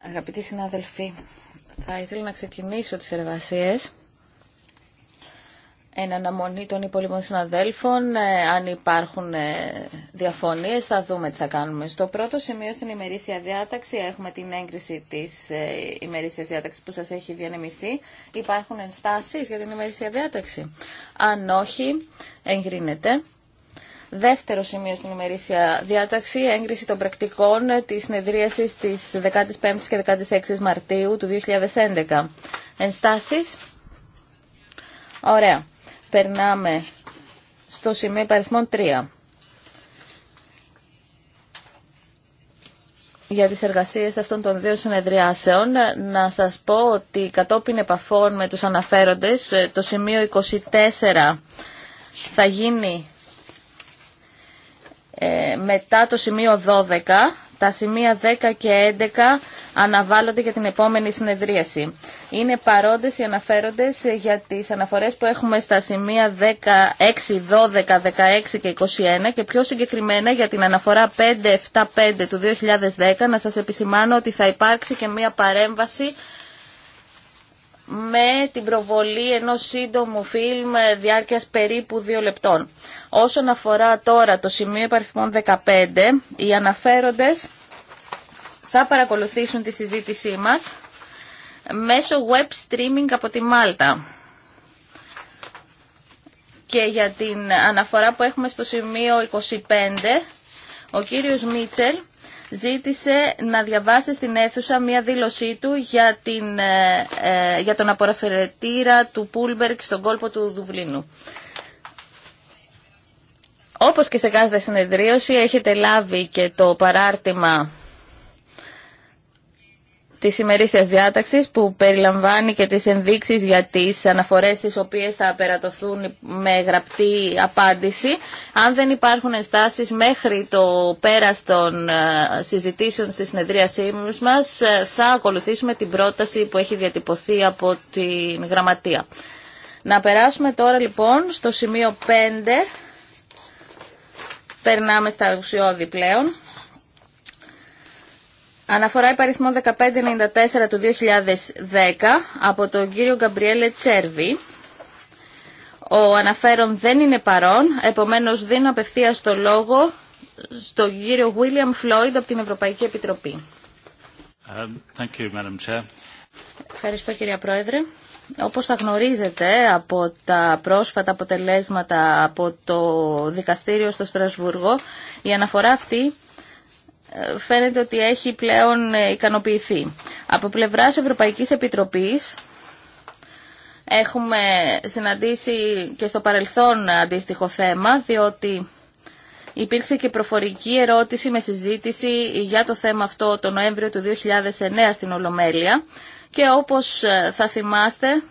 Αγαπητοί συνάδελφοι, θα ήθελα να ξεκινήσω τις εργασίες εν αναμονή των υπόλοιπων συναδέλφων. Ε, αν υπάρχουν ε, διαφωνίες θα δούμε τι θα κάνουμε. Στο πρώτο σημείο στην ημερήσια διάταξη έχουμε την έγκριση της ε, ημερήσιας διάταξης που σας έχει διανεμηθεί. Υπάρχουν ενστάσεις για την ημερήσια διάταξη. Αν όχι, εγκρίνεται. Δεύτερο σημείο στην ημερήσια διάταξη, έγκριση των πρακτικών της συνεδρίασης της 15ης και 16ης Μαρτίου του 2011. Ενστάσεις. Ωραία. Περνάμε στο σημείο υπαριθμών 3. για τις εργασίες αυτών των δύο συνεδριάσεων. Να σας πω ότι κατόπιν επαφών με τους αναφέροντες, το σημείο 24 θα γίνει ε, μετά το σημείο 12, τα σημεία 10 και 11 αναβάλλονται για την επόμενη συνεδρίαση. Είναι παρόντες οι αναφέροντες για τις αναφορές που έχουμε στα σημεία 16, 12, 16 και 21 και πιο συγκεκριμένα για την αναφορά 575 του 2010 να σας επισημάνω ότι θα υπάρξει και μία παρέμβαση με την προβολή ενός σύντομου φιλμ διάρκειας περίπου δύο λεπτών. Όσον αφορά τώρα το σημείο υπαριθμών 15, οι αναφέροντες θα παρακολουθήσουν τη συζήτησή μας μέσω web streaming από τη Μάλτα. Και για την αναφορά που έχουμε στο σημείο 25, ο κύριος Μίτσελ ζήτησε να διαβάσει στην αίθουσα μία δήλωσή του για, την, ε, ε, για τον απορροφερετήρα του Πούλμπερκ στον κόλπο του Δουβλίνου. Όπως και σε κάθε συνεδρίωση έχετε λάβει και το παράρτημα της ημερήσιας διάταξης που περιλαμβάνει και τις ενδείξεις για τις αναφορές τις οποίες θα περατωθούν με γραπτή απάντηση. Αν δεν υπάρχουν ενστάσεις μέχρι το πέρας των ε, συζητήσεων στη συνεδρίασή μας ε, θα ακολουθήσουμε την πρόταση που έχει διατυπωθεί από τη γραμματεία. Να περάσουμε τώρα λοιπόν στο σημείο 5. Περνάμε στα ουσιώδη πλέον. Αναφορά παριθμό 1594 του 2010 από τον κύριο Γκαμπριέλε Τσέρβι. Ο αναφέρον δεν είναι παρόν, επομένως δίνω απευθεία το λόγο στον κύριο William Floyd από την Ευρωπαϊκή Επιτροπή. Um, thank you, Madam Chair. Ευχαριστώ κύριε Πρόεδρε. Όπως θα γνωρίζετε από τα πρόσφατα αποτελέσματα από το δικαστήριο στο Στρασβούργο, η αναφορά αυτή φαίνεται ότι έχει πλέον ε, ικανοποιηθεί. Από πλευράς Ευρωπαϊκής Επιτροπής έχουμε συναντήσει και στο παρελθόν αντίστοιχο θέμα, διότι υπήρξε και προφορική ερώτηση με συζήτηση για το θέμα αυτό το Νοέμβριο του 2009 στην Ολομέλεια και όπως ε, θα θυμάστε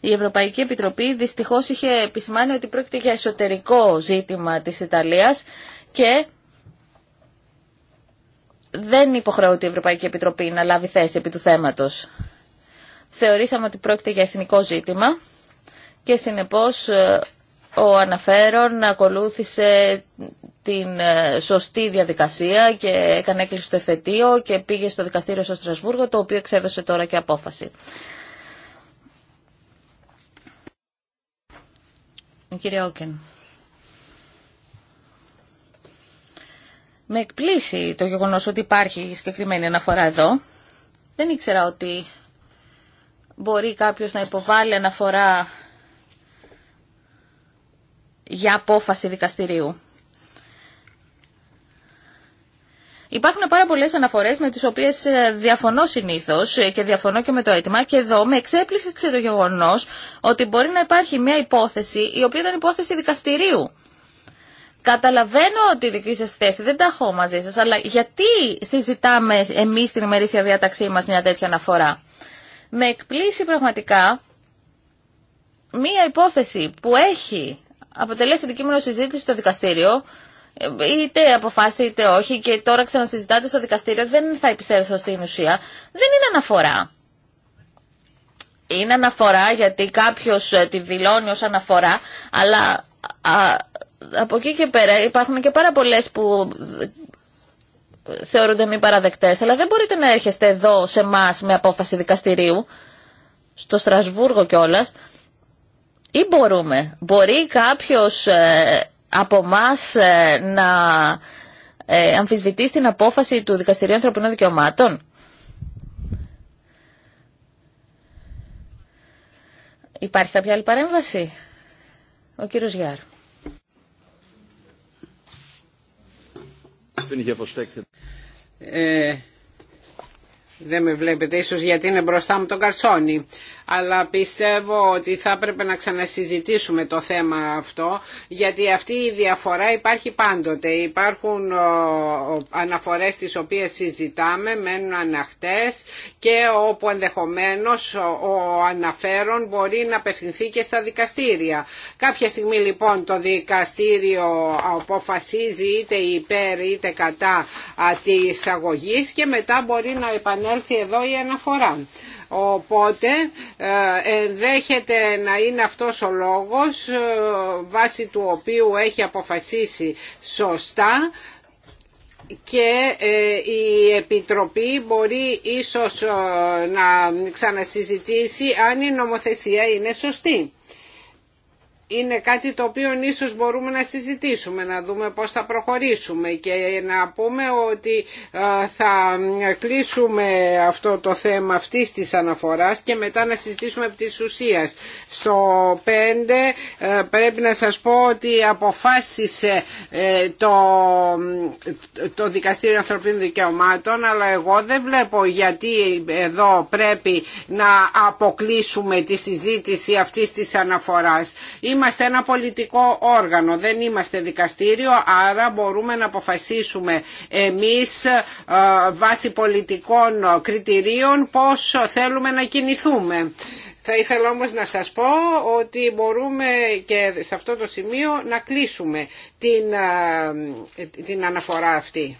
η Ευρωπαϊκή Επιτροπή δυστυχώς είχε επισημάνει ότι πρόκειται για εσωτερικό ζήτημα της Ιταλίας και δεν υποχρεώται η Ευρωπαϊκή Επιτροπή να λάβει θέση επί του θέματος. Θεωρήσαμε ότι πρόκειται για εθνικό ζήτημα και συνεπώς ε, ο αναφέρον ακολούθησε την ε, σωστή διαδικασία και έκανε έκκληση στο εφετείο και πήγε στο δικαστήριο στο Στρασβούργο, το οποίο εξέδωσε τώρα και απόφαση. Κύριε Όκεν. Με εκπλήσει το γεγονός ότι υπάρχει συγκεκριμένη αναφορά εδώ. Δεν ήξερα ότι μπορεί κάποιος να υποβάλει αναφορά για απόφαση δικαστηρίου. Υπάρχουν πάρα πολλές αναφορές με τις οποίες ε, διαφωνώ συνήθως ε, και διαφωνώ και με το αίτημα και εδώ με εξέπληξε το γεγονός ότι μπορεί να υπάρχει μια υπόθεση η οποία ήταν υπόθεση δικαστηρίου. Καταλαβαίνω τη δική σα θέση, δεν τα έχω μαζί σα, αλλά γιατί συζητάμε εμείς στην ημερήσια διάταξή μας μια τέτοια αναφορά. Με εκπλήσει πραγματικά μία υπόθεση που έχει αποτελέσει δική μου συζήτηση στο δικαστήριο, είτε αποφάσισε είτε όχι και τώρα ξανασυζητάτε στο δικαστήριο, δεν θα επισέλθω στην ουσία, δεν είναι αναφορά. Είναι αναφορά γιατί κάποιο ε, τη δηλώνει ω αναφορά, αλλά από εκεί και πέρα υπάρχουν και πάρα πολλέ που θεωρούνται μη παραδεκτέ, αλλά δεν μπορείτε να έρχεστε εδώ σε εμά με απόφαση δικαστηρίου, στο Στρασβούργο κιόλα. Ή μπορούμε, μπορεί κάποιος ε, από εμά ε, να ε, αμφισβητεί την απόφαση του Δικαστηρίου Ανθρωπινών Δικαιωμάτων. Υπάρχει κάποια άλλη παρέμβαση. Ο κύριος Γιάρ. Ε, δεν με βλέπετε ίσως γιατί είναι μπροστά μου το καρσόνι αλλά πιστεύω ότι θα έπρεπε να ξανασυζητήσουμε το θέμα αυτό γιατί αυτή η διαφορά υπάρχει πάντοτε. Υπάρχουν αναφορές τις οποίες συζητάμε, μένουν αναχτές και όπου ενδεχομένως ο αναφέρον μπορεί να απευθυνθεί και στα δικαστήρια. Κάποια στιγμή λοιπόν το δικαστήριο αποφασίζει είτε υπέρ είτε κατά της αγωγής και μετά μπορεί να επανέλθει εδώ η αναφορά. Οπότε ε, ενδέχεται να είναι αυτός ο λόγος ε, βάσει του οποίου έχει αποφασίσει σωστά και ε, η Επιτροπή μπορεί ίσως να ξανασυζητήσει αν η νομοθεσία είναι σωστή είναι κάτι το οποίο ίσως μπορούμε να συζητήσουμε, να δούμε πώς θα προχωρήσουμε και να πούμε ότι θα κλείσουμε αυτό το θέμα αυτής της αναφοράς και μετά να συζητήσουμε από της ουσίας. Στο 5 ε, πρέπει να σας πω ότι αποφάσισε ε, το, το Δικαστήριο Ανθρωπίνων Δικαιωμάτων αλλά εγώ δεν βλέπω γιατί εδώ πρέπει να αποκλείσουμε τη συζήτηση αυτής της αναφοράς είμαστε ένα πολιτικό όργανο, δεν είμαστε δικαστήριο, άρα μπορούμε να αποφασίσουμε εμείς ε, βάσει πολιτικών κριτηρίων πώς θέλουμε να κινηθούμε. Θα ήθελα όμως να σας πω ότι μπορούμε και σε αυτό το σημείο να κλείσουμε την, ε, την αναφορά αυτή.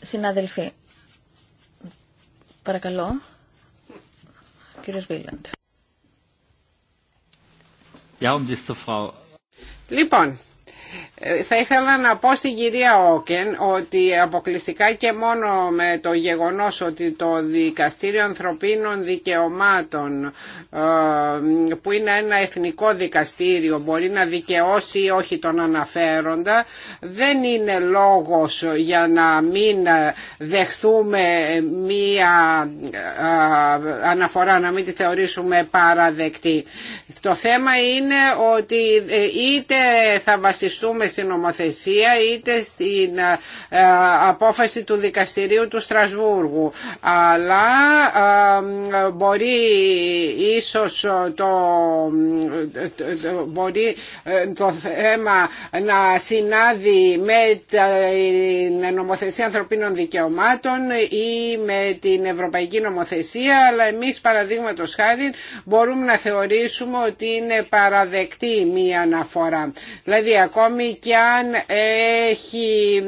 Συναδελφοί, παρακαλώ, κύριος Βίλαντ. Λοιπόν, θα ήθελα να πω στην κυρία Όκεν ότι αποκλειστικά και μόνο με το γεγονός ότι το Δικαστήριο Ανθρωπίνων Δικαιωμάτων ε, που είναι ένα εθνικό δικαστήριο μπορεί να δικαιώσει ή όχι τον αναφέροντα δεν είναι λόγος για να μην δεχθούμε μία ε, αναφορά να μην τη θεωρήσουμε παραδεκτή. Το θέμα είναι ότι ε, είτε θα βασιστούμε στην νομοθεσία είτε στην ε, ε, απόφαση του δικαστηρίου του Στρασβούργου. Αλλά ε, μπορεί ίσως το, μπορεί το θέμα να συνάδει με την νομοθεσία ανθρωπίνων δικαιωμάτων ή με την ευρωπαϊκή νομοθεσία αλλά εμείς παραδείγματος χάρη μπορούμε να θεωρήσουμε ότι είναι παραδεκτή μία αναφορά. Δηλαδή ακόμη και αν έχει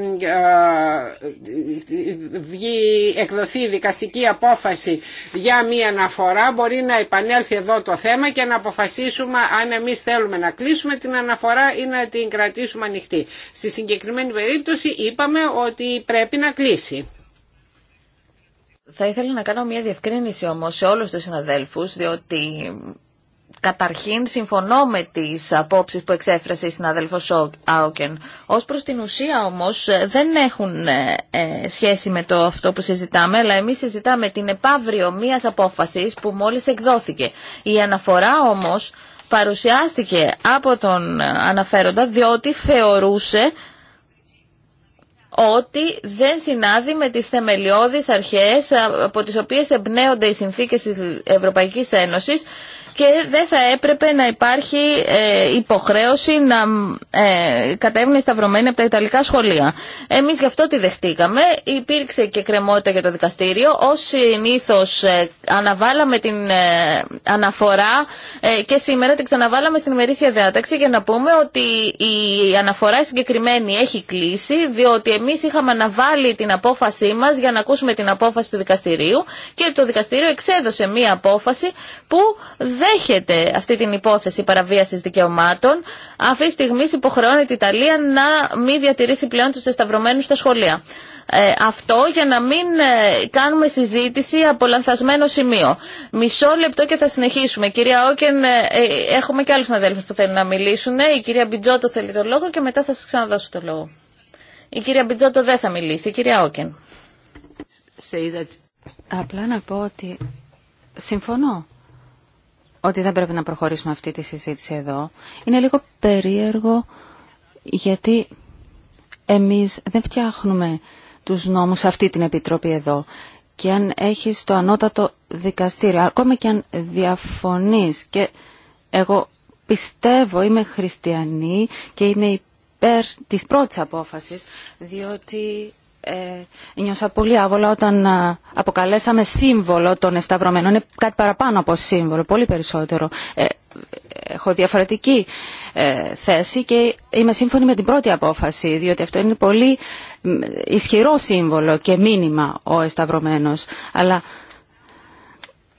βγει, εκδοθεί δικαστική απόφαση για μία αναφορά μπορεί να επανέλθει εδώ το θέμα και να αποφασίσουμε αν εμείς θέλουμε να κλείσουμε την αναφορά ή να την κρατήσουμε ανοιχτή. Στη συγκεκριμένη περίπτωση είπαμε ότι πρέπει να κλείσει. Θα ήθελα να κάνω μια διευκρίνηση όμως σε όλους τους συναδέλφους, διότι Καταρχήν, συμφωνώ με τις απόψεις που εξέφρασε η συνάδελφος Άουκεν. Ως προς την ουσία όμως ε, δεν έχουν ε, ε, σχέση με το αυτό που συζητάμε, αλλά εμείς συζητάμε την επαύριο μίας απόφασης που μόλις εκδόθηκε. Η αναφορά όμως παρουσιάστηκε από τον αναφέροντα διότι θεωρούσε ότι δεν συνάδει με τις θεμελιώδεις αρχές από τις οποίες εμπνέονται οι συνθήκες της Ευρωπαϊκής Ένωσης και δεν θα έπρεπε να υπάρχει ε, υποχρέωση να ε, κατέβουν σταυρωμένοι από τα Ιταλικά σχολεία. Εμείς γι' αυτό τη δεχτήκαμε. Υπήρξε και κρεμότητα για το δικαστήριο. Ως συνήθω ε, αναβάλαμε την αναφορά και σήμερα την ξαναβάλαμε στην ημερήσια διάταξη για να πούμε ότι η αναφορά συγκεκριμένη έχει κλείσει διότι εμείς είχαμε αναβάλει την απόφασή μας για να ακούσουμε την απόφαση του δικαστηρίου και το δικαστήριο εξέδωσε μία απόφαση που Έχετε αυτή την υπόθεση παραβίαση δικαιωμάτων. Αυτή τη στιγμή υποχρεώνει την Ιταλία να μην διατηρήσει πλέον του εσταυρωμένου στα σχολεία. Ε, αυτό για να μην ε, κάνουμε συζήτηση από λανθασμένο σημείο. Μισό λεπτό και θα συνεχίσουμε. Κυρία Όκεν, ε, έχουμε και άλλους συναδέλφου που θέλουν να μιλήσουν. Η κυρία Μπιτζότο θέλει το λόγο και μετά θα σας ξαναδώσω το λόγο. Η κυρία Μπιτζότο δεν θα μιλήσει. Η κυρία Όκεν. Απλά να πω ότι συμφωνώ ότι δεν πρέπει να προχωρήσουμε αυτή τη συζήτηση εδώ. Είναι λίγο περίεργο γιατί εμείς δεν φτιάχνουμε τους νόμους σε αυτή την Επιτροπή εδώ. Και αν έχεις το ανώτατο δικαστήριο, ακόμα και αν διαφωνείς και εγώ πιστεύω, είμαι χριστιανή και είμαι υπέρ της πρώτης απόφασης, διότι ε, νιώσα πολύ άβολα όταν ε, αποκαλέσαμε σύμβολο των εσταυρωμένων. Είναι κάτι παραπάνω από σύμβολο, πολύ περισσότερο. Ε, έχω διαφορετική θέση και είμαι σύμφωνη με την πρώτη απόφαση, διότι αυτό είναι πολύ ισχυρό σύμβολο και μήνυμα ο εσταυρωμένος. Αλλά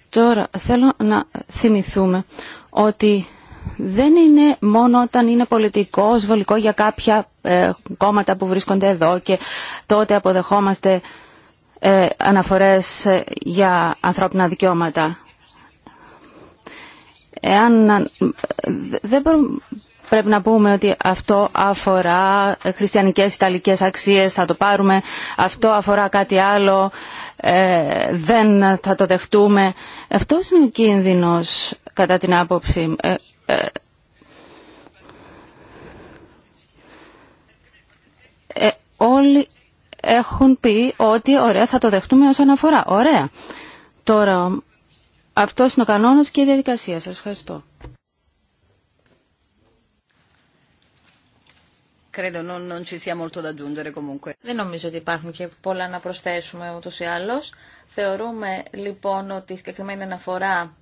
τώρα θέλω να θυμηθούμε ότι δεν είναι μόνο όταν είναι πολιτικό, σβολικό για κάποια ε, κόμματα που βρίσκονται εδώ και τότε αποδεχόμαστε ε, αναφορές ε, για ανθρώπινα δικαιώματα. Εάν, ε, δεν πρέπει να πούμε ότι αυτό αφορά χριστιανικές ιταλικές αξίες, θα το πάρουμε, αυτό αφορά κάτι άλλο, δεν θα το δεχτούμε. Αυτός είναι ο κίνδυνος κατά την άποψη ε, ε, όλοι έχουν πει ότι ωραία θα το δεχτούμε ως αναφορά. Ωραία. Τώρα αυτός είναι ο κανόνας και η διαδικασία. Σας ευχαριστώ. Δεν νομίζω ότι υπάρχουν και πολλά να προσθέσουμε ούτως ή άλλως. Θεωρούμε λοιπόν ότι η συγκεκριμένη αναφορά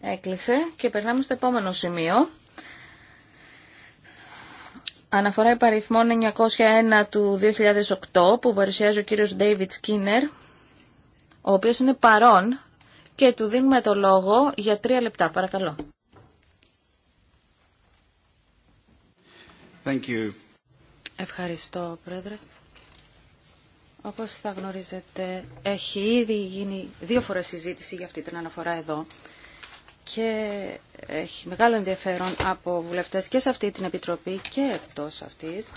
Έκλεισε και περνάμε στο επόμενο σημείο. Αναφορά υπαριθμών 901 του 2008 που παρουσιάζει ο κύριος David Skinner, ο οποίος είναι παρόν και του δίνουμε το λόγο για τρία λεπτά. Παρακαλώ. Thank you. Ευχαριστώ, Πρόεδρε. Όπως θα γνωρίζετε, έχει ήδη γίνει δύο φορές συζήτηση για αυτή την αναφορά εδώ και έχει μεγάλο ενδιαφέρον από βουλευτές και σε αυτή την Επιτροπή και εκτός αυτής.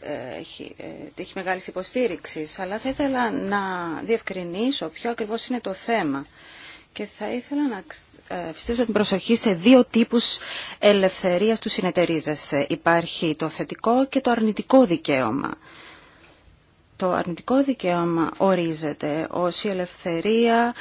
Ε, έχει, ε, έχει μεγάλη υποστήριξη. αλλά θα ήθελα να διευκρινίσω ποιο ακριβώς είναι το θέμα. Και θα ήθελα να φυστήσω ε, την προσοχή σε δύο τύπους ελευθερίας του συνεταιρίζεσθε. Υπάρχει το θετικό και το αρνητικό δικαίωμα. Το αρνητικό δικαίωμα ορίζεται ως η ελευθερία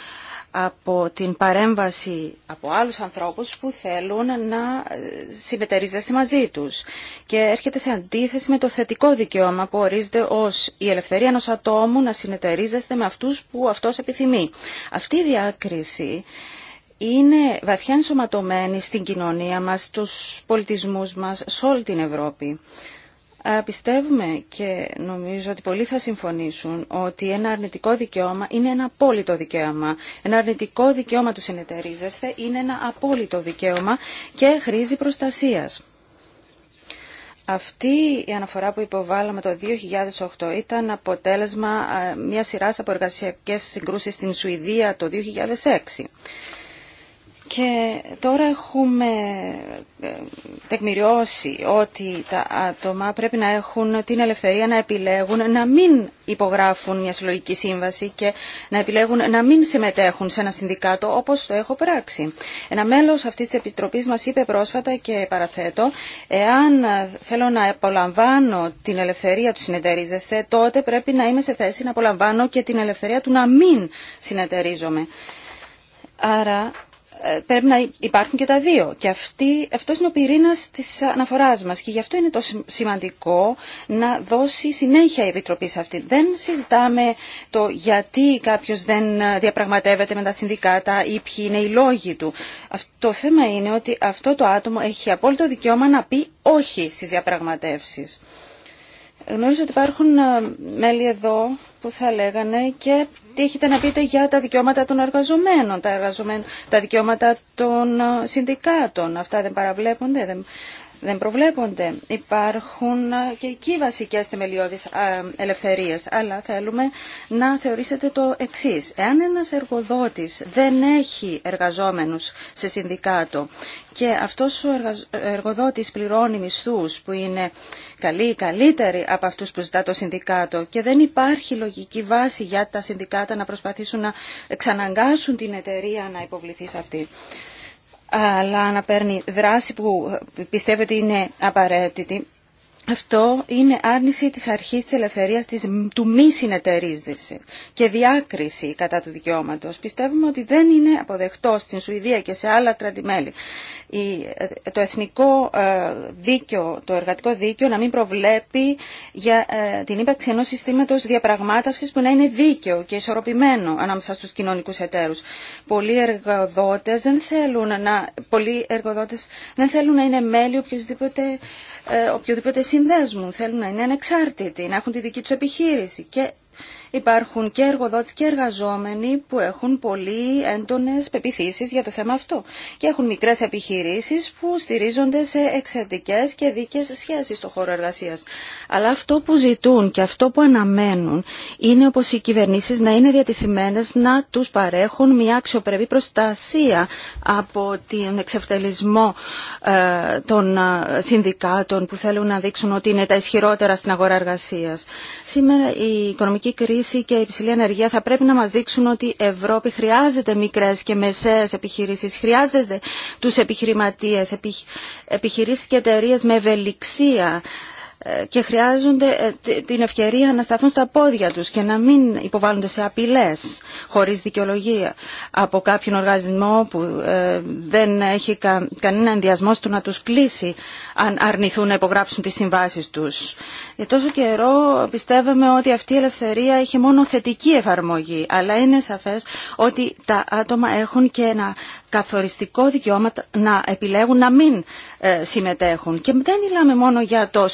από την παρέμβαση από άλλους ανθρώπους που θέλουν να ε, συνεταιρίζεστε μαζί τους και έρχεται σε αντίθεση με το θετικό δικαίωμα που ορίζεται ως η ελευθερία ενός ατόμου να συνεταιρίζεστε με αυτούς που αυτός επιθυμεί. Αυτή η διάκριση είναι βαθιά ενσωματωμένη στην κοινωνία μας, στους πολιτισμούς μας, σε όλη την Ευρώπη. Πιστεύουμε και νομίζω ότι πολλοί θα συμφωνήσουν ότι ένα αρνητικό δικαίωμα είναι ένα απόλυτο δικαίωμα. Ένα αρνητικό δικαίωμα του συνεταιρίζεσθε είναι ένα απόλυτο δικαίωμα και χρήζει προστασίας. Αυτή η αναφορά που υποβάλαμε το 2008 ήταν αποτέλεσμα μια σειράς από εργασιακές συγκρούσεις στην Σουηδία το 2006. Και τώρα έχουμε ε, τεκμηριώσει ότι τα άτομα πρέπει να έχουν την ελευθερία να επιλέγουν να μην υπογράφουν μια συλλογική σύμβαση και να επιλέγουν να μην συμμετέχουν σε ένα συνδικάτο όπως το έχω πράξει. Ένα μέλος αυτής της Επιτροπής μας είπε πρόσφατα και παραθέτω εάν θέλω να απολαμβάνω την ελευθερία του συνεταιρίζεσαι τότε πρέπει να είμαι σε θέση να απολαμβάνω και την ελευθερία του να μην συνεταιρίζομαι. Άρα ε, πρέπει να υπάρχουν και τα δύο. Και αυτή, αυτός είναι ο πυρήνας της αναφοράς μας και γι' αυτό είναι το σημαντικό να δώσει συνέχεια η Επιτροπή σε αυτή. Δεν συζητάμε το γιατί κάποιος δεν διαπραγματεύεται με τα συνδικάτα ή ποιοι είναι οι λόγοι του. Το θέμα είναι ότι αυτό το άτομο έχει απόλυτο δικαίωμα να πει όχι στις διαπραγματεύσεις. Γνωρίζω ότι υπάρχουν ε, μέλη εδώ που θα λέγανε και τι έχετε να πείτε για τα δικαιώματα των εργαζομένων, τα, εργαζομένων, τα δικαιώματα των ε, συνδικάτων. Αυτά δεν παραβλέπονται, δεν δεν προβλέπονται. Υπάρχουν και εκεί βασικέ θεμελιώδει ελευθερίες, αλλά θέλουμε να θεωρήσετε το εξή. Εάν ένας εργοδότη δεν έχει εργαζόμενους σε συνδικάτο και αυτός ο εργοδότη πληρώνει μισθού, που είναι καλοί ή καλύτεροι από αυτούς που ζητά το συνδικάτο και δεν υπάρχει λογική βάση για τα συνδικάτα να προσπαθήσουν να ξαναγκάσουν την εταιρεία να υποβληθεί σε αυτή αλλά να παίρνει δράση που πιστεύω ότι είναι απαραίτητη αυτό είναι άρνηση της αρχής της ελευθερίας της, του μη συνεταιρίζηση και διάκριση κατά του δικαιώματος. Πιστεύουμε ότι δεν είναι αποδεκτό στην Σουηδία και σε άλλα κρατημέλη το εθνικό ε, δίκαιο, το εργατικό δίκαιο να μην προβλέπει για ε, την ύπαρξη ενός συστήματος διαπραγμάτευσης που να είναι δίκαιο και ισορροπημένο ανάμεσα στους κοινωνικούς εταίρους. Πολλοί εργοδότες δεν θέλουν να, πολλοί εργοδότες δεν θέλουν να είναι μέλη ε, οποιοδήποτε, οποιοδήποτε συνδέσμου, θέλουν να είναι ανεξάρτητοι, να έχουν τη δική τους επιχείρηση και Υπάρχουν και εργοδότες και εργαζόμενοι που έχουν πολύ έντονες πεπιθήσεις για το θέμα αυτό και έχουν μικρές επιχειρήσεις που στηρίζονται σε εξαιρετικές και δίκες σχέσεις στο χώρο εργασίας. Αλλά αυτό που ζητούν και αυτό που αναμένουν είναι όπως οι κυβερνήσεις να είναι διατηθειμένες να τους παρέχουν μια αξιοπρεπή προστασία από τον εξευτελισμό ε, των ε, συνδικάτων που θέλουν να δείξουν ότι είναι τα ισχυρότερα στην αγορά εργασίας. Σήμερα η οικονομική οικονομική κρίση και η υψηλή ενεργεία θα πρέπει να μας δείξουν ότι η Ευρώπη χρειάζεται μικρές και μεσαίες επιχειρήσεις, χρειάζεται τους επιχειρηματίες, επιχειρήσεις και εταιρείε με ευελιξία, και χρειάζονται ε, την ευκαιρία να σταθούν στα πόδια τους και να μην υποβάλλονται σε απειλές χωρίς δικαιολογία από κάποιον οργανισμό που ε, δεν έχει κανένα ενδιασμό στο να τους κλείσει αν αρνηθούν να υπογράψουν τις συμβάσεις τους. Για ε, τόσο καιρό πιστεύαμε ότι αυτή η ελευθερία είχε μόνο θετική εφαρμογή αλλά είναι σαφές ότι τα άτομα έχουν και ένα καθοριστικό δικαιώμα να επιλέγουν να μην συμμετέχουν. Και δεν μιλάμε μόνο για το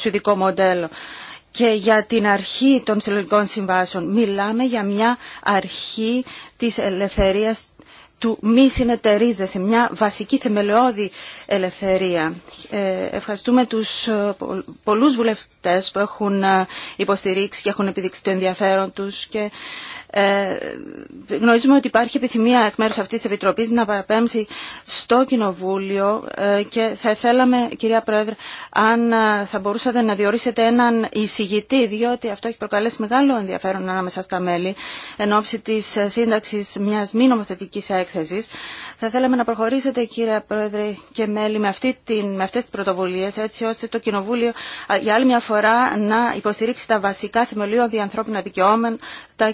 και για την αρχή των συλλογικών συμβάσεων μιλάμε για μια αρχή της ελευθερίας του μη συνεταιρίζεσαι, μια βασική θεμελιώδη ελευθερία. Ε, ευχαριστούμε τους ε, πολλούς βουλευτές που έχουν ε, υποστηρίξει και έχουν επιδείξει το ενδιαφέρον τους και ε, γνωρίζουμε ότι υπάρχει επιθυμία εκ μέρους αυτής της Επιτροπής να παραπέμψει στο Κοινοβούλιο ε, και θα θέλαμε, κυρία Πρόεδρε, αν ε, θα μπορούσατε να διορίσετε έναν εισηγητή, διότι αυτό έχει προκαλέσει μεγάλο ενδιαφέρον ανάμεσα στα μέλη εν ώψη της ε, σύνταξης μιας μη νομοθετικής έκθεσης. Θα θέλαμε να προχωρήσετε, κυρία Πρόεδρε και μέλη, με, αυτή την, με αυτές τις πρωτοβουλίες, έτσι ώστε το Κοινοβούλιο ε, για άλλη μια φορά να υποστηρίξει τα βασικά θεμελιώδη ανθρώπινα δικαιώματα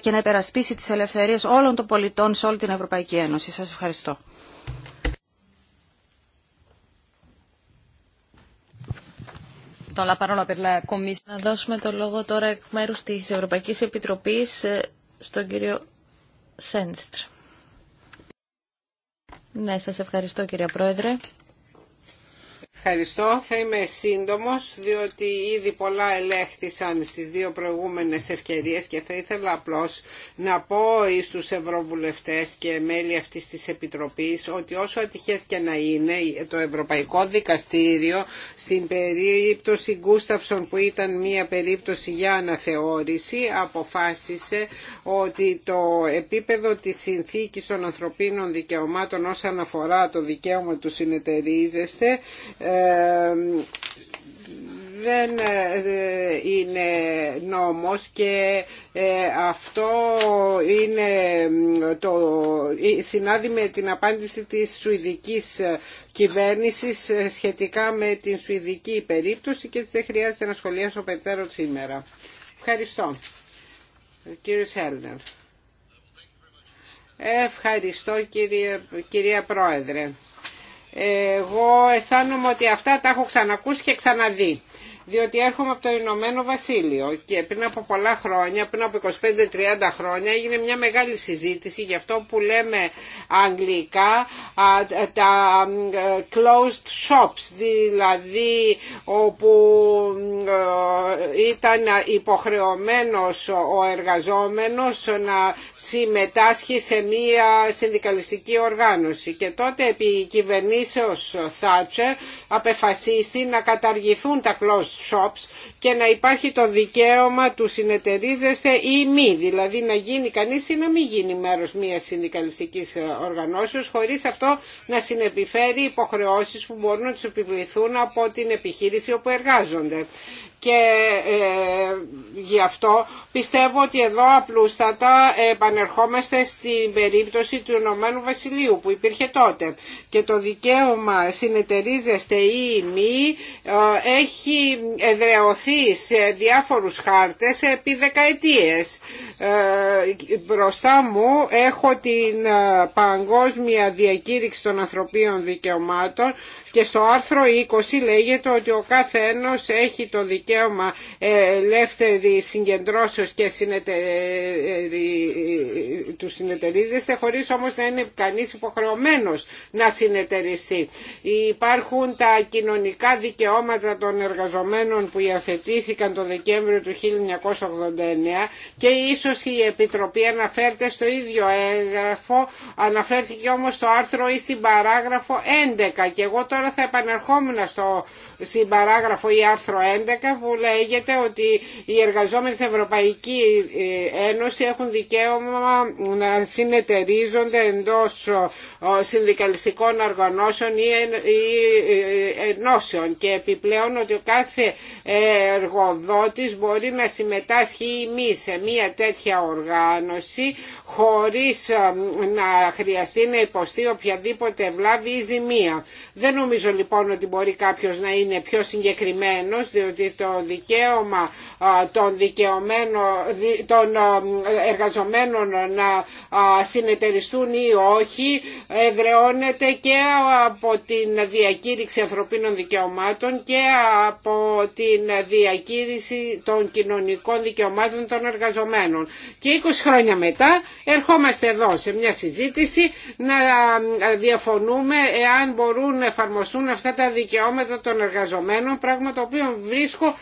και να υπερασπίση της ελευθερίας όλων των πολιτών σε όλη την Ευρωπαϊκή Ένωση. Σας ευχαριστώ. Να δώσουμε το λόγο τώρα εκ μέρους της Ευρωπαϊκής Επιτροπής ε, στον κύριο Σένστρ. Ναι, σας ευχαριστώ κύριε Πρόεδρε. Ευχαριστώ. Θα είμαι σύντομος διότι ήδη πολλά ελέγχθησαν στις δύο προηγούμενες ευκαιρίες και θα ήθελα απλώς να πω εις τους ευρωβουλευτές και μέλη αυτής της Επιτροπής ότι όσο ατυχές και να είναι το Ευρωπαϊκό Δικαστήριο στην περίπτωση Γκούσταυσον που ήταν μια περίπτωση για αναθεώρηση αποφάσισε ότι το επίπεδο της συνθήκης των ανθρωπίνων δικαιωμάτων όσον αφορά το δικαίωμα του συνεταιρίζεστε δεν ε, είναι νόμος και ε, αυτό είναι το, ε, συνάδει με την απάντηση της Σουηδικής κυβέρνησης σχετικά με την Σουηδική περίπτωση και δεν χρειάζεται να σχολιάσω περαιτέρω σήμερα. Ευχαριστώ. Κύριε Σέλνερ. Ευχαριστώ κυρία Πρόεδρε. Εγώ αισθάνομαι ότι αυτά τα έχω ξανακούσει και ξαναδεί διότι έρχομαι από το Ηνωμένο Βασίλειο και πριν από πολλά χρόνια, πριν από 25-30 χρόνια έγινε μια μεγάλη συζήτηση για αυτό που λέμε αγγλικά τα ε, closed shops, δηλαδή όπου ε, ήταν υποχρεωμένος ο εργαζόμενος να συμμετάσχει σε μια συνδικαλιστική οργάνωση και τότε επί κυβερνήσεως Θάτσε απεφασίστη να καταργηθούν τα closed shops και να υπάρχει το δικαίωμα του συνεταιρίζεστε ή μη. Δηλαδή να γίνει κανείς ή να μην γίνει μέρος μιας συνδικαλιστικής οργανώσεως χωρίς αυτό να συνεπιφέρει υποχρεώσεις που μπορούν να τους επιβληθούν από την επιχείρηση όπου εργάζονται και ε, γι' αυτό πιστεύω ότι εδώ απλούστατα επανερχόμαστε στην περίπτωση του Ηνωμένου Βασιλείου που υπήρχε τότε και το δικαίωμα συνεταιρίζεστε ή μη ε, έχει Εδρεωθεί σε διάφορους χάρτες επί δεκαετίες. Ε, μπροστά μου έχω την ε, Παγκόσμια Διακήρυξη των Ανθρωπίων Δικαιωμάτων και στο άρθρο 20 λέγεται ότι ο κάθε ένας έχει το δικαίωμα ελεύθερη συγκεντρώσεως και συνεταιρι... του συνεταιρίζεστε χωρίς όμως να είναι κανείς υποχρεωμένος να συνεταιριστεί. Υπάρχουν τα κοινωνικά δικαιώματα των εργαζομένων που υιοθετήθηκαν το Δεκέμβριο του 1989 και ίσως η Επιτροπή αναφέρεται στο ίδιο έγγραφο, αναφέρθηκε όμως στο άρθρο ή στην παράγραφο 11 και εγώ τώρα θα επαναρχόμουν στο, συμπαράγραφο παράγραφο ή άρθρο 11 που λέγεται ότι οι εργαζόμενοι στην Ευρωπαϊκή ε, Ένωση έχουν δικαίωμα να συνεταιρίζονται εντός συνδικαλιστικών οργανώσεων ή ε, ενώσεων και επιπλέον ότι ο κάθε εργοδότης μπορεί να συμμετάσχει ή μη σε μια τέτοια οργάνωση χωρίς ε, να χρειαστεί να υποστεί οποιαδήποτε βλάβη ή ζημία. Δεν νομίζω λοιπόν ότι μπορεί κάποιος να είναι πιο συγκεκριμένος διότι το δικαίωμα των, των εργαζομένων να συνεταιριστούν ή όχι εδρεώνεται και από την διακήρυξη ανθρωπίνων δικαιωμάτων και από την διακήρυξη των κοινωνικών δικαιωμάτων των εργαζομένων. Και 20 χρόνια μετά ερχόμαστε εδώ σε μια συζήτηση να διαφωνούμε εάν μπορούν να εφαρμοστούν εφαρμοστούν αυτά τα δικαιώματα των εργαζομένων, πράγμα το οποίο βρίσκω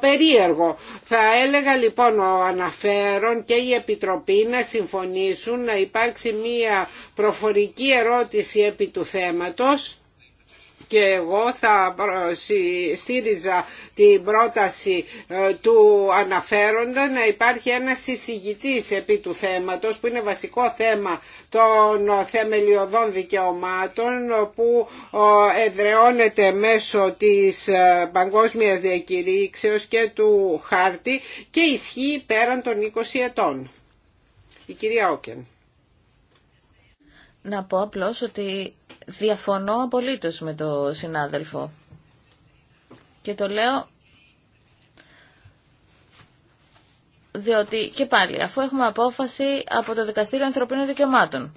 περίεργο. Θα έλεγα λοιπόν ο αναφέρον και η Επιτροπή να συμφωνήσουν να υπάρξει μία προφορική ερώτηση επί του θέματος και εγώ θα στήριζα την πρόταση ε, του αναφέροντα να υπάρχει ένας συζητητής επί του θέματος που είναι βασικό θέμα των θεμελιωδών δικαιωμάτων που ε, εδρεώνεται μέσω της ε, παγκόσμιας διακηρύξεως και του χάρτη και ισχύει πέραν των 20 ετών. Η κυρία Όκεν. Να πω απλώς ότι Διαφωνώ απολύτως με το συνάδελφο. Και το λέω διότι και πάλι αφού έχουμε απόφαση από το Δικαστήριο Ανθρωπίνων Δικαιωμάτων.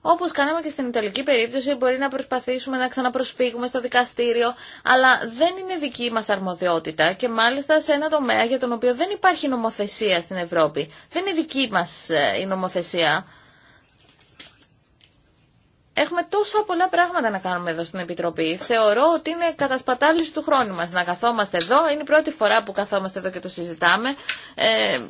Όπω κάναμε και στην Ιταλική περίπτωση, μπορεί να προσπαθήσουμε να ξαναπροσφύγουμε στο δικαστήριο, αλλά δεν είναι δική μα αρμοδιότητα και μάλιστα σε ένα τομέα για τον οποίο δεν υπάρχει νομοθεσία στην Ευρώπη. Δεν είναι δική μα ε, η νομοθεσία. Έχουμε τόσα πολλά πράγματα να κάνουμε εδώ στην Επιτροπή. Θεωρώ ότι είναι κατασπατάληση του χρόνου μας να καθόμαστε εδώ. Είναι η πρώτη φορά που καθόμαστε εδώ και το συζητάμε. Ε,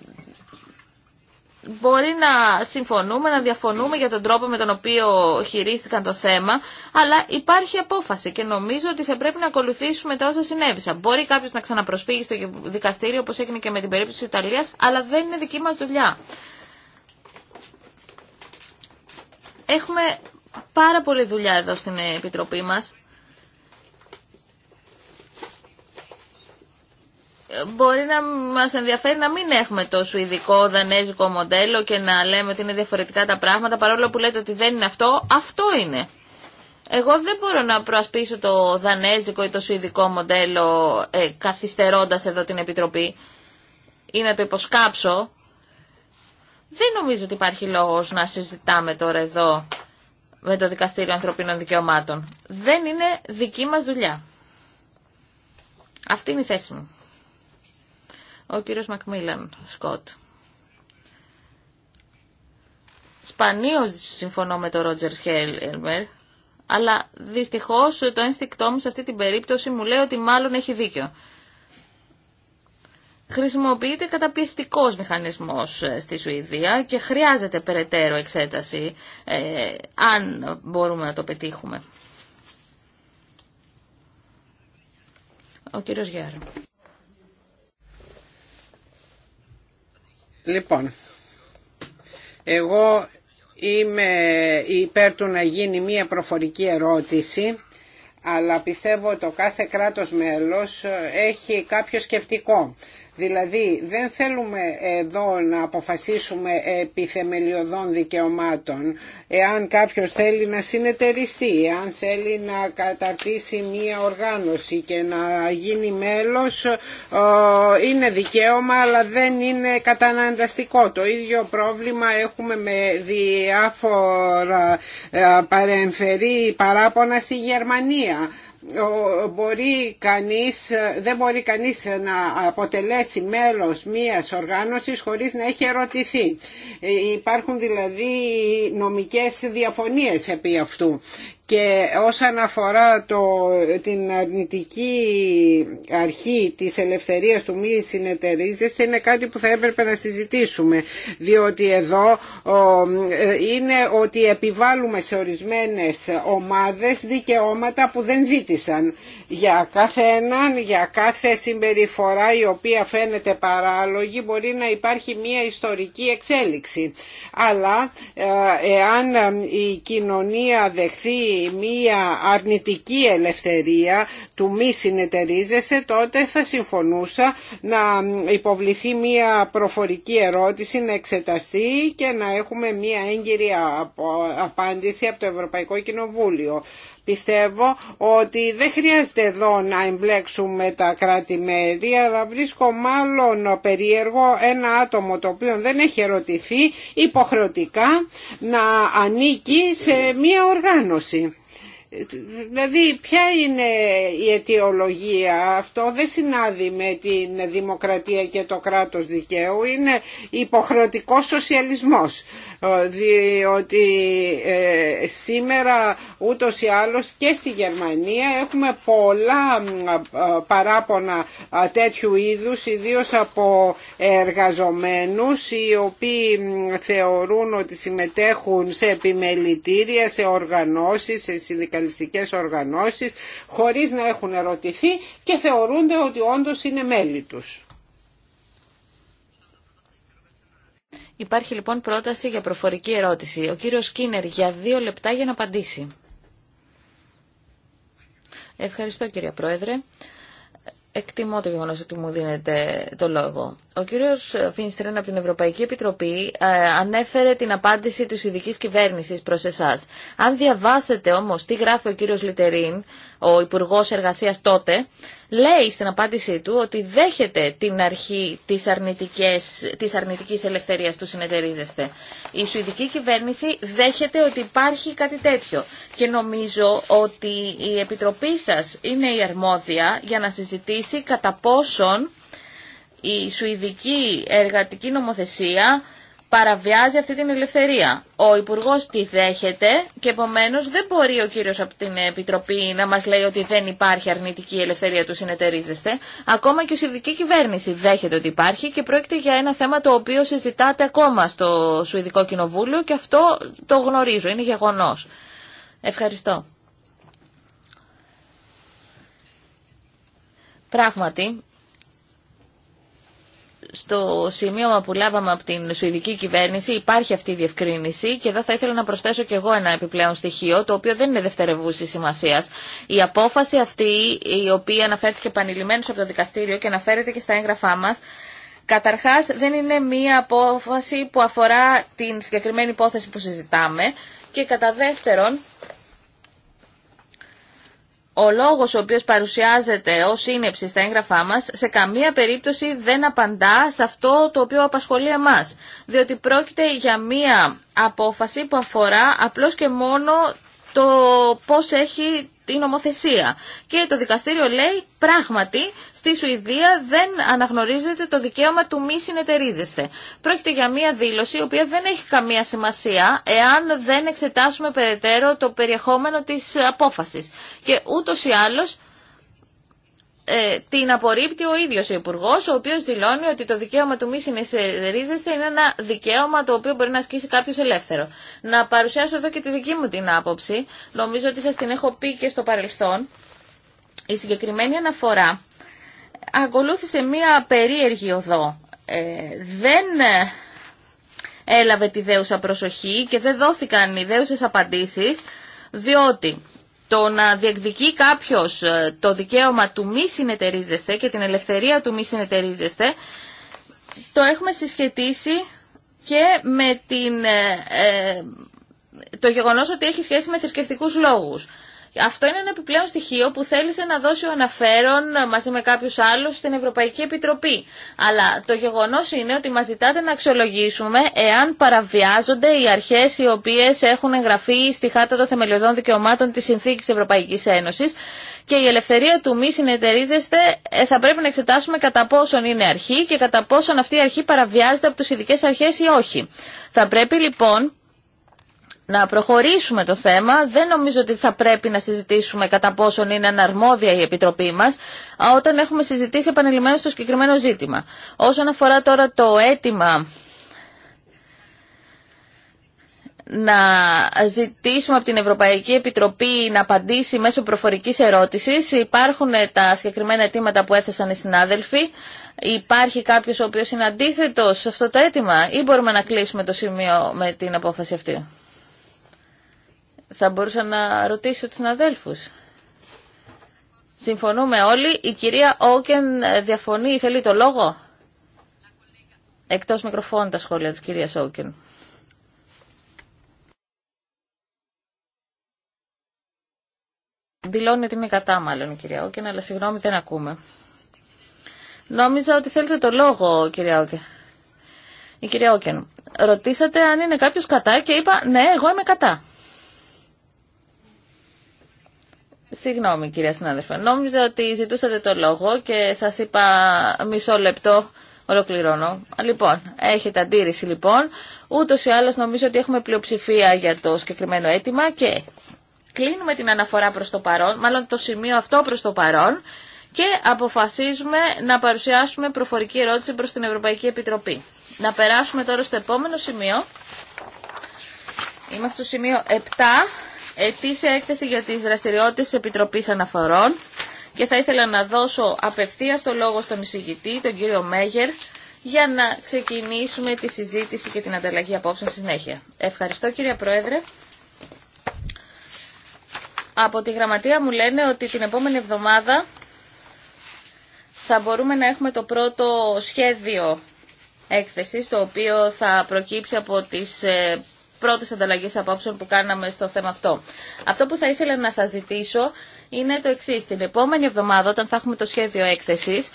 μπορεί να συμφωνούμε, να διαφωνούμε για τον τρόπο με τον οποίο χειρίστηκαν το θέμα, αλλά υπάρχει απόφαση και νομίζω ότι θα πρέπει να ακολουθήσουμε τα όσα συνέβησαν. Μπορεί κάποιο να ξαναπροσφύγει στο δικαστήριο, όπω έγινε και με την περίπτωση της Ιταλίας, αλλά δεν είναι δική μα δουλειά. Έχουμε πάρα πολλή δουλειά εδώ στην Επιτροπή μας. Μπορεί να μας ενδιαφέρει να μην έχουμε το σουηδικό, δανέζικο μοντέλο και να λέμε ότι είναι διαφορετικά τα πράγματα, παρόλο που λέτε ότι δεν είναι αυτό, αυτό είναι. Εγώ δεν μπορώ να προασπίσω το δανέζικο ή το σουηδικό μοντέλο ε, καθυστερώντας εδώ την Επιτροπή ή να το υποσκάψω. Δεν νομίζω ότι υπάρχει λόγος να συζητάμε τώρα εδώ με το Δικαστήριο Ανθρωπίνων Δικαιωμάτων. Δεν είναι δική μας δουλειά. Αυτή είναι η θέση μου. Ο κύριος Μακμίλαν Σκότ. Σπανίως συμφωνώ με τον Ρότζερ Χέλμερ, αλλά δυστυχώς το ένστικτό μου σε αυτή την περίπτωση μου λέει ότι μάλλον έχει δίκιο χρησιμοποιείται καταπιεστικός μηχανισμός ε, στη Σουηδία και χρειάζεται περαιτέρω εξέταση ε, αν μπορούμε να το πετύχουμε. Ο κύριος Γιάρο. Λοιπόν, εγώ είμαι υπέρ του να γίνει μία προφορική ερώτηση αλλά πιστεύω ότι το κάθε κράτος μέλος έχει κάποιο σκεπτικό. Δηλαδή δεν θέλουμε εδώ να αποφασίσουμε επιθεμελιωδών δικαιωμάτων. Εάν κάποιος θέλει να συνεταιριστεί, εάν θέλει να καταρτήσει μία οργάνωση και να γίνει μέλος, ε, είναι δικαίωμα αλλά δεν είναι κατανανταστικό. Το ίδιο πρόβλημα έχουμε με διάφορα ε, παρεμφερή παράπονα στη Γερμανία μπορεί κανείς, δεν μπορεί κανείς να αποτελέσει μέλος μιας οργάνωσης χωρίς να έχει ερωτηθεί. Ε, υπάρχουν δηλαδή νομικές διαφωνίες επί αυτού και όσον αφορά το, την αρνητική αρχή της ελευθερίας του μη συνεταιρίζεσαι είναι κάτι που θα έπρεπε να συζητήσουμε διότι εδώ είναι ότι επιβάλλουμε σε ορισμένες ομάδες δικαιώματα που δεν ζήτησαν για κάθε έναν, για κάθε συμπεριφορά η οποία φαίνεται παράλογη μπορεί να υπάρχει μια ιστορική εξέλιξη αλλά ε, εάν η κοινωνία δεχθεί μία αρνητική ελευθερία του μη συνεταιρίζεστε, τότε θα συμφωνούσα να υποβληθεί μία προφορική ερώτηση, να εξεταστεί και να έχουμε μία έγκυρη απάντηση από το Ευρωπαϊκό Κοινοβούλιο. Πιστεύω ότι δεν χρειάζεται εδώ να εμπλέξουμε τα κράτη-μέλη, αλλά βρίσκω μάλλον περίεργο ένα άτομο το οποίο δεν έχει ερωτηθεί υποχρεωτικά να ανήκει σε μία οργάνωση. Δηλαδή ποια είναι η αιτιολογία αυτό δεν συνάδει με την δημοκρατία και το κράτος δικαίου είναι υποχρεωτικός σοσιαλισμός διότι ε, σήμερα ούτως ή άλλως και στη Γερμανία έχουμε πολλά παράπονα τέτοιου είδους ιδίως από εργαζομένους οι οποίοι θεωρούν ότι συμμετέχουν σε επιμελητήρια, σε οργανώσεις, σε συνδικαλιστικές οργανώσεις χωρίς να έχουν ερωτηθεί και θεωρούνται ότι όντως είναι μέλη τους. Υπάρχει λοιπόν πρόταση για προφορική ερώτηση. Ο κύριος Σκίνερ για δύο λεπτά για να απαντήσει. Ευχαριστώ κύριε Πρόεδρε. Εκτιμώ το γεγονό ότι μου δίνετε το λόγο. Ο κύριο Φίνστρεν από την Ευρωπαϊκή Επιτροπή ε, ανέφερε την απάντηση τη ειδική κυβέρνηση προ εσά. Αν διαβάσετε όμω τι γράφει ο κύριο Λιτερίν, ο Υπουργό Εργασία τότε, λέει στην απάντησή του ότι δέχεται την αρχή της, αρνητικής, της ελευθερίας του συνεταιρίζεστε. Η Σουηδική κυβέρνηση δέχεται ότι υπάρχει κάτι τέτοιο και νομίζω ότι η Επιτροπή σας είναι η αρμόδια για να συζητήσει κατά πόσον η Σουηδική εργατική νομοθεσία παραβιάζει αυτή την ελευθερία. Ο Υπουργό τη δέχεται και επομένω δεν μπορεί ο κύριο από την Επιτροπή να μα λέει ότι δεν υπάρχει αρνητική ελευθερία του συνεταιρίζεστε. Ακόμα και η Σουηδική κυβέρνηση δέχεται ότι υπάρχει και πρόκειται για ένα θέμα το οποίο συζητάται ακόμα στο Σουηδικό Κοινοβούλιο και αυτό το γνωρίζω, είναι γεγονό. Ευχαριστώ. Πράγματι, στο σημείωμα που λάβαμε από την Σουηδική κυβέρνηση υπάρχει αυτή η διευκρίνηση και εδώ θα ήθελα να προσθέσω και εγώ ένα επιπλέον στοιχείο το οποίο δεν είναι δευτερευούση σημασία. Η απόφαση αυτή η οποία αναφέρθηκε επανειλημμένως από το δικαστήριο και αναφέρεται και στα έγγραφά μας Καταρχάς δεν είναι μία απόφαση που αφορά την συγκεκριμένη υπόθεση που συζητάμε και κατά δεύτερον ο λόγος ο οποίος παρουσιάζεται ως σύννεψη στα έγγραφά μας σε καμία περίπτωση δεν απαντά σε αυτό το οποίο απασχολεί εμάς. Διότι πρόκειται για μία απόφαση που αφορά απλώς και μόνο το πώς έχει την νομοθεσία. Και το δικαστήριο λέει πράγματι στη Σουηδία δεν αναγνωρίζεται το δικαίωμα του μη συνεταιρίζεστε. Πρόκειται για μία δήλωση η οποία δεν έχει καμία σημασία εάν δεν εξετάσουμε περαιτέρω το περιεχόμενο της απόφασης. Και ούτως ή άλλως ε, την απορρίπτει ο ίδιο ο υπουργό, ο οποίος δηλώνει ότι το δικαίωμα του μη συνεστερίζεστε είναι ένα δικαίωμα το οποίο μπορεί να ασκήσει κάποιο ελεύθερο. Να παρουσιάσω εδώ και τη δική μου την άποψη. Νομίζω ότι σας την έχω πει και στο παρελθόν. Η συγκεκριμένη αναφορά ακολούθησε μία περίεργη οδό. Ε, δεν έλαβε τη δέουσα προσοχή και δεν δόθηκαν οι δέουσες απαντήσεις, διότι το να διεκδικεί κάποιος ε, το δικαίωμα του μη συνεταιρίζεστε και την ελευθερία του μη συνεταιρίζεστε, το έχουμε συσχετίσει και με την, ε, ε, το γεγονός ότι έχει σχέση με θρησκευτικού λόγους. Αυτό είναι ένα επιπλέον στοιχείο που θέλησε να δώσει ο αναφέρον μαζί με κάποιους άλλους στην Ευρωπαϊκή Επιτροπή. Αλλά το γεγονός είναι ότι μας ζητάτε να αξιολογήσουμε εάν παραβιάζονται οι αρχές οι οποίες έχουν εγγραφεί στη Χάρτα των Θεμελιωδών Δικαιωμάτων της Συνθήκης Ευρωπαϊκής Ένωσης και η ελευθερία του μη συνεταιρίζεστε ε, θα πρέπει να εξετάσουμε κατά πόσον είναι αρχή και κατά πόσον αυτή η αρχή παραβιάζεται από τους ειδικέ αρχέ ή όχι. Θα πρέπει λοιπόν να προχωρήσουμε το θέμα. Δεν νομίζω ότι θα πρέπει να συζητήσουμε κατά πόσον είναι αναρμόδια η Επιτροπή μας όταν έχουμε συζητήσει επανελειμμένως το συγκεκριμένο ζήτημα. Όσον αφορά τώρα το αίτημα να ζητήσουμε από την Ευρωπαϊκή Επιτροπή να απαντήσει μέσω προφορικής ερώτησης. Υπάρχουν τα συγκεκριμένα αιτήματα που έθεσαν οι συνάδελφοι. Υπάρχει κάποιος ο οποίος είναι αντίθετος σε αυτό το αίτημα ή μπορούμε να κλείσουμε το σημείο με την απόφαση αυτή. Θα μπορούσα να ρωτήσω τους αδέλφους. Συμφωνούμε όλοι. Η κυρία Όκεν διαφωνεί. Θέλει το λόγο. Εκτός μικροφώνου τα σχόλια της κυρίας Όκεν. Δηλώνει ότι είναι κατά μάλλον η κυρία Όκεν, αλλά συγγνώμη δεν ακούμε. Νόμιζα ότι θέλετε το λόγο, κυρία Όκεν. Η κυρία Όκεν, ρωτήσατε αν είναι κάποιος κατά και είπα ναι, εγώ είμαι κατά. Συγγνώμη κυρία συνάδελφα. Νόμιζα ότι ζητούσατε το λόγο και σας είπα μισό λεπτό. Ολοκληρώνω. Λοιπόν, έχετε αντίρρηση λοιπόν. Ούτως ή άλλως νομίζω ότι έχουμε πλειοψηφία για το συγκεκριμένο αίτημα και κλείνουμε την αναφορά προς το παρόν, μάλλον το σημείο αυτό προς το παρόν και αποφασίζουμε να παρουσιάσουμε προφορική ερώτηση προς την Ευρωπαϊκή Επιτροπή. Να περάσουμε τώρα στο επόμενο σημείο. Είμαστε στο σημείο 7 ετήσια έκθεση για τις δραστηριότητες της Επιτροπής Αναφορών και θα ήθελα να δώσω απευθείας το λόγο στον εισηγητή, τον κύριο Μέγερ, για να ξεκινήσουμε τη συζήτηση και την ανταλλαγή απόψε στη συνέχεια. Ευχαριστώ κύριε Πρόεδρε. Από τη γραμματεία μου λένε ότι την επόμενη εβδομάδα θα μπορούμε να έχουμε το πρώτο σχέδιο έκθεσης, το οποίο θα προκύψει από τις ε, πρώτε ανταλλαγέ απόψεων που κάναμε στο θέμα αυτό. Αυτό που θα ήθελα να σας ζητήσω είναι το εξή. Την επόμενη εβδομάδα όταν θα έχουμε το σχέδιο έκθεσης,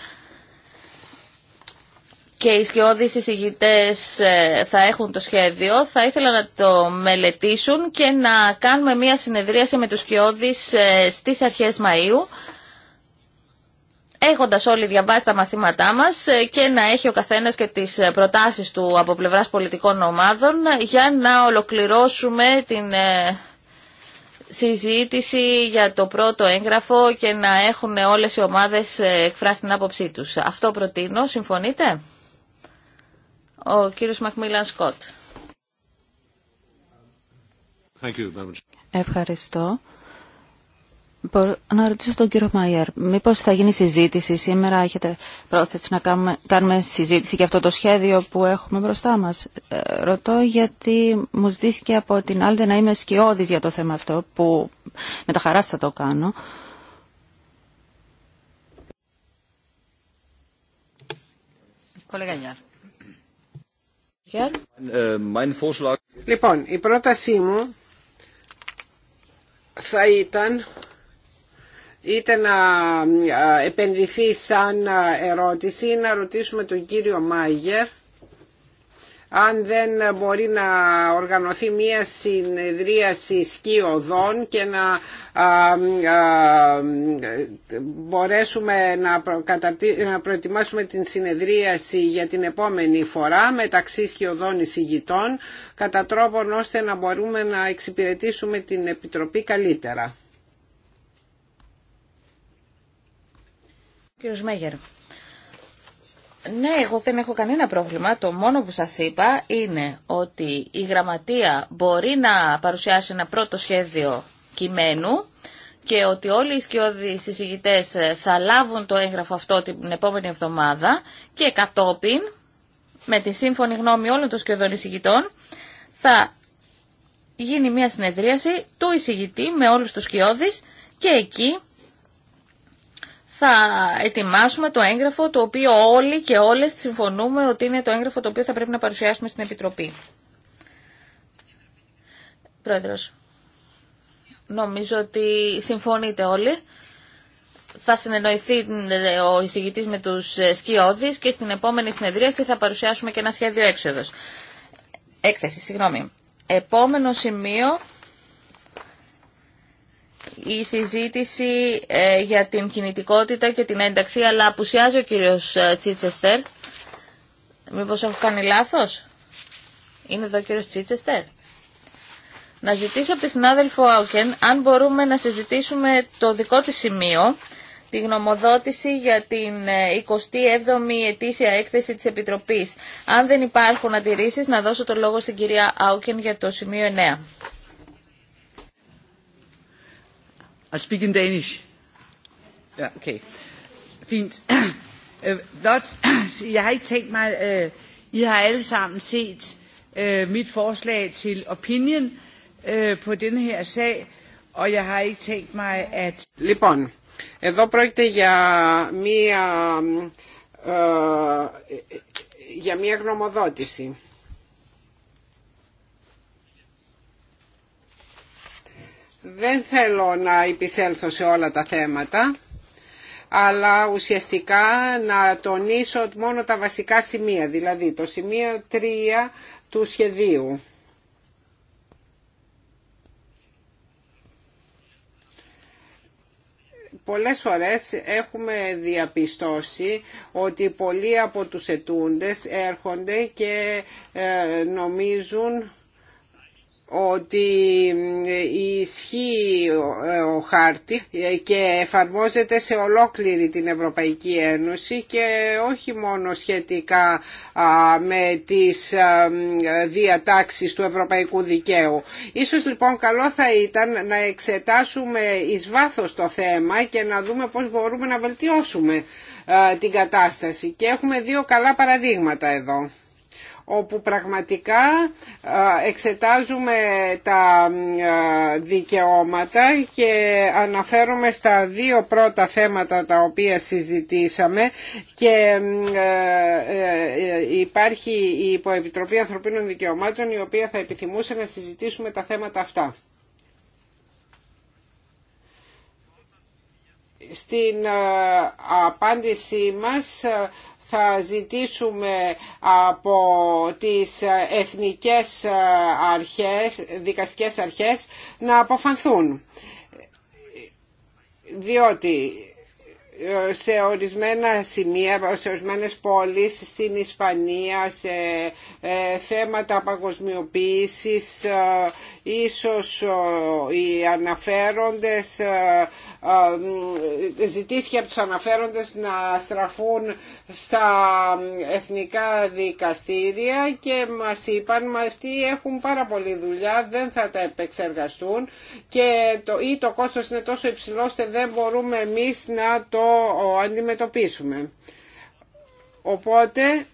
και οι σκιώδει εισηγητές ε, θα έχουν το σχέδιο, θα ήθελα να το μελετήσουν και να κάνουμε μία συνεδρίαση με τους σκιώδει ε, στις αρχές Μαΐου έχοντας όλοι διαβάσει τα μαθήματά μας ε, και να έχει ο καθένας και τις ε, προτάσεις του από πλευράς πολιτικών ομάδων ε, για να ολοκληρώσουμε την συζήτηση για το πρώτο έγγραφο και να έχουν όλες οι ομάδες εκφράσει την άποψή τους. Αυτό προτείνω. Συμφωνείτε? Ο κύριος Μακμίλαν Σκότ. Ευχαριστώ να ρωτήσω τον κύριο Μάιερ, μήπως θα γίνει συζήτηση σήμερα, έχετε πρόθεση να κάνουμε, συζήτηση για αυτό το σχέδιο που έχουμε μπροστά μας. Ε, ρωτώ γιατί μου ζητήθηκε από την Άλτε να είμαι σκιώδης για το θέμα αυτό, που με τα χαρά θα το κάνω. Ε, λοιπόν, η πρότασή μου θα ήταν είτε να επενδυθεί σαν ερώτηση ή να ρωτήσουμε τον κύριο Μάγερ αν δεν μπορεί να οργανωθεί μία συνεδρίαση σκιωδών και να μπορέσουμε να προετοιμάσουμε την συνεδρίαση για την επόμενη φορά μεταξύ σκιωδών εισηγητών κατά τρόπον ώστε να μπορούμε να εξυπηρετήσουμε την Επιτροπή καλύτερα. Κύριος Μέγερ. Ναι, εγώ δεν έχω κανένα πρόβλημα. Το μόνο που σας είπα είναι ότι η γραμματεία μπορεί να παρουσιάσει ένα πρώτο σχέδιο κειμένου και ότι όλοι οι σκιώδη συζητητές ε, θα λάβουν το έγγραφο αυτό την επόμενη εβδομάδα και κατόπιν, με τη σύμφωνη γνώμη όλων των σκιωδών εισηγητών, θα γίνει μια συνεδρίαση του εισηγητή με όλους τους σκιώδεις και εκεί θα ετοιμάσουμε το έγγραφο το οποίο όλοι και όλες συμφωνούμε ότι είναι το έγγραφο το οποίο θα πρέπει να παρουσιάσουμε στην Επιτροπή. Πρόεδρος, νομίζω ότι συμφωνείτε όλοι. Θα συνεννοηθεί ε, ο εισηγητή με τους ε, σκιώδει και στην επόμενη συνεδρίαση θα παρουσιάσουμε και ένα σχέδιο έξοδο. Έκθεση, συγγνώμη. Επόμενο σημείο η συζήτηση ε, για την κινητικότητα και την ένταξη, αλλά απουσιάζει ο κύριος ε, Τσίτσεστερ. Μήπως έχω κάνει λάθος. Είναι εδώ ο κύριος Τσίτσεστερ. Να ζητήσω από τη συνάδελφο Άουκεν αν μπορούμε να συζητήσουμε το δικό της σημείο, τη γνωμοδότηση για την 27η ε, ετήσια έκθεση της Επιτροπής. Αν δεν υπάρχουν αντιρρήσεις, να δώσω το λόγο στην κυρία Άουκεν για το σημείο 9. I'll speak in Danish. Ja, okay. Fint. Blot, jeg har ikke tænkt mig, I har alle sammen set mit forslag til opinion på denne her sag, og jeg har ikke tænkt mig at... Λοιπόν, εδώ πρόκειται για μία, ε, για μία γνωμοδότηση. Δεν θέλω να υπησέλθω σε όλα τα θέματα, αλλά ουσιαστικά να τονίσω μόνο τα βασικά σημεία, δηλαδή το σημείο 3 του σχεδίου. πολλές φορές έχουμε διαπιστώσει ότι πολλοί από τους ετούντες έρχονται και ε, νομίζουν ότι ισχύει ο χάρτη και εφαρμόζεται σε ολόκληρη την Ευρωπαϊκή Ένωση και όχι μόνο σχετικά με τις διατάξεις του ευρωπαϊκού δικαίου. Ίσως λοιπόν καλό θα ήταν να εξετάσουμε εις βάθος το θέμα και να δούμε πώς μπορούμε να βελτιώσουμε την κατάσταση. Και έχουμε δύο καλά παραδείγματα εδώ όπου πραγματικά εξετάζουμε τα δικαιώματα και αναφέρομαι στα δύο πρώτα θέματα τα οποία συζητήσαμε και ε, υπάρχει η Υποεπιτροπή Ανθρωπίνων Δικαιωμάτων η οποία θα επιθυμούσε να συζητήσουμε τα θέματα αυτά. Στην ε, απάντησή μας θα ζητήσουμε από τις εθνικές αρχές, δικαστικές αρχές να αποφανθούν. Διότι ε, σε ορισμένα σημεία, σε ορισμένες πόλεις, στην Ισπανία, σε ε, θέματα παγκοσμιοποίησης ε, ίσως ε, οι αναφέροντες ζητήθηκε από τους αναφέροντες να στραφούν στα εθνικά δικαστήρια και μας είπαν μα αυτοί έχουν πάρα πολλή δουλειά, δεν θα τα επεξεργαστούν και το, ή το κόστος είναι τόσο υψηλό ώστε δεν μπορούμε εμείς να το αντιμετωπίσουμε. Οπότε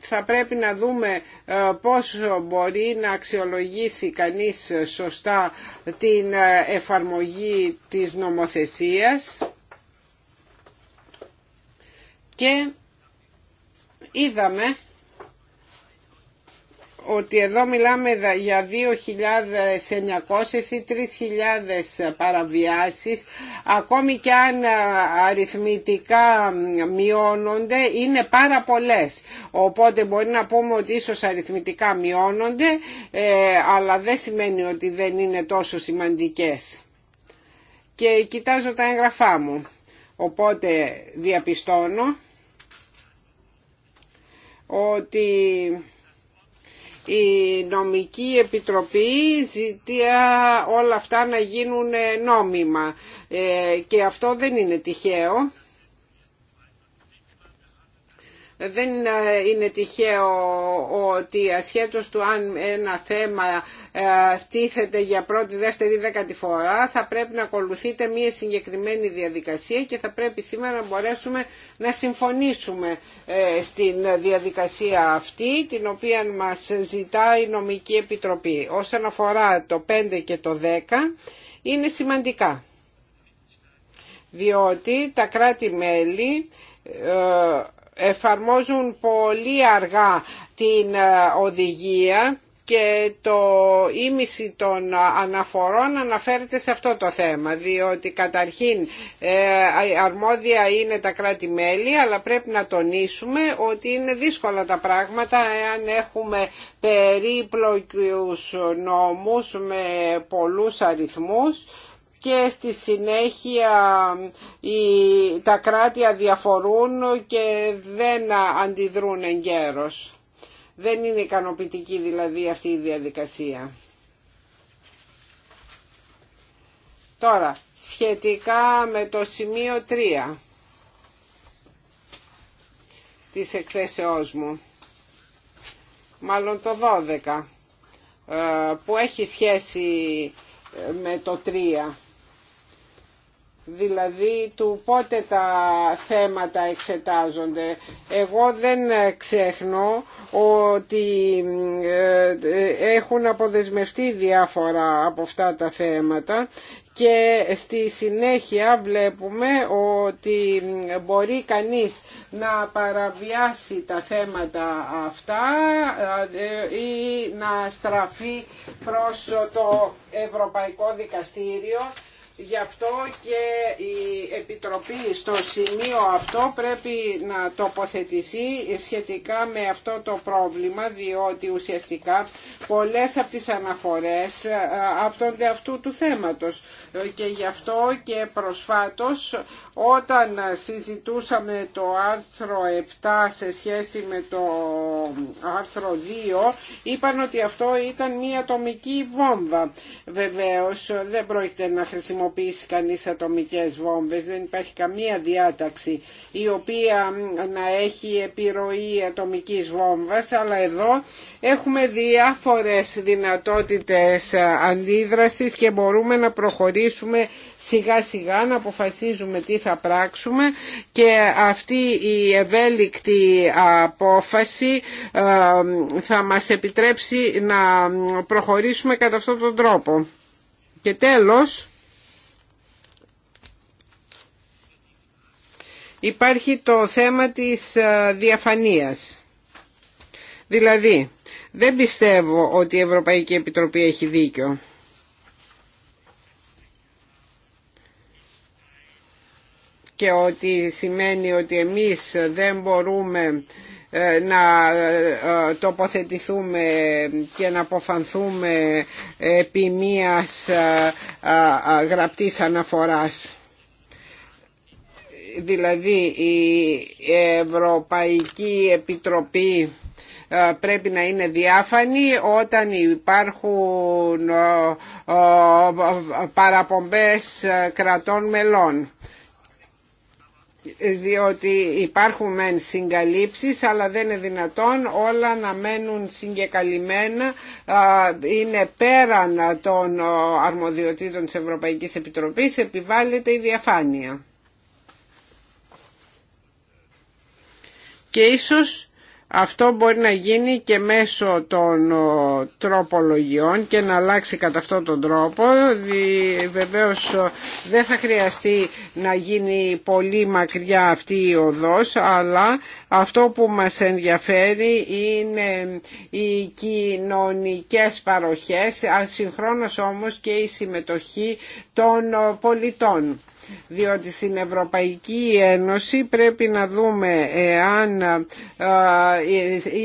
θα πρέπει να δούμε ε, πώς μπορεί να αξιολογήσει κανείς σωστά την ε, εφαρμογή της νομοθεσίας και είδαμε ότι εδώ μιλάμε για 2.900 ή 3.000 παραβιάσεις ακόμη και αν αριθμητικά μειώνονται είναι πάρα πολλές οπότε μπορεί να πούμε ότι ίσως αριθμητικά μειώνονται ε, αλλά δεν σημαίνει ότι δεν είναι τόσο σημαντικές και κοιτάζω τα έγγραφά μου οπότε διαπιστώνω ότι η νομική επιτροπή ζητεί όλα αυτά να γίνουν νόμιμα ε, και αυτό δεν είναι τυχαίο. Δεν ε, είναι τυχαίο ότι ασχέτως του αν ένα θέμα ε, τίθεται για πρώτη, δεύτερη, δέκατη φορά θα πρέπει να ακολουθείτε μια συγκεκριμένη διαδικασία και θα πρέπει σήμερα να μπορέσουμε να συμφωνήσουμε ε, στην διαδικασία αυτή την οποία μας ζητά η νομική επιτροπή. Όσον αφορά το 5 και το 10 είναι σημαντικά διότι τα κράτη-μέλη εφαρμόζουν πολύ αργά την ε, οδηγία και το ίμιση των αναφορών αναφέρεται σε αυτό το θέμα διότι καταρχήν ε, αρμόδια είναι τα κράτη-μέλη αλλά πρέπει να τονίσουμε ότι είναι δύσκολα τα πράγματα εάν έχουμε περίπλοκους νόμους με πολλούς αριθμούς και στη συνέχεια τα κράτη αδιαφορούν και δεν αντιδρούν εγκαίρως. Δεν είναι ικανοποιητική δηλαδή αυτή η διαδικασία. Τώρα, σχετικά με το σημείο 3 της εκθέσεώς μου, μάλλον το 12, ε, που έχει σχέση ε, με το 3 δηλαδή του πότε τα θέματα εξετάζονται. Εγώ δεν ξέχνω ότι ε, έχουν αποδεσμευτεί διάφορα από αυτά τα θέματα και στη συνέχεια βλέπουμε ότι μπορεί κανείς να παραβιάσει τα θέματα αυτά ε, ή να στραφεί προς το Ευρωπαϊκό Δικαστήριο Γι' αυτό και η Επιτροπή στο σημείο αυτό πρέπει να τοποθετηθεί σχετικά με αυτό το πρόβλημα διότι ουσιαστικά πολλές από τις αναφορές ε, άπτονται αυτού του θέματος ε, και γι' αυτό και προσφάτως όταν συζητούσαμε το άρθρο 7 σε σχέση με το άρθρο 2 είπαν ότι αυτό ήταν μια ατομική βόμβα. Βεβαίως δεν πρόκειται να χρησιμοποιήσουμε χρησιμοποιήσει κανείς ατομικές βόμβες. Δεν υπάρχει καμία διάταξη η οποία να έχει επιρροή ατομικής βόμβας, αλλά εδώ έχουμε διάφορες δυνατότητες αντίδρασης και μπορούμε να προχωρήσουμε σιγά σιγά να αποφασίζουμε τι θα πράξουμε και αυτή η ευέλικτη απόφαση ε, θα μας επιτρέψει να προχωρήσουμε κατά αυτόν τον τρόπο. Και τέλος, υπάρχει το θέμα της ε, διαφανείας. Δηλαδή, δεν πιστεύω ότι η Ευρωπαϊκή Επιτροπή έχει δίκιο. Και ότι σημαίνει ότι εμείς δεν μπορούμε ε, να ε, τοποθετηθούμε και να αποφανθούμε επί μίας γραπτής αναφοράς δηλαδή η Ευρωπαϊκή Επιτροπή ε, πρέπει να είναι διάφανη όταν υπάρχουν ε, ε, παραπομπές κρατών μελών διότι υπάρχουν μεν συγκαλύψεις αλλά δεν είναι δυνατόν όλα να μένουν συγκεκαλυμμένα είναι πέραν των αρμοδιοτήτων της Ευρωπαϊκής Επιτροπής επιβάλλεται η διαφάνεια και ίσως αυτό μπορεί να γίνει και μέσω των τροπολογιών και να αλλάξει κατά αυτόν τον τρόπο. Βεβαίως δεν θα χρειαστεί να γίνει πολύ μακριά αυτή η οδός, αλλά αυτό που μας ενδιαφέρει είναι οι κοινωνικές παροχές, ασυγχρόνως όμως και η συμμετοχή των πολιτών διότι στην Ευρωπαϊκή Ένωση πρέπει να δούμε εάν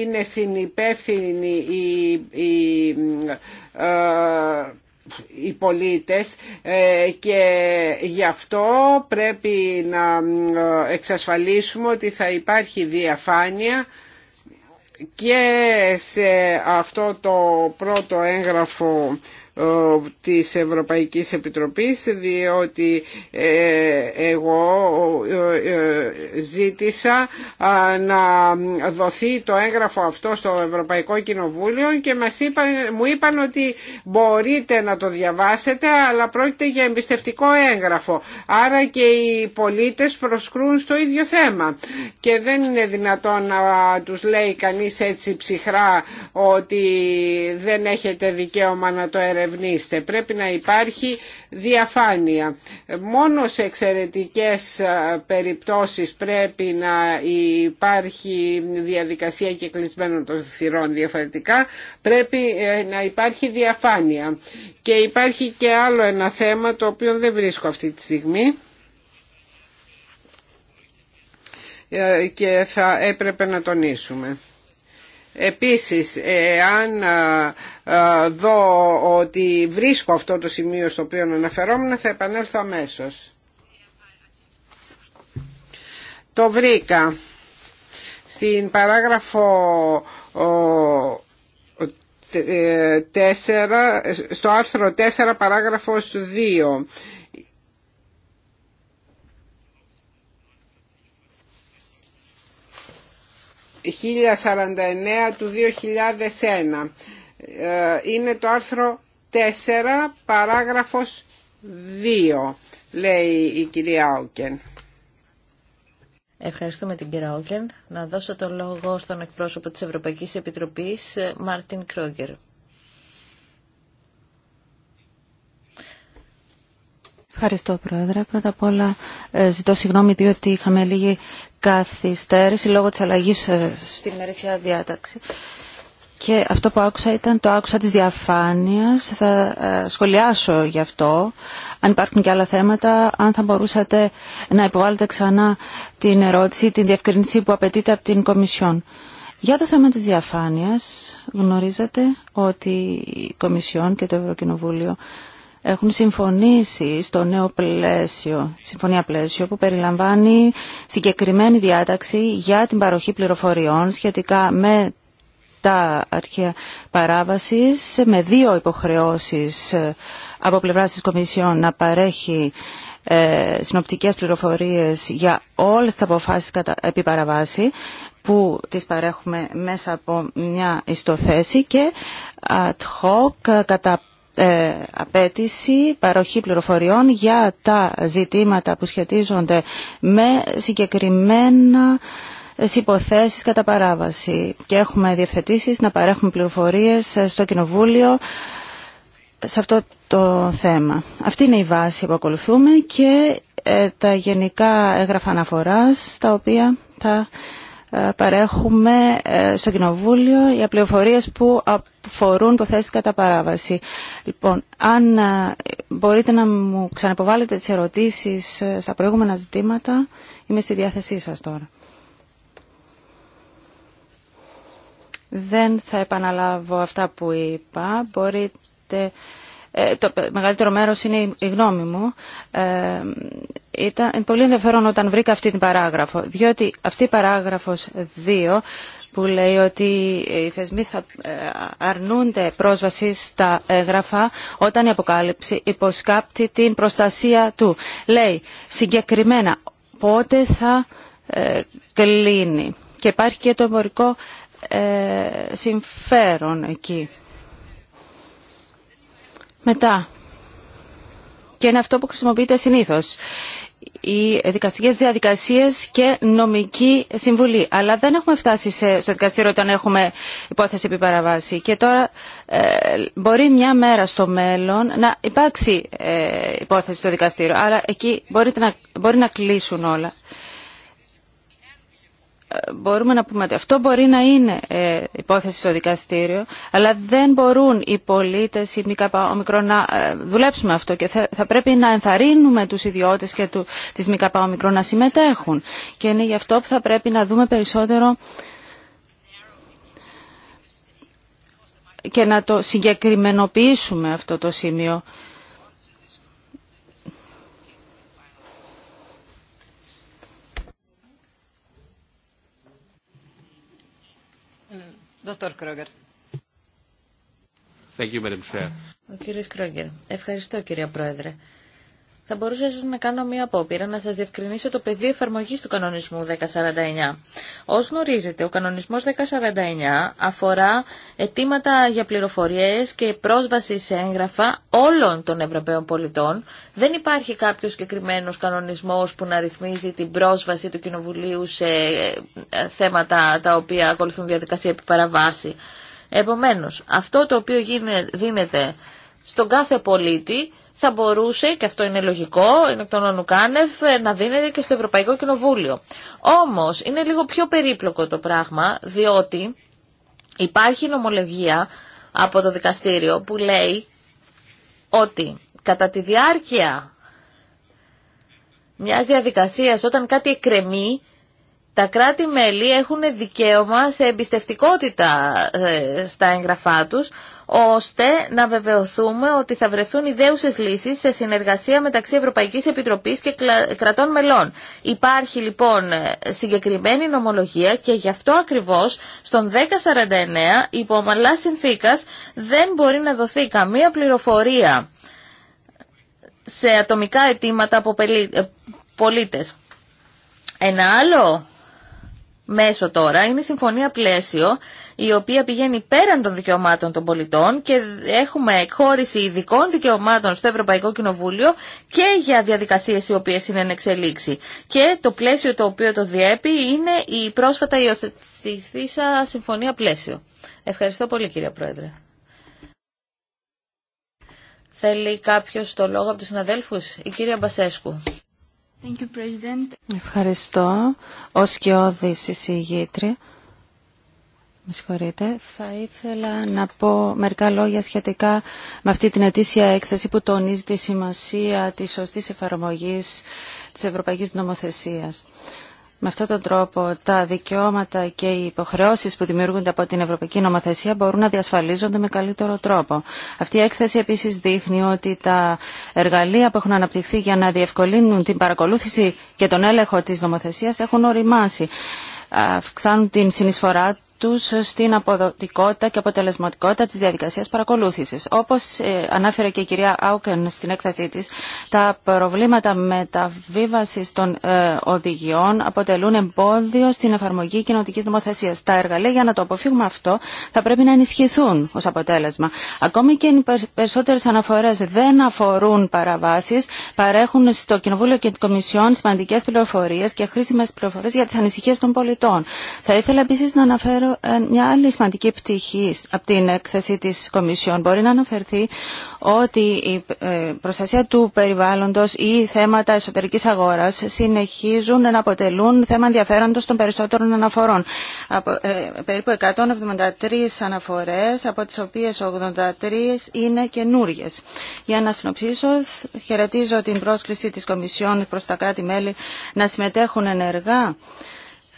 είναι συνυπεύθυνοι οι οι πολίτες ε, και γι' αυτό πρέπει να εξασφαλίσουμε ότι θα υπάρχει διαφάνεια και σε αυτό το πρώτο έγγραφο της Ευρωπαϊκής Επιτροπής διότι ε, εγώ ε, ε, ζήτησα να δοθεί το έγγραφο αυτό στο Ευρωπαϊκό Κοινοβούλιο και μας είπαν, μου είπαν ότι μπορείτε να το διαβάσετε αλλά πρόκειται για εμπιστευτικό έγγραφο άρα και οι πολίτες προσκρούν στο ίδιο θέμα και δεν είναι δυνατόν να τους λέει κανείς έτσι ψυχρά ότι δεν έχετε δικαίωμα να το ερευνήσετε Πρέπει να υπάρχει διαφάνεια. Μόνο σε εξαιρετικές περιπτώσεις πρέπει να υπάρχει διαδικασία και κλεισμένων των θυρών διαφορετικά. Πρέπει ε, να υπάρχει διαφάνεια. Και υπάρχει και άλλο ένα θέμα το οποίο δεν βρίσκω αυτή τη στιγμή. Ε, και θα έπρεπε να τονίσουμε. Επίσης, αν ε, δω ότι βρίσκω αυτό το σημείο στο οποίο αναφερόμουν, θα επανέλθω αμέσως. Το βρήκα στην παράγραφο 4, ε, στο άρθρο 4 παράγραφος 2 1049 του 2001. Ε, είναι το άρθρο 4 παράγραφος 2 λέει η κυρία Όκεν. Ευχαριστούμε την κυρία Όγκεν. Να δώσω το λόγο στον εκπρόσωπο της Ευρωπαϊκής Επιτροπής, Μάρτιν Κρόγκερ. Ευχαριστώ, Πρόεδρε. Πρώτα απ' όλα ε, ζητώ συγγνώμη διότι είχαμε λίγη καθυστέρηση λόγω της αλλαγής ε, στην ημερήσια διάταξη. Και αυτό που άκουσα ήταν το άκουσα της διαφάνειας. Θα ε, σχολιάσω γι' αυτό. Αν υπάρχουν και άλλα θέματα, αν θα μπορούσατε να υποβάλλετε ξανά την ερώτηση, την διευκρινήση που απαιτείται από την Κομισιόν. Για το θέμα της διαφάνειας γνωρίζετε ότι η Κομισιόν και το Ευρωκοινοβούλιο έχουν συμφωνήσει στο νέο πλαίσιο, συμφωνία πλαίσιο που περιλαμβάνει συγκεκριμένη διάταξη για την παροχή πληροφοριών σχετικά με τα αρχεία παράβασης με δύο υποχρεώσεις ε, από πλευράς της Κομισιόν να παρέχει ε, συνοπτικές πληροφορίες για όλες τις αποφάσεις κατα... επί που τις παρέχουμε μέσα από μια ιστοθέση και ad hoc κατά ε, απέτηση παροχή πληροφοριών για τα ζητήματα που σχετίζονται με συγκεκριμένα υποθέσεις κατά παράβαση και έχουμε διευθετήσεις να παρέχουμε πληροφορίες στο Κοινοβούλιο σε αυτό το θέμα. Αυτή είναι η βάση που ακολουθούμε και ε, τα γενικά έγγραφα αναφοράς τα οποία θα ε, παρέχουμε ε, στο Κοινοβούλιο για πληροφορίε που αφορούν υποθέσει κατά παράβαση. Λοιπόν, αν ε, μπορείτε να μου ξαναποβάλλετε τις ερωτήσεις στα προηγούμενα ζητήματα, είμαι στη διάθεσή σας τώρα. Δεν θα επαναλάβω αυτά που είπα. Μπορείτε... το μεγαλύτερο μέρος είναι η γνώμη μου. Ήταν πολύ ενδιαφέρον όταν βρήκα αυτή την παράγραφο, διότι αυτή η παράγραφος 2 που λέει ότι οι θεσμοί θα ε, αρνούνται πρόσβαση στα έγγραφα όταν η αποκάλυψη υποσκάπτει την προστασία του. Λέει συγκεκριμένα πότε θα ε, κλείνει. Και υπάρχει και το εμπορικό ε, συμφέρον εκεί. Μετά, και είναι αυτό που χρησιμοποιείται συνήθω. οι δικαστικέ διαδικασίες και νομική συμβουλή. Αλλά δεν έχουμε φτάσει στο δικαστήριο όταν έχουμε υπόθεση επί παραβάση. Και τώρα ε, μπορεί μια μέρα στο μέλλον να υπάρξει ε, υπόθεση στο δικαστήριο. Αλλά εκεί μπορεί να, μπορεί να κλείσουν όλα μπορούμε να πούμε ότι αυτό μπορεί να είναι ε, υπόθεση στο δικαστήριο, αλλά δεν μπορούν οι πολίτες, οι ΜΚΟ να ε, δουλέψουν αυτό και θα πρέπει να ενθαρρύνουμε τους ιδιώτες και της ΜΚΟ να συμμετέχουν. Και είναι γι' αυτό που θα πρέπει να δούμε περισσότερο και να το συγκεκριμενοποιήσουμε αυτό το σημείο Ο Κρόγκερ. Ευχαριστώ κυρία Πρόεδρε. Θα μπορούσα σας να κάνω μία απόπειρα να σας διευκρινίσω το πεδίο εφαρμογής του κανονισμού 1049. Ως γνωρίζετε, ο κανονισμός 1049 αφορά αιτήματα για πληροφορίες και πρόσβαση σε έγγραφα όλων των Ευρωπαίων πολιτών. Δεν υπάρχει κάποιος συγκεκριμένο κανονισμός που να ρυθμίζει την πρόσβαση του Κοινοβουλίου σε ε, θέματα τα οποία ακολουθούν διαδικασία επιπαραβάση. Επομένως, αυτό το οποίο δίνεται στον κάθε πολίτη θα μπορούσε, και αυτό είναι λογικό, είναι τον Ονουκάνευ, να δίνεται και στο Ευρωπαϊκό Κοινοβούλιο. Όμως, είναι λίγο πιο περίπλοκο το πράγμα, διότι υπάρχει νομολογία από το δικαστήριο που λέει ότι κατά τη διάρκεια μιας διαδικασίας όταν κάτι εκκρεμεί, τα κράτη-μέλη έχουν δικαίωμα σε εμπιστευτικότητα ε, στα έγγραφά τους ώστε να βεβαιωθούμε ότι θα βρεθούν ιδέουσες λύσεις σε συνεργασία μεταξύ Ευρωπαϊκής Επιτροπής και κρατών μελών. Υπάρχει λοιπόν συγκεκριμένη νομολογία και γι' αυτό ακριβώς στον 1049 υπό ομαλά συνθήκας δεν μπορεί να δοθεί καμία πληροφορία σε ατομικά αιτήματα από ε, πολίτες. Ένα άλλο μέσο τώρα είναι η συμφωνία πλαίσιο η οποία πηγαίνει πέραν των δικαιωμάτων των πολιτών και έχουμε εκχώρηση ειδικών δικαιωμάτων στο Ευρωπαϊκό Κοινοβούλιο και για διαδικασίες οι οποίες είναι εν εξελίξη. Και το πλαίσιο το οποίο το διέπει είναι η πρόσφατα υιοθετηθήσα συμφωνία πλαίσιο. Ευχαριστώ πολύ κύριε Πρόεδρε. Θέλει κάποιος το λόγο από τους συναδέλφους, η κυρία Μπασέσκου. Ευχαριστώ. Ω κοιόδης εισηγήτρια, με συγχωρείτε, θα ήθελα να πω μερικά λόγια σχετικά με αυτή την ετήσια έκθεση που τονίζει τη σημασία της σωστής εφαρμογής της Ευρωπαϊκής Νομοθεσίας. Με αυτόν τον τρόπο τα δικαιώματα και οι υποχρεώσεις που δημιουργούνται από την Ευρωπαϊκή Νομοθεσία μπορούν να διασφαλίζονται με καλύτερο τρόπο. Αυτή η έκθεση επίσης δείχνει ότι τα εργαλεία που έχουν αναπτυχθεί για να διευκολύνουν την παρακολούθηση και τον έλεγχο της νομοθεσίας έχουν οριμάσει αυξάνουν την συνεισφορά τους στην αποδοτικότητα και αποτελεσματικότητα της διαδικασίας παρακολούθησης. Όπως ε, ανάφερε και η κυρία Άουκεν στην έκθεσή της, τα προβλήματα μεταβίβασης των ε, οδηγιών αποτελούν εμπόδιο στην εφαρμογή κοινοτική νομοθεσίας. Τα εργαλεία για να το αποφύγουμε αυτό θα πρέπει να ενισχυθούν ως αποτέλεσμα. Ακόμη και οι περισσότερες αναφορές δεν αφορούν παραβάσεις, παρέχουν στο Κοινοβούλιο και την Κομισιόν σημαντικές πληροφορίες και χρήσιμες πληροφορίε για τις ανησυχίες των πολιτών. Θα ήθελα επίσης να αναφέρω μια άλλη σημαντική πτυχή από την έκθεση της Κομισιόν μπορεί να αναφερθεί ότι η ε, προστασία του περιβάλλοντος ή θέματα εσωτερικής αγοράς συνεχίζουν να αποτελούν θέμα ενδιαφέροντος των περισσότερων αναφορών. Ε, περίπου 173 αναφορές, από τις οποίες 83 είναι καινούριε. Για να συνοψίσω, χαιρετίζω την πρόσκληση της Κομισιόν προς τα κράτη-μέλη να συμμετέχουν ενεργά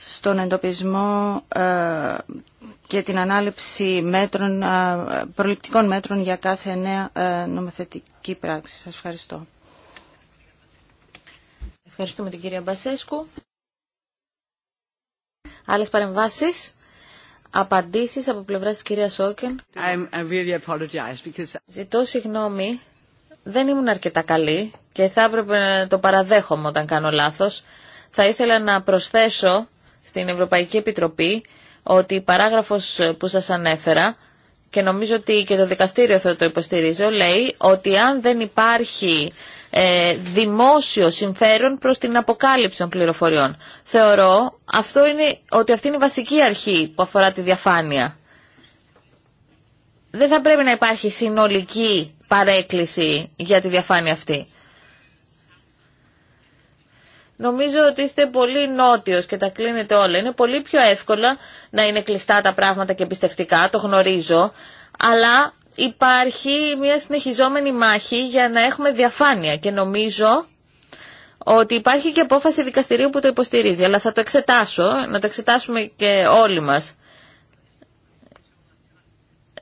στον εντοπισμό ε, και την ανάληψη μέτρων, ε, προληπτικών μέτρων για κάθε νέα ε, νομοθετική πράξη. Σας ευχαριστώ. Ευχαριστούμε την κυρία Μπασέσκου. Άλλες παρεμβάσεις. Απαντήσεις από πλευρά της κυρία Σόκεν. Really because... Ζητώ συγγνώμη. Δεν ήμουν αρκετά καλή και θα έπρεπε να το παραδέχομαι όταν κάνω λάθος. Θα ήθελα να προσθέσω στην Ευρωπαϊκή Επιτροπή ότι η παράγραφος που σας ανέφερα και νομίζω ότι και το δικαστήριο θα το υποστηρίζω, λέει ότι αν δεν υπάρχει ε, δημόσιο συμφέρον προς την αποκάλυψη των πληροφοριών. Θεωρώ αυτό είναι, ότι αυτή είναι η βασική αρχή που αφορά τη διαφάνεια. Δεν θα πρέπει να υπάρχει συνολική παρέκκληση για τη διαφάνεια αυτή. Νομίζω ότι είστε πολύ νότιος και τα κλείνετε όλα. Είναι πολύ πιο εύκολα να είναι κλειστά τα πράγματα και πιστευτικά, το γνωρίζω, αλλά υπάρχει μια συνεχιζόμενη μάχη για να έχουμε διαφάνεια και νομίζω ότι υπάρχει και απόφαση δικαστηρίου που το υποστηρίζει, αλλά θα το εξετάσω, να το εξετάσουμε και όλοι μας.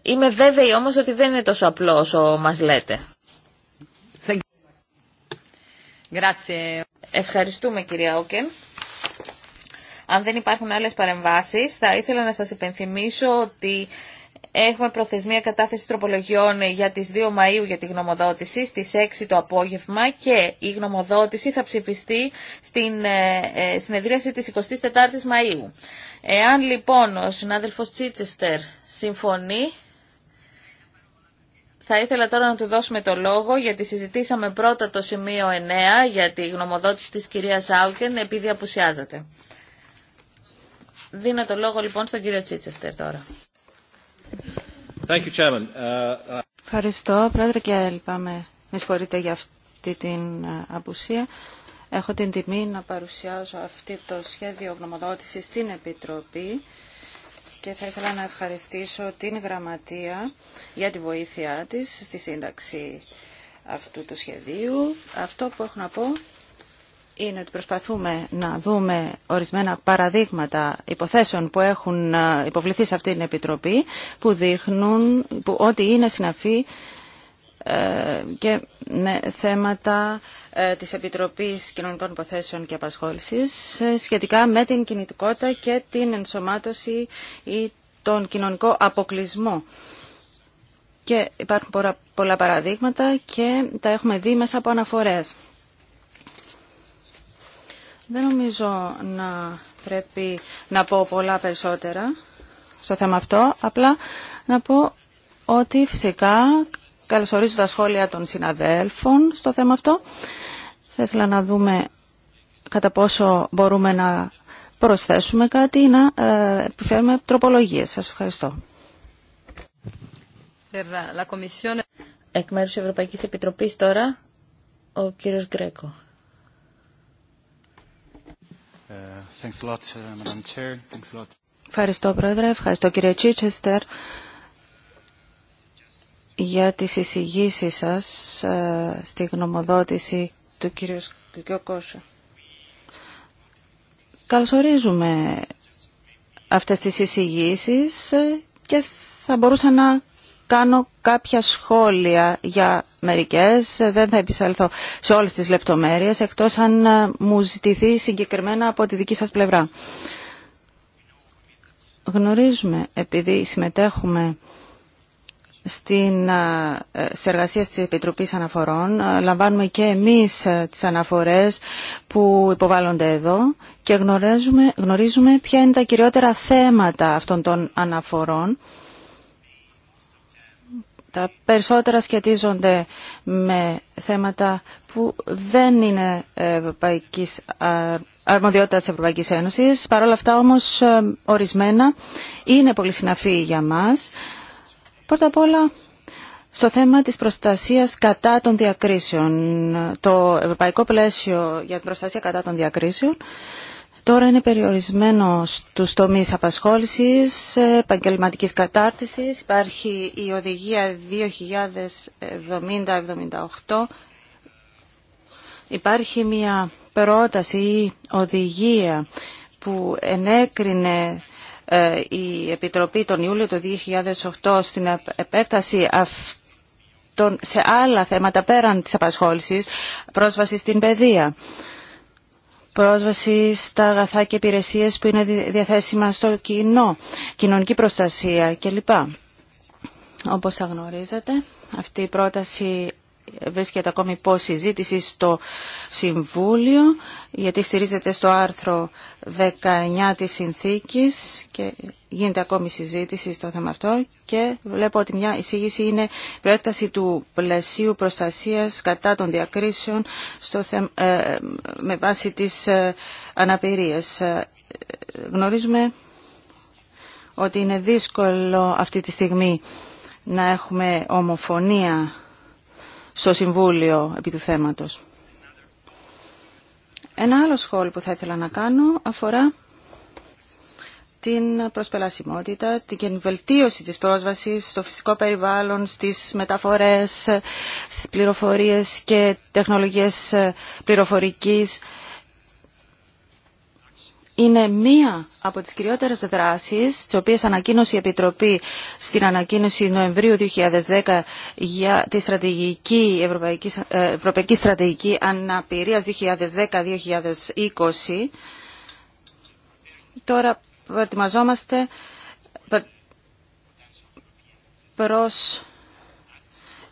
Είμαι βέβαιη όμως ότι δεν είναι τόσο απλό όσο μας λέτε. Ευχαριστούμε κυρία Όκεν. Αν δεν υπάρχουν άλλες παρεμβάσεις, θα ήθελα να σας υπενθυμίσω ότι Έχουμε προθεσμία κατάθεση τροπολογιών για τις 2 Μαΐου για τη γνωμοδότηση στις 6 το απόγευμα και η γνωμοδότηση θα ψηφιστεί στην ε, ε, συνεδρίαση της 24ης Μαΐου. Εάν λοιπόν ο συνάδελφος Τσίτσεστερ συμφωνεί, θα ήθελα τώρα να του δώσουμε το λόγο γιατί συζητήσαμε πρώτα το σημείο 9 για τη γνωμοδότηση της κυρίας Άουκεν επειδή απουσιάζεται. Δίνω το λόγο λοιπόν στον κύριο Τσίτσεστερ τώρα. Thank you, Chairman. Uh, uh, Ευχαριστώ πρόεδρε και λυπάμαι. Με συγχωρείτε για αυτή την uh, απουσία. Έχω την τιμή να παρουσιάσω αυτή το σχέδιο γνωμοδότησης στην Επιτροπή και θα ήθελα να ευχαριστήσω την Γραμματεία για τη βοήθειά της στη σύνταξη αυτού του σχεδίου. Αυτό που έχω να πω είναι ότι προσπαθούμε να δούμε ορισμένα παραδείγματα υποθέσεων που έχουν ε, υποβληθεί σε αυτή την Επιτροπή που δείχνουν ότι είναι συναφή ε, και με ναι, θέματα ε, της Επιτροπής Κοινωνικών Υποθέσεων και Απασχόλησης ε, σχετικά με την κινητικότητα και την ενσωμάτωση ή τον κοινωνικό αποκλεισμό. Και υπάρχουν πολλά, πολλά παραδείγματα και τα έχουμε δει μέσα από αναφορές. Δεν νομίζω να πρέπει να πω πολλά περισσότερα στο θέμα αυτό, απλά να πω ότι φυσικά καλωσορίζω τα σχόλια των συναδέλφων στο θέμα αυτό. Θα ήθελα να δούμε κατά πόσο μπορούμε να προσθέσουμε κάτι ή να ε, επιφέρουμε τροπολογίες. Σας ευχαριστώ. Εκ μέρους της Ευρωπαϊκής Επιτροπής τώρα, ο κύριος Γκρέκο. Ε, ε, ευχαριστώ, Πρόεδρε. Ευχαριστώ, κύριε Τσίτσεστερ για τις εισηγήσεις σας ε, στη γνωμοδότηση του κυρίου Κώσου. Καλωσορίζουμε αυτές τις εισηγήσεις και θα μπορούσα να κάνω κάποια σχόλια για μερικές. Δεν θα επισέλθω σε όλες τις λεπτομέρειες, εκτός αν ε, μου ζητηθεί συγκεκριμένα από τη δική σας πλευρά. Γνωρίζουμε, επειδή συμμετέχουμε στην, ε, σε τη της Επιτροπής Αναφορών. Ε, λαμβάνουμε και εμείς ε, τις αναφορές που υποβάλλονται εδώ και γνωρίζουμε, γνωρίζουμε ποια είναι τα κυριότερα θέματα αυτών των αναφορών. Τα περισσότερα σχετίζονται με θέματα που δεν είναι ευρωπαϊκής, αρμοδιότητα της Ευρωπαϊκής Ένωσης. Παρ' όλα αυτά όμως ορισμένα είναι πολύ συναφή για μας. Πρώτα απ' όλα, στο θέμα της προστασίας κατά των διακρίσεων, το ευρωπαϊκό πλαίσιο για την προστασία κατά των διακρίσεων, Τώρα είναι περιορισμένο στους τομείς απασχόλησης, επαγγελματική κατάρτισης. Υπάρχει η οδηγία 2070-78. Υπάρχει μια πρόταση ή οδηγία που ενέκρινε ε, η Επιτροπή τον Ιούλιο του 2008 στην επέκταση σε άλλα θέματα πέραν της απασχόλησης, πρόσβαση στην παιδεία, πρόσβαση στα αγαθά και υπηρεσίες που είναι διαθέσιμα στο κοινό, κοινωνική προστασία κλπ. Όπως θα γνωρίζετε, αυτή η πρόταση βρίσκεται ακόμη υπό συζήτηση στο Συμβούλιο γιατί στηρίζεται στο άρθρο 19 της συνθήκης και γίνεται ακόμη συζήτηση στο θέμα αυτό και βλέπω ότι μια εισήγηση είναι προέκταση του πλαισίου προστασίας κατά των διακρίσεων στο ε, με βάση τις ε, αναπηρίες. Ε, γνωρίζουμε ότι είναι δύσκολο αυτή τη στιγμή να έχουμε ομοφωνία στο Συμβούλιο επί του θέματος. Ένα άλλο σχόλιο που θα ήθελα να κάνω αφορά την προσπελασιμότητα, την βελτίωση της πρόσβασης στο φυσικό περιβάλλον, στις μεταφορές, στις πληροφορίες και τεχνολογίες πληροφορικής είναι μία από τις κυριότερες δράσεις, τις οποίες ανακοίνωσε η Επιτροπή στην ανακοίνωση Νοεμβρίου 2010 για τη στρατηγική, Ευρωπαϊκή, ε, Ευρωπαϊκή Στρατηγική Αναπηρίας 2010-2020. Τώρα προετοιμαζόμαστε προς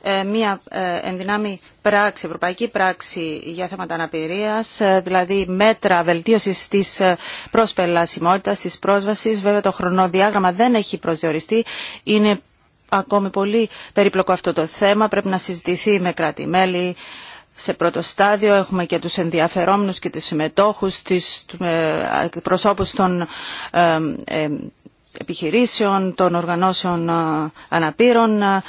ε, μια ε, ενδυνάμει πράξη, ευρωπαϊκή πράξη για θέματα αναπηρίας, ε, δηλαδή μέτρα βελτίωσης της προσπελασιμότητας, της πρόσβασης. Βέβαια το χρονοδιάγραμμα δεν έχει προσδιοριστεί, είναι ακόμη πολύ περίπλοκο αυτό το θέμα, πρέπει να συζητηθεί με κράτη-μέλη, σε πρώτο στάδιο έχουμε και τους ενδιαφερόμενους και τους συμμετόχους, τους προσώπους των επιχειρήσεων, των οργανώσεων ε, αναπήρων. Ε,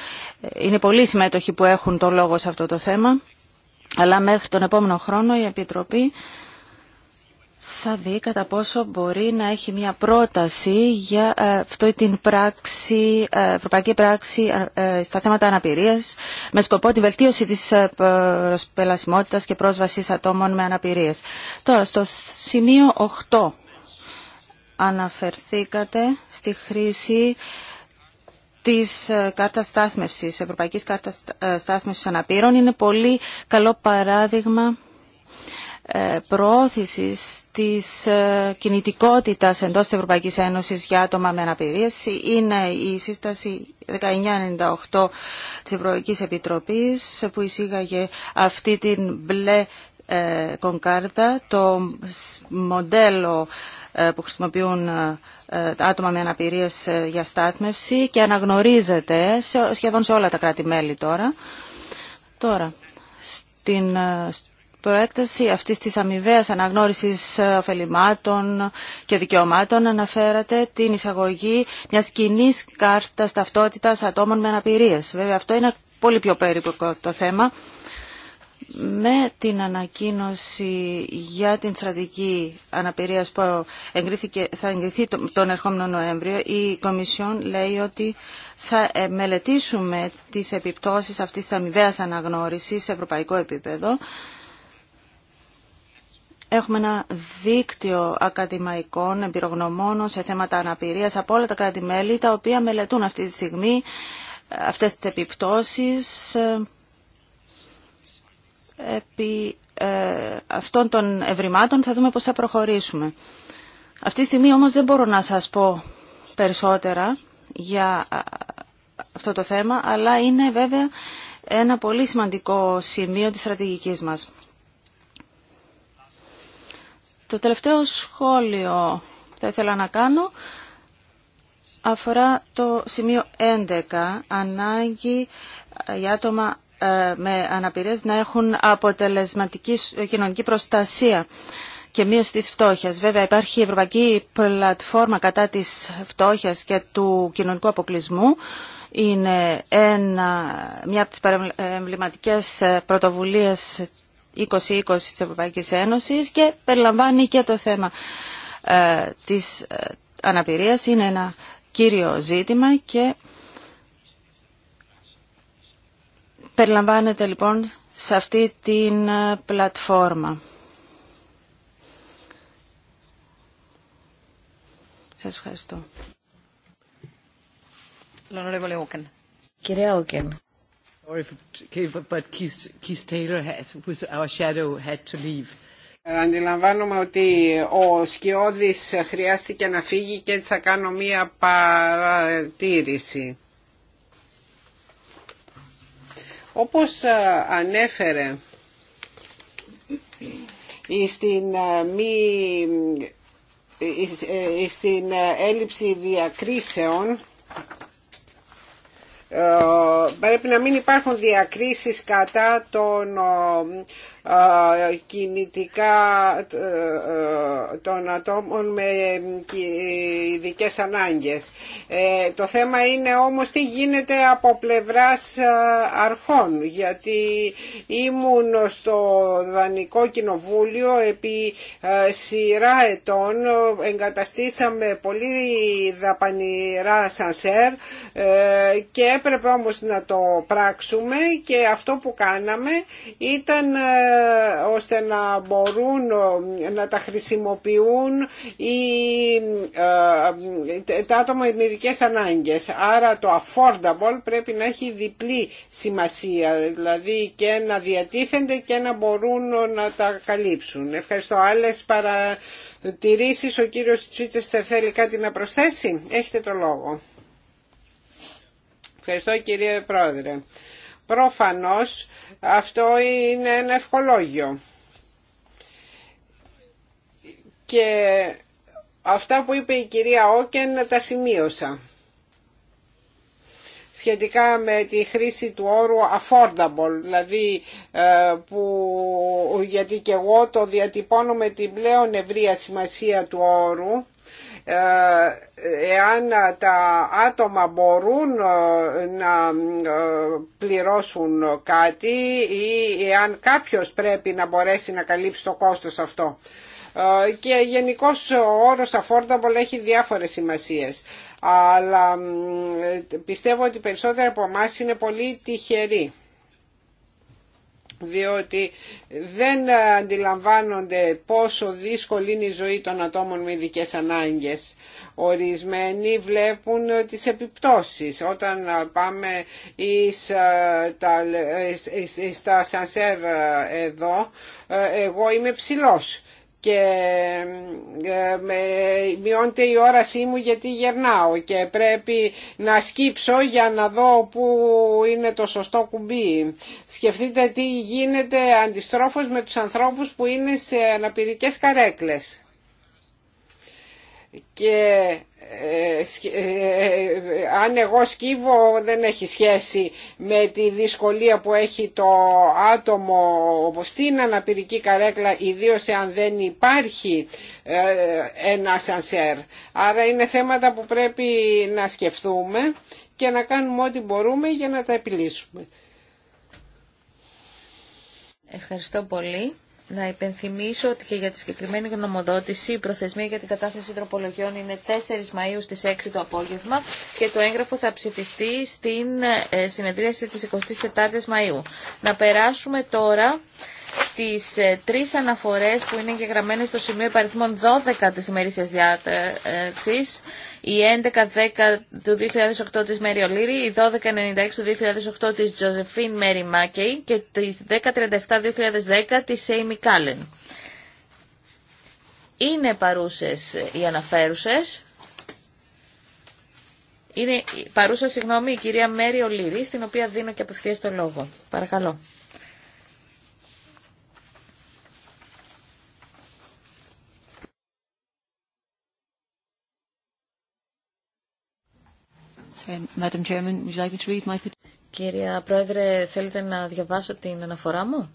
είναι πολλοί συμμέτοχοι που έχουν το λόγο σε αυτό το θέμα. Αλλά μέχρι τον επόμενο χρόνο η Επιτροπή θα δει κατά πόσο μπορεί να έχει μια πρόταση για ε, αυτή την πράξη, ευρωπαϊκή πράξη στα θέματα αναπηρίας με σκοπό τη βελτίωση της προσπελασιμότητας και πρόσβασης ατόμων με αναπηρίες. Τώρα, στο σημείο 8 αναφερθήκατε στη χρήση της ε, κάρτας στάθμευσης, Ευρωπαϊκής Κάρτας Στάθμευσης Αναπήρων. Είναι πολύ καλό παράδειγμα ε, προώθησης της ε, κινητικότητας εντός της Ευρωπαϊκής Ένωσης για άτομα με αναπηρίες είναι η σύσταση 1998 της Ευρωπαϊκής Επιτροπής που εισήγαγε αυτή την μπλε Κονκάρτα, ε, το μοντέλο ε, που χρησιμοποιούν ε, άτομα με αναπηρίες για στάθμευση και αναγνωρίζεται σχεδόν σε όλα τα κράτη-μέλη τώρα. Τώρα, στην προέκταση αυτής της αμοιβαίας αναγνώρισης ωφελημάτων και δικαιωμάτων αναφέρατε την εισαγωγή μιας κοινή κάρτας ταυτότητας ατόμων με αναπηρίες. Βέβαια αυτό είναι πολύ πιο περίπλοκο το θέμα με την ανακοίνωση για την στρατηγική αναπηρίας που θα εγκριθεί τον ερχόμενο Νοέμβριο, η Κομισιόν λέει ότι θα ε, μελετήσουμε τις επιπτώσεις αυτής της αμοιβαίας αναγνώρισης σε ευρωπαϊκό επίπεδο. Έχουμε ένα δίκτυο ακαδημαϊκών εμπειρογνωμών σε θέματα αναπηρίας από όλα τα κράτη-μέλη, τα οποία μελετούν αυτή τη στιγμή ε, αυτές τις επιπτώσεις ε, επί ε, αυτών των ευρημάτων θα δούμε πώς θα προχωρήσουμε. Αυτή τη στιγμή όμως δεν μπορώ να σας πω περισσότερα για αυτό το θέμα, αλλά είναι βέβαια ένα πολύ σημαντικό σημείο της στρατηγικής μας. Το τελευταίο σχόλιο που θα ήθελα να κάνω αφορά το σημείο 11, ανάγκη για άτομα ε, με αναπηρές να έχουν αποτελεσματική ε, κοινωνική προστασία και μείωση της φτώχειας. Βέβαια υπάρχει η Ευρωπαϊκή Πλατφόρμα κατά της φτώχειας και του κοινωνικού αποκλεισμού. Είναι μια από τις εμβληματικές ε, πρωτοβουλίες 2020 της Ευρωπαϊκής Ένωσης και περιλαμβάνει και το θέμα ε, της αναπηρίας. Είναι ένα κύριο ζήτημα και περιλαμβάνεται λοιπόν σε αυτή την ε, πλατφόρμα. Σας ευχαριστώ. Κυρία Όκεν. Αντιλαμβάνομαι ότι ο Σκιώδης χρειάστηκε να φύγει και θα κάνω μία παρατήρηση. Όπως ε, ανέφερε στην ε, μη ε, στην έλλειψη διακρίσεων πρέπει να μην υπάρχουν διακρίσεις κατά των κινητικά ε, ε, των ατόμων με ε, ειδικέ ανάγκες. Το θέμα είναι όμως τι γίνεται από πλευράς αρχών, γιατί ήμουν στο Δανικό Κοινοβούλιο επί σειρά ετών, εγκαταστήσαμε πολύ δαπανηρά σανσέρ και έπρεπε όμως να το πράξουμε και αυτό που κάναμε ήταν ε, ώστε να μπορούν ε, να τα χρησιμοποιούν οι, ε, τα άτομα με ειδικέ ανάγκες. Άρα το affordable πρέπει να έχει διπλή σημασία, δηλαδή και να διατίθενται και να μπορούν να τα καλύψουν. Ευχαριστώ. Άλλες παρατηρήσεις, ο κύριος Τσίτσεστερ θέλει κάτι να προσθέσει. Έχετε το λόγο. Ευχαριστώ κύριε Πρόεδρε. Προφανώς αυτό είναι ένα ευχολόγιο. Και αυτά που είπε η κυρία Όκεν τα σημείωσα σχετικά με τη χρήση του όρου affordable, δηλαδή ε, που, γιατί και εγώ το διατυπώνω με την πλέον ευρεία σημασία του όρου ε, εάν τα άτομα μπορούν ε, να ε, πληρώσουν κάτι ή εάν κάποιος πρέπει να μπορέσει να καλύψει το κόστος αυτό. Και γενικώ ο όρος affordable έχει διάφορες σημασίες. Αλλά πιστεύω ότι περισσότεροι από εμά είναι πολύ τυχεροί διότι δεν αντιλαμβάνονται πόσο δύσκολη είναι η ζωή των ατόμων με ειδικέ ανάγκες. Ορισμένοι βλέπουν τις επιπτώσεις. Όταν πάμε εις, στα σανσέρ εδώ, ε, εγώ είμαι ψηλός και ε, μειώνεται η όρασή μου γιατί γερνάω και πρέπει να σκύψω για να δω που είναι το σωστό κουμπί. Σκεφτείτε τι γίνεται αντιστρόφως με τους ανθρώπους που είναι σε αναπηρικές καρέκλες. Και ε, ε, ε, αν εγώ σκύβω δεν έχει σχέση με τη δυσκολία που έχει το άτομο στην αναπηρική καρέκλα ιδίως αν δεν υπάρχει ένα σανσέρ. Άρα είναι θέματα που πρέπει να σκεφτούμε και να κάνουμε ό,τι μπορούμε για να τα επιλύσουμε. Ευχαριστώ πολύ. Να υπενθυμίσω ότι και για τη συγκεκριμένη γνωμοδότηση η προθεσμία για την κατάθεση τροπολογιών είναι 4 Μαΐου στις 6 το απόγευμα και το έγγραφο θα ψηφιστεί στην ε, συνεδρίαση της 24 Μαΐου. Να περάσουμε τώρα τις ε, τρεις αναφορές που είναι γεγραμμένες στο σημείο υπαριθμών 12 της ημερήσιας διάταξης, η 11-10 του 2008 της Μέρι Ολύρη, η 12-96 του 2008 της Τζοζεφίν Μέρι Μάκεϊ και τις 10-37-2010 της Σέιμι Κάλεν. Είναι παρούσες οι αναφέρουσες. Είναι παρούσα, συγγνώμη, η κυρία Μέρι Ολύρη, στην οποία δίνω και απευθείας το λόγο. Παρακαλώ. Madam Κυρία Πρόεδρε, θέλετε να διαβάσω την αναφορά μου.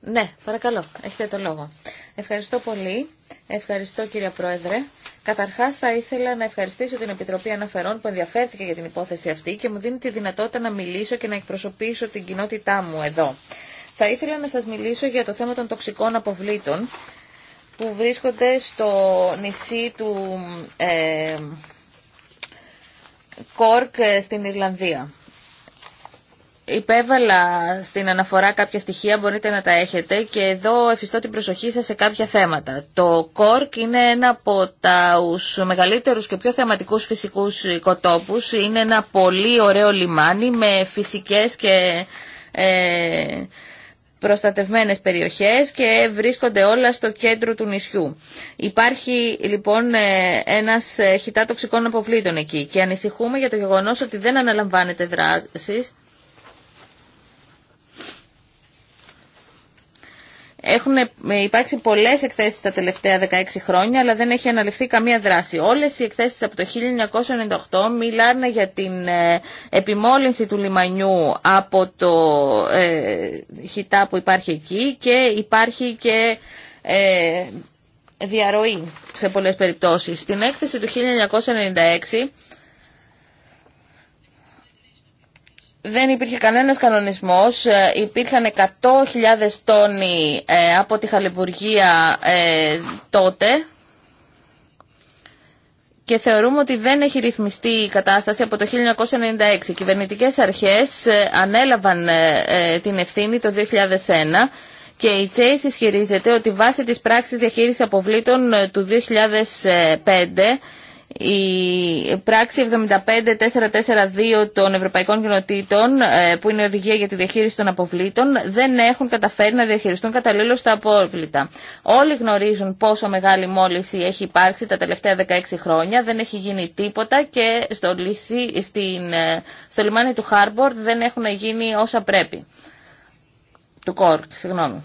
Ναι, παρακαλώ, έχετε το λόγο. Ευχαριστώ πολύ. Ευχαριστώ κυρία Πρόεδρε. Καταρχά, θα ήθελα να ευχαριστήσω την Επιτροπή Αναφερών που ενδιαφέρθηκε για την υπόθεση αυτή και μου δίνει τη δυνατότητα να μιλήσω και να εκπροσωπήσω την κοινότητά μου εδώ. Θα ήθελα να σα μιλήσω για το θέμα των τοξικών αποβλήτων που βρίσκονται στο νησί του ε, Κόρκ ε, στην Ιρλανδία. Υπέβαλα στην αναφορά κάποια στοιχεία, μπορείτε να τα έχετε και εδώ εφιστώ την προσοχή σας σε κάποια θέματα. Το Κόρκ είναι ένα από τα μεγαλύτερους και πιο θεματικούς φυσικούς οικοτόπους. Είναι ένα πολύ ωραίο λιμάνι με φυσικές και... Ε, προστατευμένες περιοχές και βρίσκονται όλα στο κέντρο του νησιού. Υπάρχει λοιπόν ε, ένας ε, χιτά τοξικών αποβλήτων εκεί και ανησυχούμε για το γεγονός ότι δεν αναλαμβάνεται δράσεις Έχουν ε, υπάρξει πολλέ εκθέσει τα τελευταία 16 χρόνια, αλλά δεν έχει αναλυφθεί καμία δράση. Όλε οι εκθέσει από το 1998 μιλάνε για την ε, επιμόλυνση του λιμανιού από το ε, χιτά που υπάρχει εκεί και υπάρχει και ε, διαρροή σε πολλές περιπτώσεις. Στην έκθεση του 1996 δεν υπήρχε κανένας κανονισμός, ε, υπήρχαν 100.000 τόνοι ε, από τη Χαλιβουργία ε, τότε και θεωρούμε ότι δεν έχει ρυθμιστεί η κατάσταση από το 1996. Οι κυβερνητικές αρχές ανέλαβαν την ευθύνη το 2001 και η Chase ισχυρίζεται ότι βάσει της πράξης διαχείρισης αποβλήτων του 2005 η πράξη 75442 των Ευρωπαϊκών Κοινοτήτων, ε, που είναι οδηγία για τη διαχείριση των αποβλήτων, δεν έχουν καταφέρει να διαχειριστούν καταλήλως τα απόβλητα. Όλοι γνωρίζουν πόσο μεγάλη μόλυνση έχει υπάρξει τα τελευταία 16 χρόνια, δεν έχει γίνει τίποτα και στο, ε, λιμάνι του Χάρμπορ δεν έχουν γίνει όσα πρέπει. Του Κόρκ, συγγνώμη.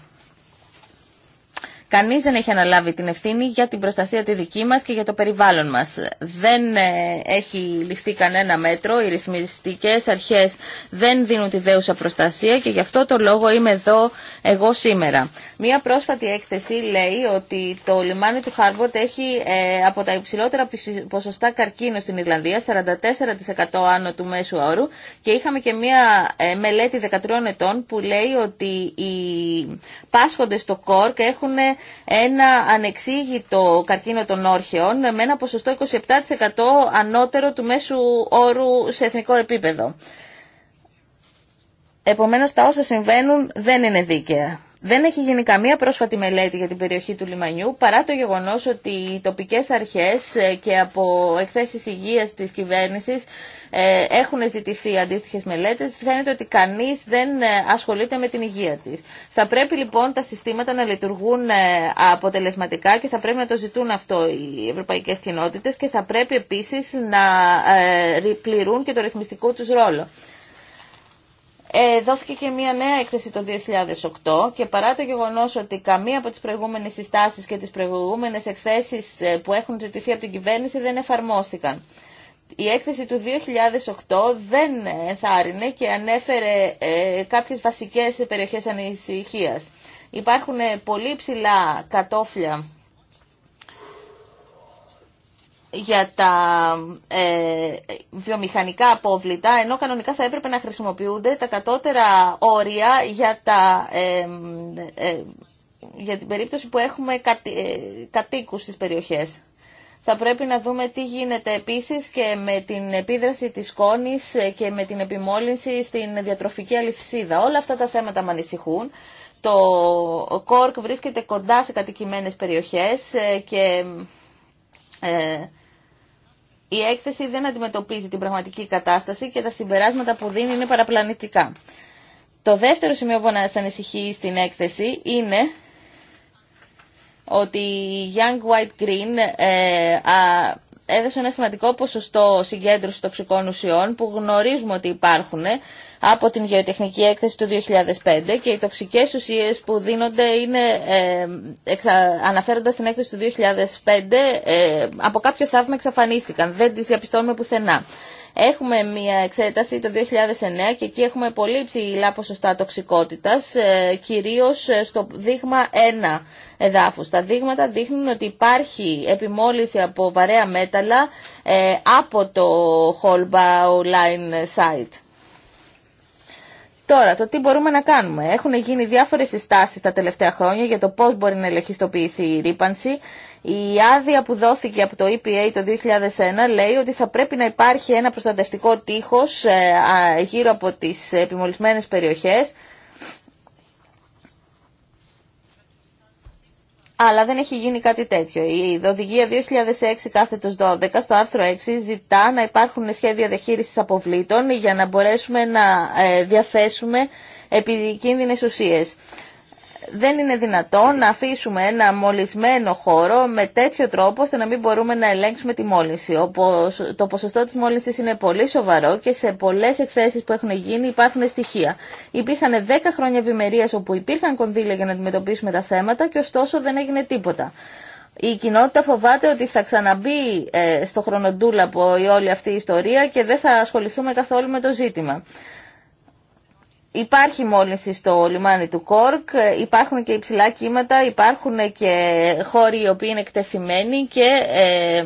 Κανείς δεν έχει αναλάβει την ευθύνη για την προστασία τη δική μας και για το περιβάλλον μας. Δεν ε, έχει ληφθεί κανένα μέτρο, οι ρυθμιστικές αρχές δεν δίνουν τη δέουσα προστασία και γι' αυτό το λόγο είμαι εδώ εγώ σήμερα. Μία πρόσφατη έκθεση λέει ότι το λιμάνι του Χάρβορτ έχει ε, από τα υψηλότερα ποσοστά καρκίνο στην Ιρλανδία, 44% άνω του μέσου όρου και είχαμε και μία ε, μελέτη 13 ετών που λέει ότι οι πάσχοντες στο ΚΟΡΚ έχουν ένα ανεξήγητο καρκίνο των όρχεων με ένα ποσοστό 27% ανώτερο του μέσου όρου σε εθνικό επίπεδο. Επομένως τα όσα συμβαίνουν δεν είναι δίκαια. Δεν έχει γίνει καμία πρόσφατη μελέτη για την περιοχή του λιμανιού, παρά το γεγονός ότι οι τοπικές αρχές ε, και από εκθέσεις υγείας της κυβέρνησης ε, έχουν ζητηθεί αντίστοιχες μελέτες, φαίνεται ότι κανείς δεν ε, ασχολείται με την υγεία της. Θα πρέπει λοιπόν τα συστήματα να λειτουργούν αποτελεσματικά και θα πρέπει να το ζητούν αυτό οι ευρωπαϊκές κοινότητες και θα πρέπει επίσης να πληρούν και το ρυθμιστικό τους ρόλο ε, δόθηκε και μια νέα έκθεση το 2008 και παρά το γεγονός ότι καμία από τις προηγούμενες συστάσεις και τις προηγούμενες εκθέσεις ε, που έχουν ζητηθεί από την κυβέρνηση δεν εφαρμόστηκαν. Η έκθεση του 2008 δεν ενθάρρυνε και ανέφερε ε, κάποιες βασικές περιοχές ανησυχίας. Υπάρχουν ε, πολύ ψηλά κατόφλια για τα ε, βιομηχανικά απόβλητα, ενώ κανονικά θα έπρεπε να χρησιμοποιούνται τα κατώτερα όρια για, τα, ε, ε, για την περίπτωση που έχουμε κατοίκου κατοίκους στις περιοχές. Θα πρέπει να δούμε τι γίνεται επίσης και με την επίδραση της σκόνης και με την επιμόλυνση στην διατροφική αλυσίδα. Όλα αυτά τα θέματα με ανησυχούν. Το Κόρκ βρίσκεται κοντά σε κατοικημένες περιοχές και ε, η έκθεση δεν αντιμετωπίζει την πραγματική κατάσταση και τα συμπεράσματα που δίνει είναι παραπλανητικά. Το δεύτερο σημείο που μας ανησυχεί στην έκθεση είναι ότι η Young White Green ε, α, έδωσε ένα σημαντικό ποσοστό συγκέντρωση τοξικών ουσιών που γνωρίζουμε ότι υπάρχουν από την Γεωτεχνική Έκθεση του 2005 και οι τοξικές ουσίες που δίνονται είναι, ε, εξα, αναφέροντας την έκθεση του 2005, ε, από κάποιο θαύμα εξαφανίστηκαν. Δεν τις διαπιστώνουμε πουθενά. Έχουμε μια εξέταση το 2009 και εκεί έχουμε πολύ ψηλά ποσοστά τοξικότητας, ε, κυρίως ε, στο δείγμα 1 εδάφους. Τα δείγματα δείχνουν ότι υπάρχει επιμόλυση από βαρέα μέταλλα από το Holbau Online Site. Τώρα, το τι μπορούμε να κάνουμε. Έχουν γίνει διάφορες συστάσεις τα τελευταία χρόνια για το πώς μπορεί να ελεγχιστοποιηθεί η ρήπανση. Η άδεια που δόθηκε από το EPA το 2001 λέει ότι θα πρέπει να υπάρχει ένα προστατευτικό τείχος ε, γύρω από τις επιμολυσμένες περιοχές αλλά δεν έχει γίνει κάτι τέτοιο. Η οδηγία 2006 κάθετος 12 στο άρθρο 6 ζητά να υπάρχουν σχέδια διαχείρισης αποβλήτων για να μπορέσουμε να ε, διαθέσουμε επικίνδυνες ουσίες δεν είναι δυνατό να αφήσουμε ένα μολυσμένο χώρο με τέτοιο τρόπο ώστε να μην μπορούμε να ελέγξουμε τη μόλυνση. Όπως το ποσοστό της μόλυνσης είναι πολύ σοβαρό και σε πολλές εξαίσεις που έχουν γίνει υπάρχουν στοιχεία. Υπήρχαν 10 χρόνια ευημερία όπου υπήρχαν κονδύλια για να αντιμετωπίσουμε τα θέματα και ωστόσο δεν έγινε τίποτα. Η κοινότητα φοβάται ότι θα ξαναμπεί ε, στο χρονοτούλαπο η όλη αυτή η ιστορία και δεν θα ασχοληθούμε καθόλου με το ζήτημα. Υπάρχει μόλυνση στο λιμάνι του Κόρκ, υπάρχουν και υψηλά κύματα, υπάρχουν και χώροι οι οποίοι είναι εκτεθειμένοι και ε,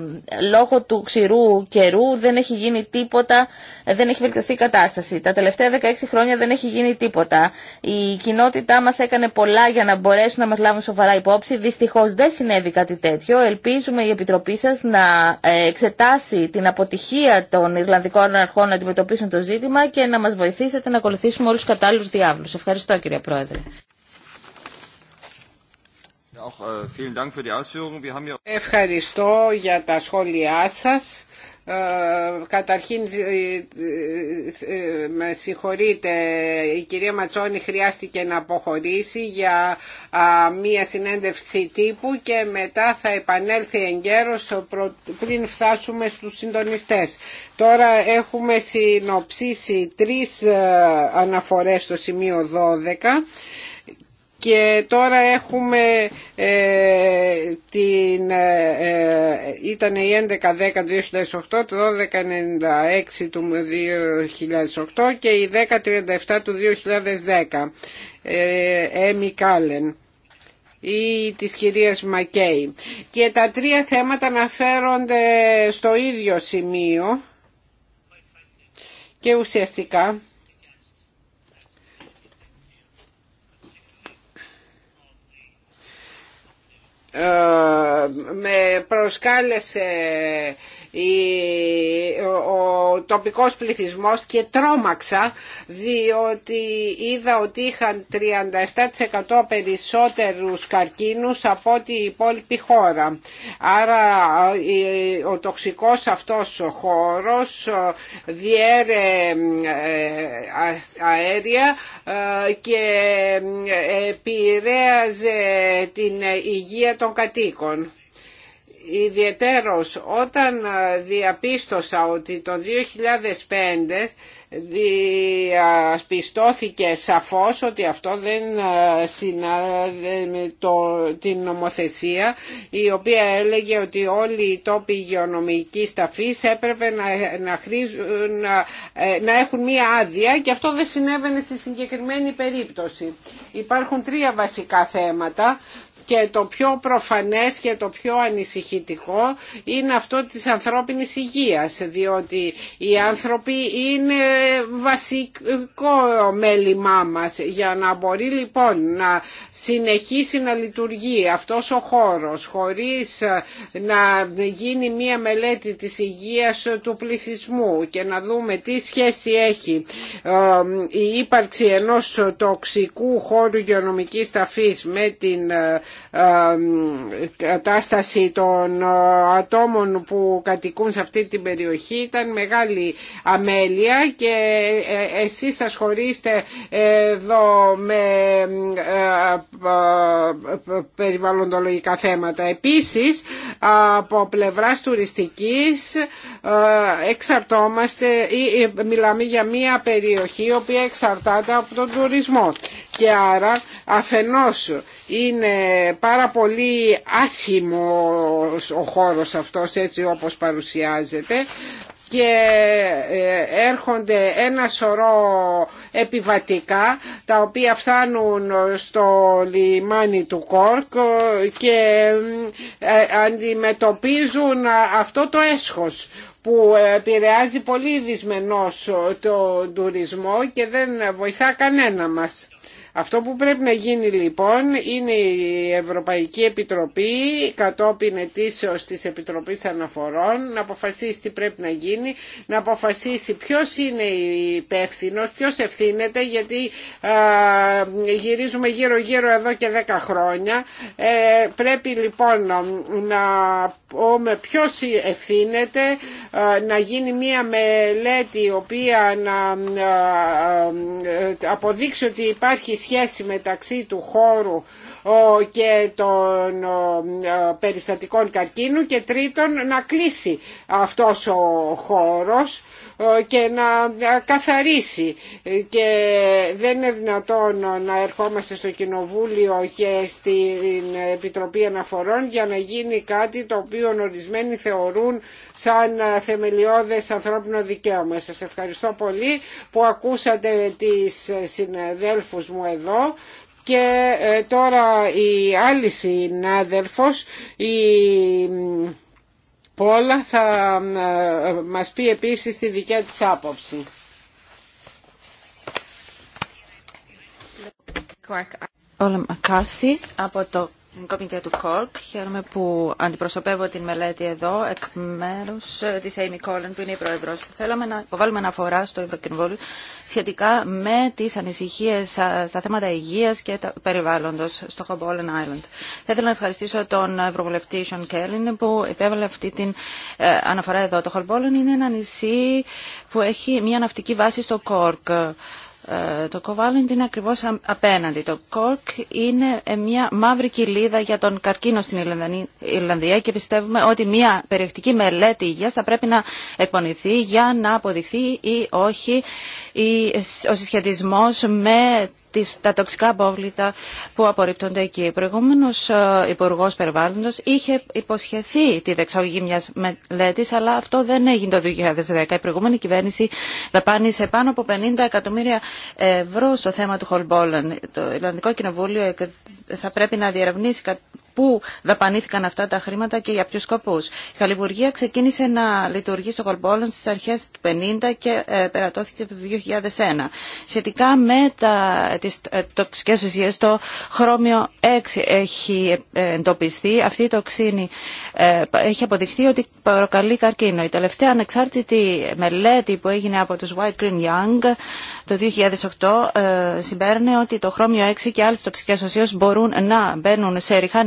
λόγω του ξηρού καιρού δεν έχει γίνει τίποτα δεν έχει βελτιωθεί η κατάσταση. Τα τελευταία 16 χρόνια δεν έχει γίνει τίποτα. Η κοινότητά μας έκανε πολλά για να μπορέσουν να μας λάβουν σοβαρά υπόψη. Δυστυχώ δεν συνέβη κάτι τέτοιο. Ελπίζουμε η Επιτροπή σα να ε, εξετάσει την αποτυχία των Ιρλανδικών αρχών να αντιμετωπίσουν το ζήτημα και να μας βοηθήσετε να ακολουθήσουμε όλου του κατάλληλου διάβλους. Ευχαριστώ κύριε Πρόεδρε. Äh, Ευχαριστώ για τα σχόλιά σας. Ε, καταρχήν ε, ε, με συγχωρείτε η κυρία Ματσόνη χρειάστηκε να αποχωρήσει για μία συνέντευξη τύπου και μετά θα επανέλθει εγκαίρως πριν φτάσουμε στους συντονιστές. Τώρα έχουμε συνοψίσει τρεις αναφορές στο σημείο 12 και τώρα έχουμε ε, την ε, ε ήταν η 11-10 2008 το 12-96 του 2008 και η 10-37 του 2010 Έμι Κάλεν ή της κυρίας μακέι και τα τρία θέματα αναφέρονται στο ίδιο σημείο και ουσιαστικά Ε, με προσκάλεσε ο τοπικός πληθυσμός και τρόμαξα διότι είδα ότι είχαν 37% περισσότερους καρκίνους από ό,τι η υπόλοιπη χώρα. Άρα ο τοξικός αυτός ο χώρος διέρε ε, αέρια ε, και ε, επηρέαζε την υγεία των κατοίκων ιδιαιτέρως όταν ε, διαπίστωσα ότι το 2005 διαπιστώθηκε σαφώς ότι αυτό δεν ε, συνάδε την νομοθεσία η οποία έλεγε ότι όλοι οι τόποι υγειονομικής ταφής έπρεπε να, να, ε, να έχουν μία άδεια και αυτό δεν συνέβαινε στη συγκεκριμένη περίπτωση. Υπάρχουν τρία βασικά θέματα και το πιο προφανές και το πιο ανησυχητικό είναι αυτό της ανθρώπινης υγείας διότι οι άνθρωποι είναι βασικό μέλημά μας για να μπορεί λοιπόν να συνεχίσει να λειτουργεί αυτός ο χώρος χωρίς ε, να γίνει μία μελέτη της υγείας ε, του πληθυσμού και να δούμε τι σχέση έχει ε, η ύπαρξη ενός τοξικού χώρου υγειονομικής ταφής με την κατάσταση των ε, ατόμων που κατοικούν σε αυτή την περιοχή ήταν μεγάλη αμέλεια και ε, ε, εσείς ασχολείστε εδώ με περιβαλλοντολογικά θέματα. Επίσης από πλευράς τουριστικής εξαρτώμαστε ή μιλάμε για μια περιοχή η οποία εξαρτάται από τον τουρισμό και άρα αφενός είναι πάρα πολύ άσχημο ο χώρος αυτός έτσι όπως παρουσιάζεται και ε, έρχονται ένα σωρό επιβατικά τα οποία φτάνουν στο λιμάνι του Κόρκ και ε, αντιμετωπίζουν αυτό το έσχος που επηρεάζει πολύ δυσμενώς τον τουρισμό και δεν βοηθά κανένα μας. Αυτό που πρέπει να γίνει λοιπόν είναι η Ευρωπαϊκή Επιτροπή κατόπιν ετήσεως της Επιτροπής Αναφορών να αποφασίσει τι πρέπει να γίνει, να αποφασίσει ποιος είναι υπεύθυνο, ποιος ευθύνεται γιατί α, γυρίζουμε γύρω γύρω εδώ και 10 χρόνια. Ε, πρέπει λοιπόν να πούμε ποιος ευθύνεται, να γίνει μία μελέτη η οποία να αποδείξει ότι υπάρχει σχέση μεταξύ του χώρου και των περιστατικών καρκίνου και τρίτον να κλείσει αυτός ο χώρος και να καθαρίσει και δεν είναι δυνατόν να ερχόμαστε στο Κοινοβούλιο και στην Επιτροπή Αναφορών για να γίνει κάτι το οποίο ορισμένοι θεωρούν σαν θεμελιώδες ανθρώπινο δικαίωμα. Σας ευχαριστώ πολύ που ακούσατε τις συναδέλφους μου εδώ και ε, τώρα η άλλη συνάδελφος η Όλα θα ε, μας πει επίσης τη δικιά της άποψη. Όλα Μακάρθη από το Εθνικό Μητέα του Κόρκ. Χαίρομαι που αντιπροσωπεύω την μελέτη εδώ εκ μέρου ε, τη Amy Collin, που είναι η πρόεδρο. Θέλαμε να υποβάλουμε αναφορά στο Ευρωκοινοβούλιο σχετικά με τι ανησυχίε στα θέματα υγεία και περιβάλλοντο στο Hobble Island. Θα ήθελα να ευχαριστήσω τον Ευρωβουλευτή Σον Κέλλιν που υπέβαλε αυτή την ε, αναφορά εδώ. Το Hobble είναι ένα νησί που έχει μια ναυτική βάση στο Κόρκ. Ε, το κοβάλεντ είναι ακριβώς απέναντι. Το κόρκ είναι ε, μια μαύρη κοιλίδα για τον καρκίνο στην Ιρλανδία και πιστεύουμε ότι μια περιεκτική μελέτη υγείας θα πρέπει να εκπονηθεί για να αποδειχθεί ή όχι ο συσχετισμός με τα τοξικά απόβλητα που απορρίπτονται εκεί. Ο προηγούμενο ε, Υπουργό Περιβάλλοντο είχε υποσχεθεί τη δεξαγωγή μια μελέτη, αλλά αυτό δεν έγινε το 2010. Η προηγούμενη κυβέρνηση δαπάνησε πάνω από 50 εκατομμύρια ευρώ στο θέμα του Χολμπόλεν. Το Ιρλανδικό Κοινοβούλιο θα πρέπει να διερευνήσει πού δαπανήθηκαν αυτά τα χρήματα και για ποιου σκοπούς. Η χαλιβουργία ξεκίνησε να λειτουργεί στο κολμπόλον στι αρχέ του 50 και ε, περατώθηκε το 2001. Σχετικά με τα, τις ε, τοξικές το χρώμιο 6 έχει ε, εντοπιστεί. Αυτή η τοξίνη ε, έχει αποδειχθεί ότι προκαλεί καρκίνο. Η τελευταία ανεξάρτητη μελέτη που έγινε από του White Green Young το 2008 συμπέρνε ότι το χρώμιο 6 και άλλε τοξικέ ουσίε μπορούν να μπαίνουν σε ρηχά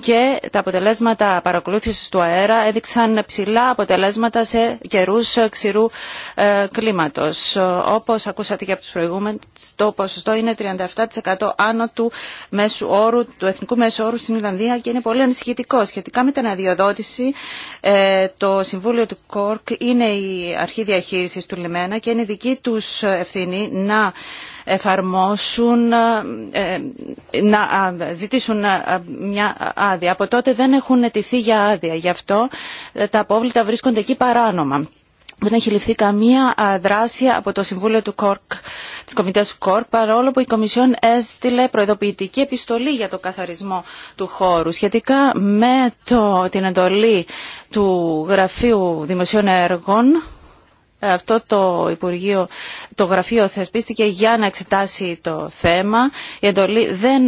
και τα αποτελέσματα παρακολούθησης του αέρα έδειξαν ψηλά αποτελέσματα σε καιρούς ξηρού ε, κλίματος. Όπως ακούσατε και από τους προηγούμενους, το ποσοστό είναι 37% άνω του, μέσου όρου, του εθνικού μέσου όρου στην Ιρλανδία και είναι πολύ ανησυχητικό. Σχετικά με την αδειοδότηση, ε, το Συμβούλιο του ΚΟΡΚ είναι η αρχή διαχείρισης του λιμένα και είναι δική τους ευθύνη να εφαρμόσουν, ε, να ζητήσουν μια άδεια. Από τότε δεν έχουν αιτηθεί για άδεια. Γι' αυτό ε, τα απόβλητα βρίσκονται εκεί παράνομα. Δεν έχει ληφθεί καμία δράση από το Συμβούλιο του ΚΟΡΚ, της Κομιτέας του ΚΟΡΚ, παρόλο που η Κομισιόν έστειλε προειδοποιητική επιστολή για το καθαρισμό του χώρου. Σχετικά με το, την εντολή του Γραφείου Δημοσίων Έργων, αυτό το Υπουργείο, το Γραφείο θεσπίστηκε για να εξετάσει το θέμα. Η εντολή δεν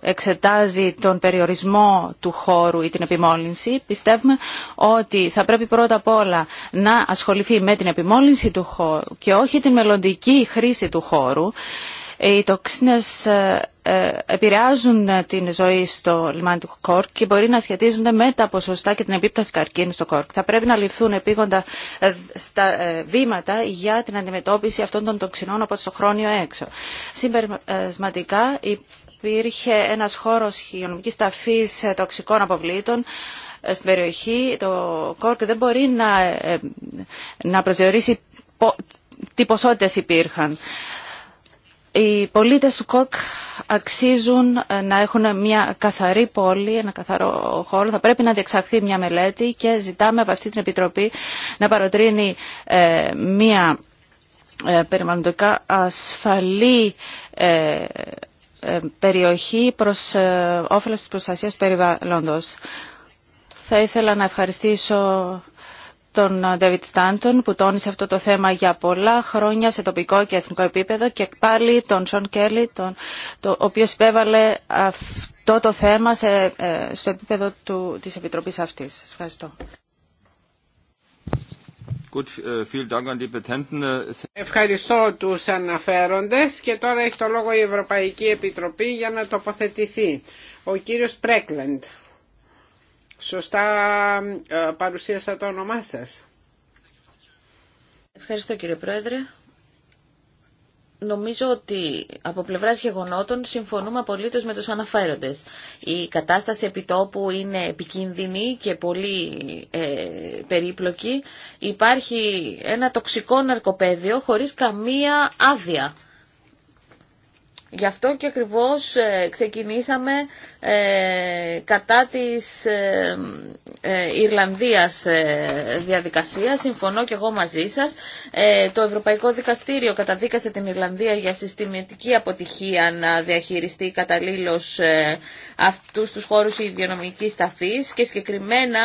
εξετάζει τον περιορισμό του χώρου ή την επιμόλυνση. Πιστεύουμε ότι θα πρέπει πρώτα απ' όλα να ασχοληθεί με την επιμόλυνση του χώρου και όχι την μελλοντική χρήση του χώρου. Οι τοξίνες ε, ε, επηρεάζουν ε, την ζωή στο λιμάνι του Κόρκ και μπορεί να σχετίζονται με τα ποσοστά και την επίπτωση καρκίνου στο Κόρκ. Θα πρέπει να ληφθούν επίγοντα στα βήματα για την αντιμετώπιση αυτών των τοξινών από το χρόνιο έξω. Συμπερισματικά υπήρχε ένας χώρος χειρονομικής ταφής τοξικών αποβλήτων στην περιοχή. Το Κόρκ δεν μπορεί να, να προσδιορίσει τι ποσότητες υπήρχαν. Οι πολίτες του Κόρκ αξίζουν ε, να έχουν μια καθαρή πόλη, ένα καθαρό χώρο. Θα πρέπει να διεξαχθεί μια μελέτη και ζητάμε από αυτή την Επιτροπή να παροτρύνει ε, μια ε, περιβαλλοντικά ασφαλή περιοχή προς όφελος της προστασίας περιβαλλοντος. Θα ήθελα να ευχαριστήσω τον Ντέβιτ Στάντον που τόνισε αυτό το θέμα για πολλά χρόνια σε τοπικό και εθνικό επίπεδο και πάλι τον Σον Κέλλη, ο οποίος υπέβαλε αυτό το θέμα σε, ε, στο επίπεδο του, της Επιτροπής αυτής. Σας ευχαριστώ. Äh, ευχαριστώ τους αναφέροντες και τώρα έχει το λόγο η Ευρωπαϊκή Επιτροπή για να τοποθετηθεί. Ο κύριος Πρέκλεντ. Σωστά ε, παρουσίασα το όνομά σας. Ευχαριστώ κύριε Πρόεδρε. Νομίζω ότι από πλευρά γεγονότων συμφωνούμε απολύτω με του αναφέροντες. Η κατάσταση επιτόπου είναι επικίνδυνη και πολύ ε, περίπλοκη. Υπάρχει ένα τοξικό ναρκοπαίδιο χωρίς καμία άδεια. Γι' αυτό και ακριβώς ε, ξεκινήσαμε ε, κατά της ε, Ιρλανδίας διαδικασία. Συμφωνώ και εγώ μαζί σας. Το Ευρωπαϊκό Δικαστήριο καταδίκασε την Ιρλανδία για συστηματική αποτυχία να διαχειριστεί καταλήλως αυτούς τους χώρους υγειονομικής ταφής και συγκεκριμένα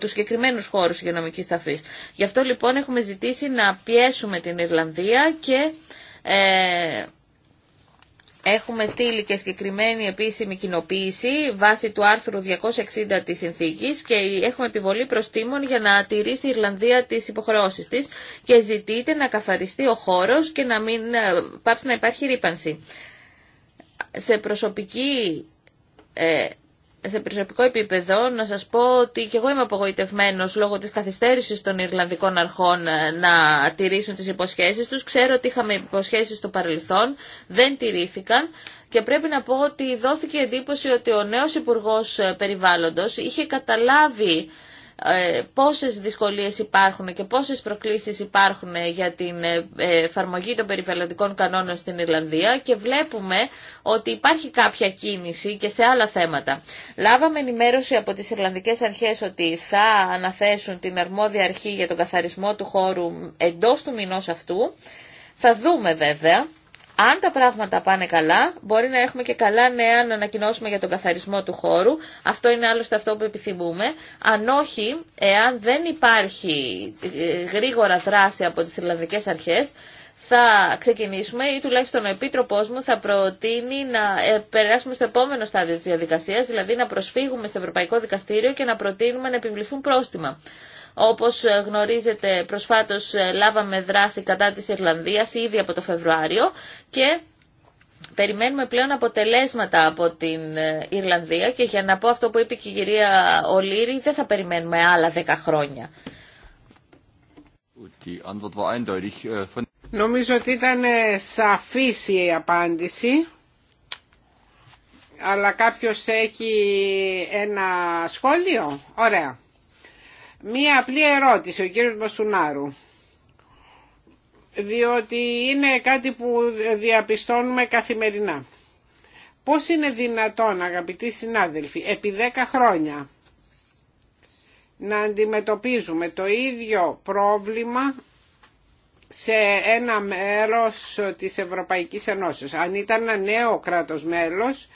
τους συγκεκριμένους χώρους υγειονομικής ταφής. Γι' αυτό λοιπόν έχουμε ζητήσει να πιέσουμε την Ιρλανδία και... Έχουμε στείλει και συγκεκριμένη επίσημη κοινοποίηση βάσει του άρθρου 260 της συνθήκης και έχουμε επιβολή προστήμων για να τηρήσει η Ιρλανδία τις υποχρεώσεις της και ζητείται να καθαριστεί ο χώρος και να μην ε, πάψει να υπάρχει ρήπανση. Σε προσωπική ε, σε προσωπικό επίπεδο να σας πω ότι και εγώ είμαι απογοητευμένος λόγω της καθυστέρησης των Ιρλανδικών αρχών ε, να τηρήσουν τις υποσχέσεις τους. Ξέρω ότι είχαμε υποσχέσεις στο παρελθόν, δεν τηρήθηκαν και πρέπει να πω ότι δόθηκε εντύπωση ότι ο νέος Υπουργός ε, Περιβάλλοντος είχε καταλάβει ε, πόσες δυσκολίες υπάρχουν και πόσες προκλήσεις υπάρχουν για την ε, εφαρμογή των περιβαλλοντικών κανόνων στην Ιρλανδία και βλέπουμε ότι υπάρχει κάποια κίνηση και σε άλλα θέματα. Λάβαμε ενημέρωση από τις Ιρλανδικές Αρχές ότι θα αναθέσουν την αρμόδια αρχή για τον καθαρισμό του χώρου εντός του μηνός αυτού. Θα δούμε βέβαια αν τα πράγματα πάνε καλά, μπορεί να έχουμε και καλά νέα να ανακοινώσουμε για τον καθαρισμό του χώρου. Αυτό είναι άλλωστε αυτό που επιθυμούμε. Αν όχι, εάν δεν υπάρχει ε, γρήγορα δράση από τις ελληνικές αρχές, θα ξεκινήσουμε ή τουλάχιστον ο Επίτροπός μου θα προτείνει να ε, περάσουμε στο επόμενο στάδιο της διαδικασίας, δηλαδή να προσφύγουμε στο Ευρωπαϊκό Δικαστήριο και να προτείνουμε να επιβληθούν πρόστιμα. Όπως ε, γνωρίζετε προσφάτως ε, λάβαμε δράση κατά της Ιρλανδίας ήδη από το Φεβρουάριο και περιμένουμε πλέον αποτελέσματα από την ε, Ιρλανδία και για να πω αυτό που είπε και η κυρία Ολύρη δεν θα περιμένουμε άλλα δέκα χρόνια. Äh, Νομίζω ότι ήταν σαφής η απάντηση αλλά κάποιος έχει ένα σχόλιο. Ωραία. Μία απλή ερώτηση, ο κύριος Μασουνάρου, διότι είναι κάτι που διαπιστώνουμε καθημερινά. Πώς είναι δυνατόν, αγαπητοί συνάδελφοι, επί 10 χρόνια να αντιμετωπίζουμε το ίδιο πρόβλημα σε ένα μέρος της Ευρωπαϊκής Ενώσεως. Αν ήταν ένα νέο κράτος μέλος,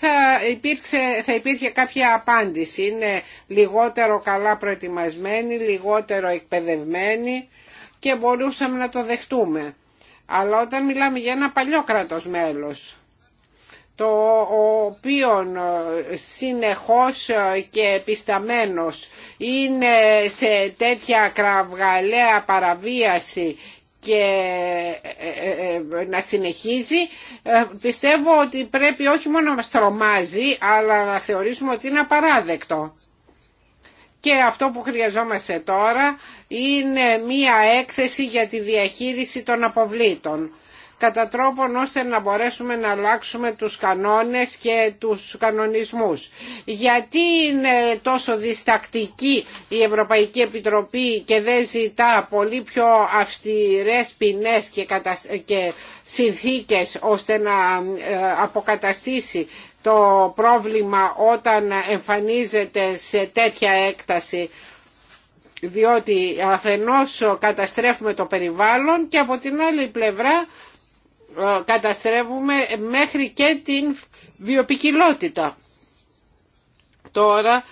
θα, υπήρξε, θα υπήρχε κάποια απάντηση. Είναι λιγότερο καλά προετοιμασμένοι, λιγότερο εκπαιδευμένοι και μπορούσαμε να το δεχτούμε. Αλλά όταν μιλάμε για ένα παλιό κράτος μέλος, το οποίο ε, συνεχώς ε, και επισταμένος είναι σε τέτοια κραυγαλαία παραβίαση και ε, ε, ε, να συνεχίζει πιστεύω ότι πρέπει όχι μόνο να μας τρομάζει αλλά να θεωρήσουμε ότι είναι απαράδεκτο. Και αυτό που χρειαζόμαστε τώρα είναι μία έκθεση για τη διαχείριση των αποβλήτων κατά τρόπον ώστε να μπορέσουμε να αλλάξουμε τους κανόνες και τους κανονισμούς. Γιατί είναι τόσο διστακτική η Ευρωπαϊκή Επιτροπή και δεν ζητά πολύ πιο αυστηρές ποινές και, και συνθήκες ώστε να ε, αποκαταστήσει το πρόβλημα όταν εμφανίζεται σε τέτοια έκταση διότι αφενός καταστρέφουμε το περιβάλλον και από την άλλη πλευρά καταστρέφουμε μέχρι και την βιοπικιλότητα. Τώρα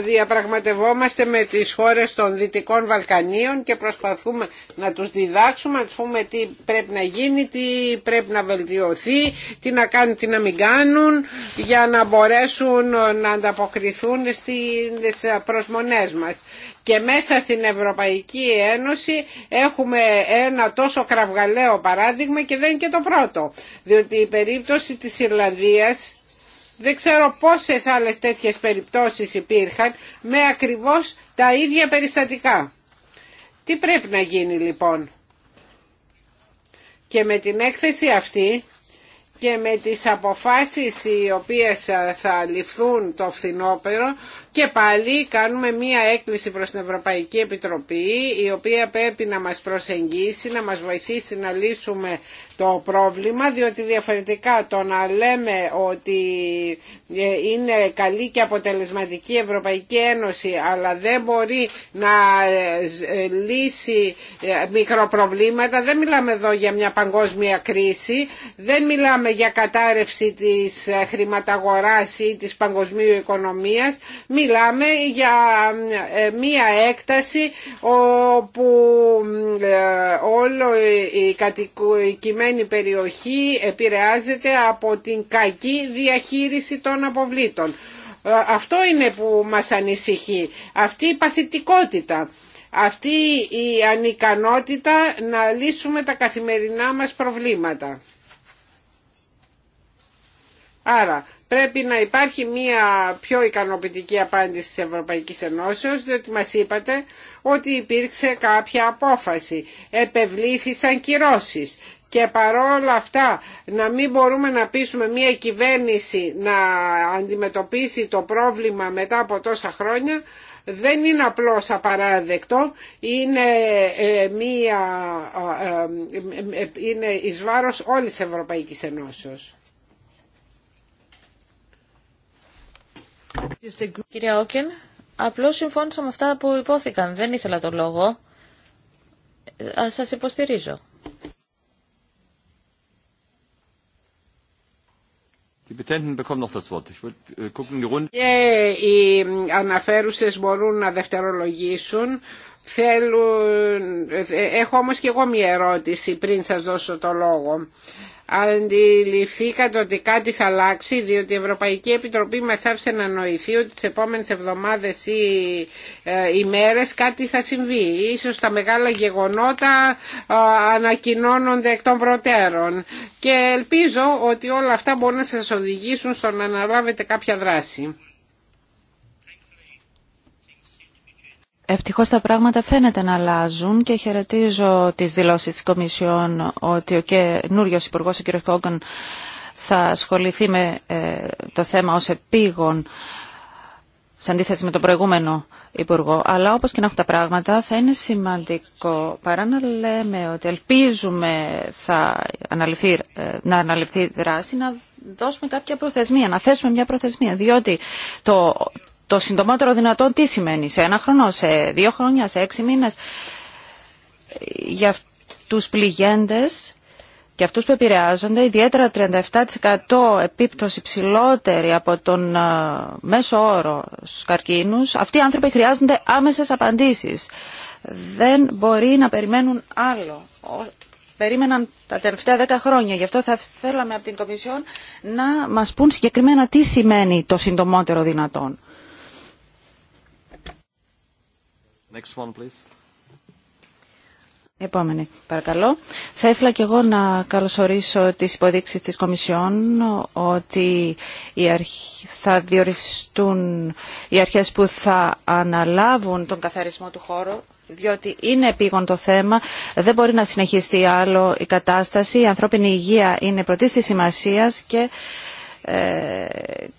διαπραγματευόμαστε με τις χώρες των Δυτικών Βαλκανίων και προσπαθούμε να τους διδάξουμε, να τους πούμε τι πρέπει να γίνει, τι πρέπει να βελτιωθεί, τι να κάνουν, τι να μην κάνουν, για να μπορέσουν να ανταποκριθούν στις προσμονές μας. Και μέσα στην Ευρωπαϊκή Ένωση έχουμε ένα τόσο κραυγαλαίο παράδειγμα και δεν είναι και το πρώτο. Διότι η περίπτωση της Ιρλανδίας δεν ξέρω πόσες άλλες τέτοιες περιπτώσεις υπήρχαν με ακριβώς τα ίδια περιστατικά. Τι πρέπει να γίνει λοιπόν. Και με την έκθεση αυτή και με τις αποφάσεις οι οποίες θα ληφθούν το φθινόπερο και πάλι κάνουμε μία έκκληση προς την Ευρωπαϊκή Επιτροπή η οποία πρέπει να μας προσεγγίσει, να μας βοηθήσει να λύσουμε το πρόβλημα διότι διαφορετικά το να λέμε ότι ε, είναι καλή και αποτελεσματική η Ευρωπαϊκή Ένωση αλλά δεν μπορεί να ε, λύσει ε, μικροπροβλήματα δεν μιλάμε εδώ για μια παγκόσμια κρίση δεν μιλάμε για κατάρρευση της χρηματαγοράς ή της παγκοσμίου οικονομίας μιλάμε για ε, μία έκταση όπου ε, όλο η κατοικημένη περιοχή επηρεάζεται από την κακή διαχείριση των αποβλήτων. Ε, αυτό είναι που μας ανησυχεί, αυτή η παθητικότητα αυτή η ανικανότητα να λύσουμε τα καθημερινά μας προβλήματα. Άρα πρέπει να υπάρχει μια πιο ικανοποιητική απάντηση της Ευρωπαϊκής Ενώσεως, διότι μας είπατε ότι υπήρξε κάποια απόφαση, επευλήθησαν κυρώσεις και παρόλα αυτά να μην μπορούμε να πείσουμε μια κυβέρνηση να αντιμετωπίσει το πρόβλημα μετά από τόσα χρόνια, δεν είναι απλώς απαράδεκτο, είναι, μια, είναι εις βάρος όλης της Ευρωπαϊκής Ενώσεως. Κυρία Όκεν, απλώς συμφώνησα με αυτά που υπόθηκαν. Δεν ήθελα το λόγο. Ε, Α, σας υποστηρίζω. Και οι αναφέρουσες μπορούν να δευτερολογήσουν. Θέλουν... Ε, ε, έχω όμως και εγώ μια ερώτηση πριν σας δώσω το λόγο αντιληφθήκατε ότι κάτι θα αλλάξει διότι η Ευρωπαϊκή Επιτροπή μας άφησε να νοηθεί ότι τις επόμενες εβδομάδες ή ημέρες ε, κάτι θα συμβεί. Ίσως τα μεγάλα γεγονότα ε, ανακοινώνονται εκ των προτέρων και ελπίζω ότι όλα αυτά μπορούν να σας οδηγήσουν στο να αναλάβετε κάποια δράση. Ευτυχώς τα πράγματα φαίνεται να αλλάζουν και χαιρετίζω τις δηλώσεις της Κομισιόν ότι ο καινούριος Υπουργός, ο κ. Κόγκαν, θα ασχοληθεί με ε, το θέμα ως επίγον σε αντίθεση με τον προηγούμενο Υπουργό. Αλλά όπως και να έχουν τα πράγματα θα είναι σημαντικό παρά να λέμε ότι ελπίζουμε θα αναλυθεί, ε, να αναλυφθεί δράση να δώσουμε κάποια προθεσμία, να θέσουμε μια προθεσμία. Διότι το το συντομότερο δυνατόν τι σημαίνει, σε ένα χρόνο, σε δύο χρόνια, σε έξι μήνες. Για τους πληγέντες και αυτούς που επηρεάζονται, ιδιαίτερα 37% επίπτωση ψηλότερη από τον ε, μέσο όρο στους καρκίνους, αυτοί οι άνθρωποι χρειάζονται άμεσες απαντήσεις. Δεν μπορεί να περιμένουν άλλο. Περίμεναν τα τελευταία 10 χρόνια. Γι' αυτό θα θέλαμε από την Κομισιόν να μας πούν συγκεκριμένα τι σημαίνει το συντομότερο δυνατόν. Επόμενη, παρακαλώ. Θα ήθελα και εγώ να καλωσορίσω τις υποδείξεις της Κομισιόν ότι θα διοριστούν οι αρχές που θα αναλάβουν τον καθαρισμό του χώρου διότι είναι επίγον το θέμα, δεν μπορεί να συνεχιστεί άλλο η κατάσταση, η ανθρώπινη υγεία είναι πρωτής της σημασίας και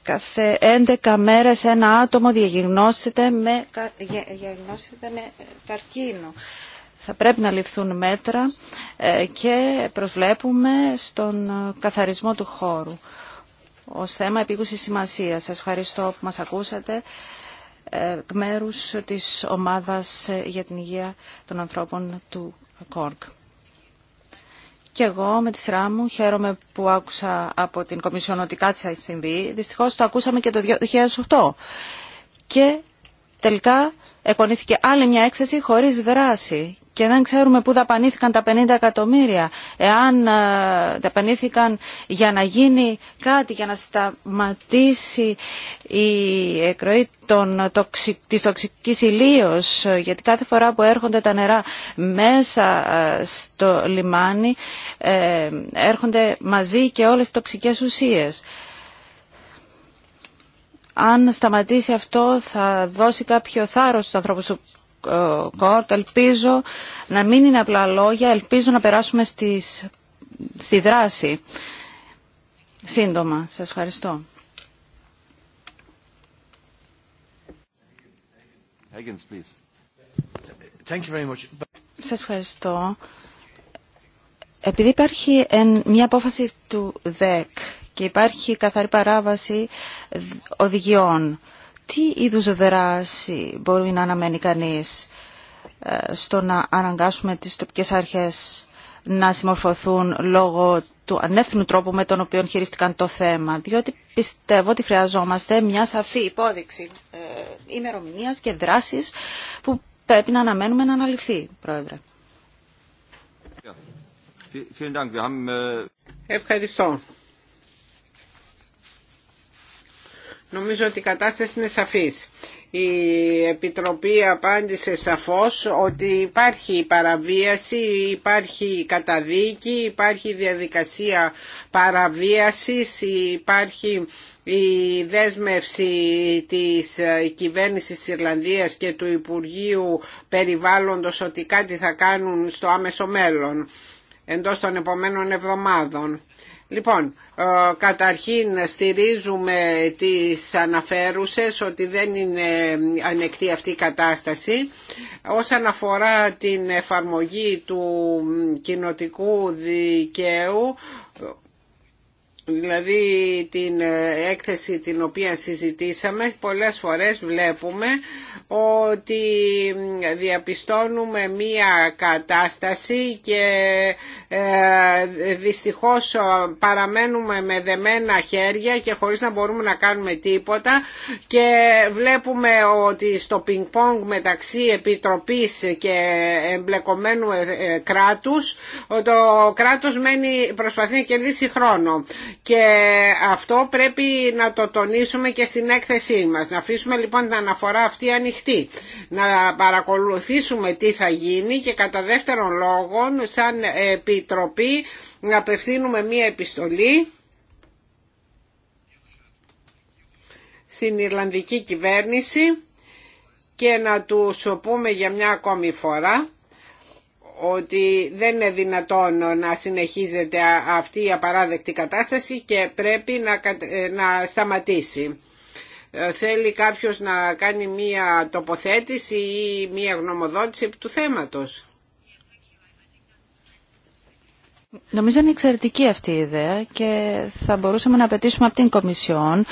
κάθε 11 μέρες ένα άτομο διαγνώσεται με, διαγνώσεται με καρκίνο. Θα πρέπει να ληφθούν μέτρα ε, και προσβλέπουμε στον καθαρισμό του χώρου ως θέμα επίκουσης σημασία. Σας ευχαριστώ που μας ακούσατε ε, μέρους της ομάδας για την υγεία των ανθρώπων του ΚΟΡΚ. Και εγώ με τη σειρά μου χαίρομαι που άκουσα από την Κομισιόν ότι κάτι θα συμβεί. Δυστυχώς το ακούσαμε και το 2008. Και τελικά εκπονήθηκε άλλη μια έκθεση χωρίς δράση και δεν ξέρουμε πού δαπανήθηκαν τα 50 εκατομμύρια. Εάν ε, δαπανήθηκαν για να γίνει κάτι, για να σταματήσει η εκροή των τοξι... της τοξικής ηλίως, ε, γιατί κάθε φορά που έρχονται τα νερά μέσα ε, στο λιμάνι, έρχονται μαζί και όλες οι τοξικές ουσίες αν σταματήσει αυτό θα δώσει κάποιο θάρρος στους ανθρώπους του ΚΟΡΤ. Ε, ελπίζω να μην είναι απλά λόγια, ελπίζω να περάσουμε στις, στη δράση. Σύντομα, σας ευχαριστώ. Σας ευχαριστώ. Επειδή υπάρχει μια απόφαση του ΔΕΚ και υπάρχει καθαρή παράβαση οδηγιών. Τι είδους δράση μπορεί να αναμένει κανείς στο να αναγκάσουμε τις τοπικές αρχές να συμμορφωθούν λόγω του ανεύθυνου τρόπου με τον οποίο χειρίστηκαν το θέμα. Διότι πιστεύω ότι χρειαζόμαστε μια σαφή υπόδειξη ε, και δράση που πρέπει να αναμένουμε να αναλυθεί, Πρόεδρε. Ευχαριστώ. Νομίζω ότι η κατάσταση είναι σαφής. Η Επιτροπή απάντησε σαφώς ότι υπάρχει παραβίαση, υπάρχει καταδίκη, υπάρχει διαδικασία παραβίασης, υπάρχει η δέσμευση της κυβέρνησης της Ιρλανδίας και του Υπουργείου Περιβάλλοντος ότι κάτι θα κάνουν στο άμεσο μέλλον, εντός των επομένων εβδομάδων. Λοιπόν, ε, καταρχήν στηρίζουμε τις αναφέρουσες ότι δεν είναι ανεκτή αυτή η κατάσταση. Όσον αφορά την εφαρμογή του κοινοτικού δικαίου, δηλαδή την ε, έκθεση την οποία συζητήσαμε, πολλές φορές βλέπουμε ότι διαπιστώνουμε μία κατάσταση και ε, δυστυχώς παραμένουμε με δεμένα χέρια και χωρίς να μπορούμε να κάνουμε τίποτα και βλέπουμε ότι στο πινκ πονγκ μεταξύ Επιτροπής και εμπλεκομένου ε, κράτους το κράτος μένει, προσπαθεί να κερδίσει χρόνο και αυτό πρέπει να το τονίσουμε και στην έκθεσή μας. Να αφήσουμε λοιπόν την αναφορά αυτή ανοιχτή, να παρακολουθήσουμε τι θα γίνει και κατά δεύτερον λόγο σαν επιτροπή να απευθύνουμε μία επιστολή στην Ιρλανδική κυβέρνηση και να του πούμε για μια ακόμη φορά ότι δεν είναι δυνατόν να συνεχίζεται αυτή η απαράδεκτη κατάσταση και πρέπει να, ε, να σταματήσει. Ε, θέλει κάποιος να κάνει μία τοποθέτηση ή μία γνωμοδότηση του θέματος. Νομίζω είναι εξαιρετική αυτή η ιδέα και θα μπορούσαμε να απαιτήσουμε από την Κομισιόν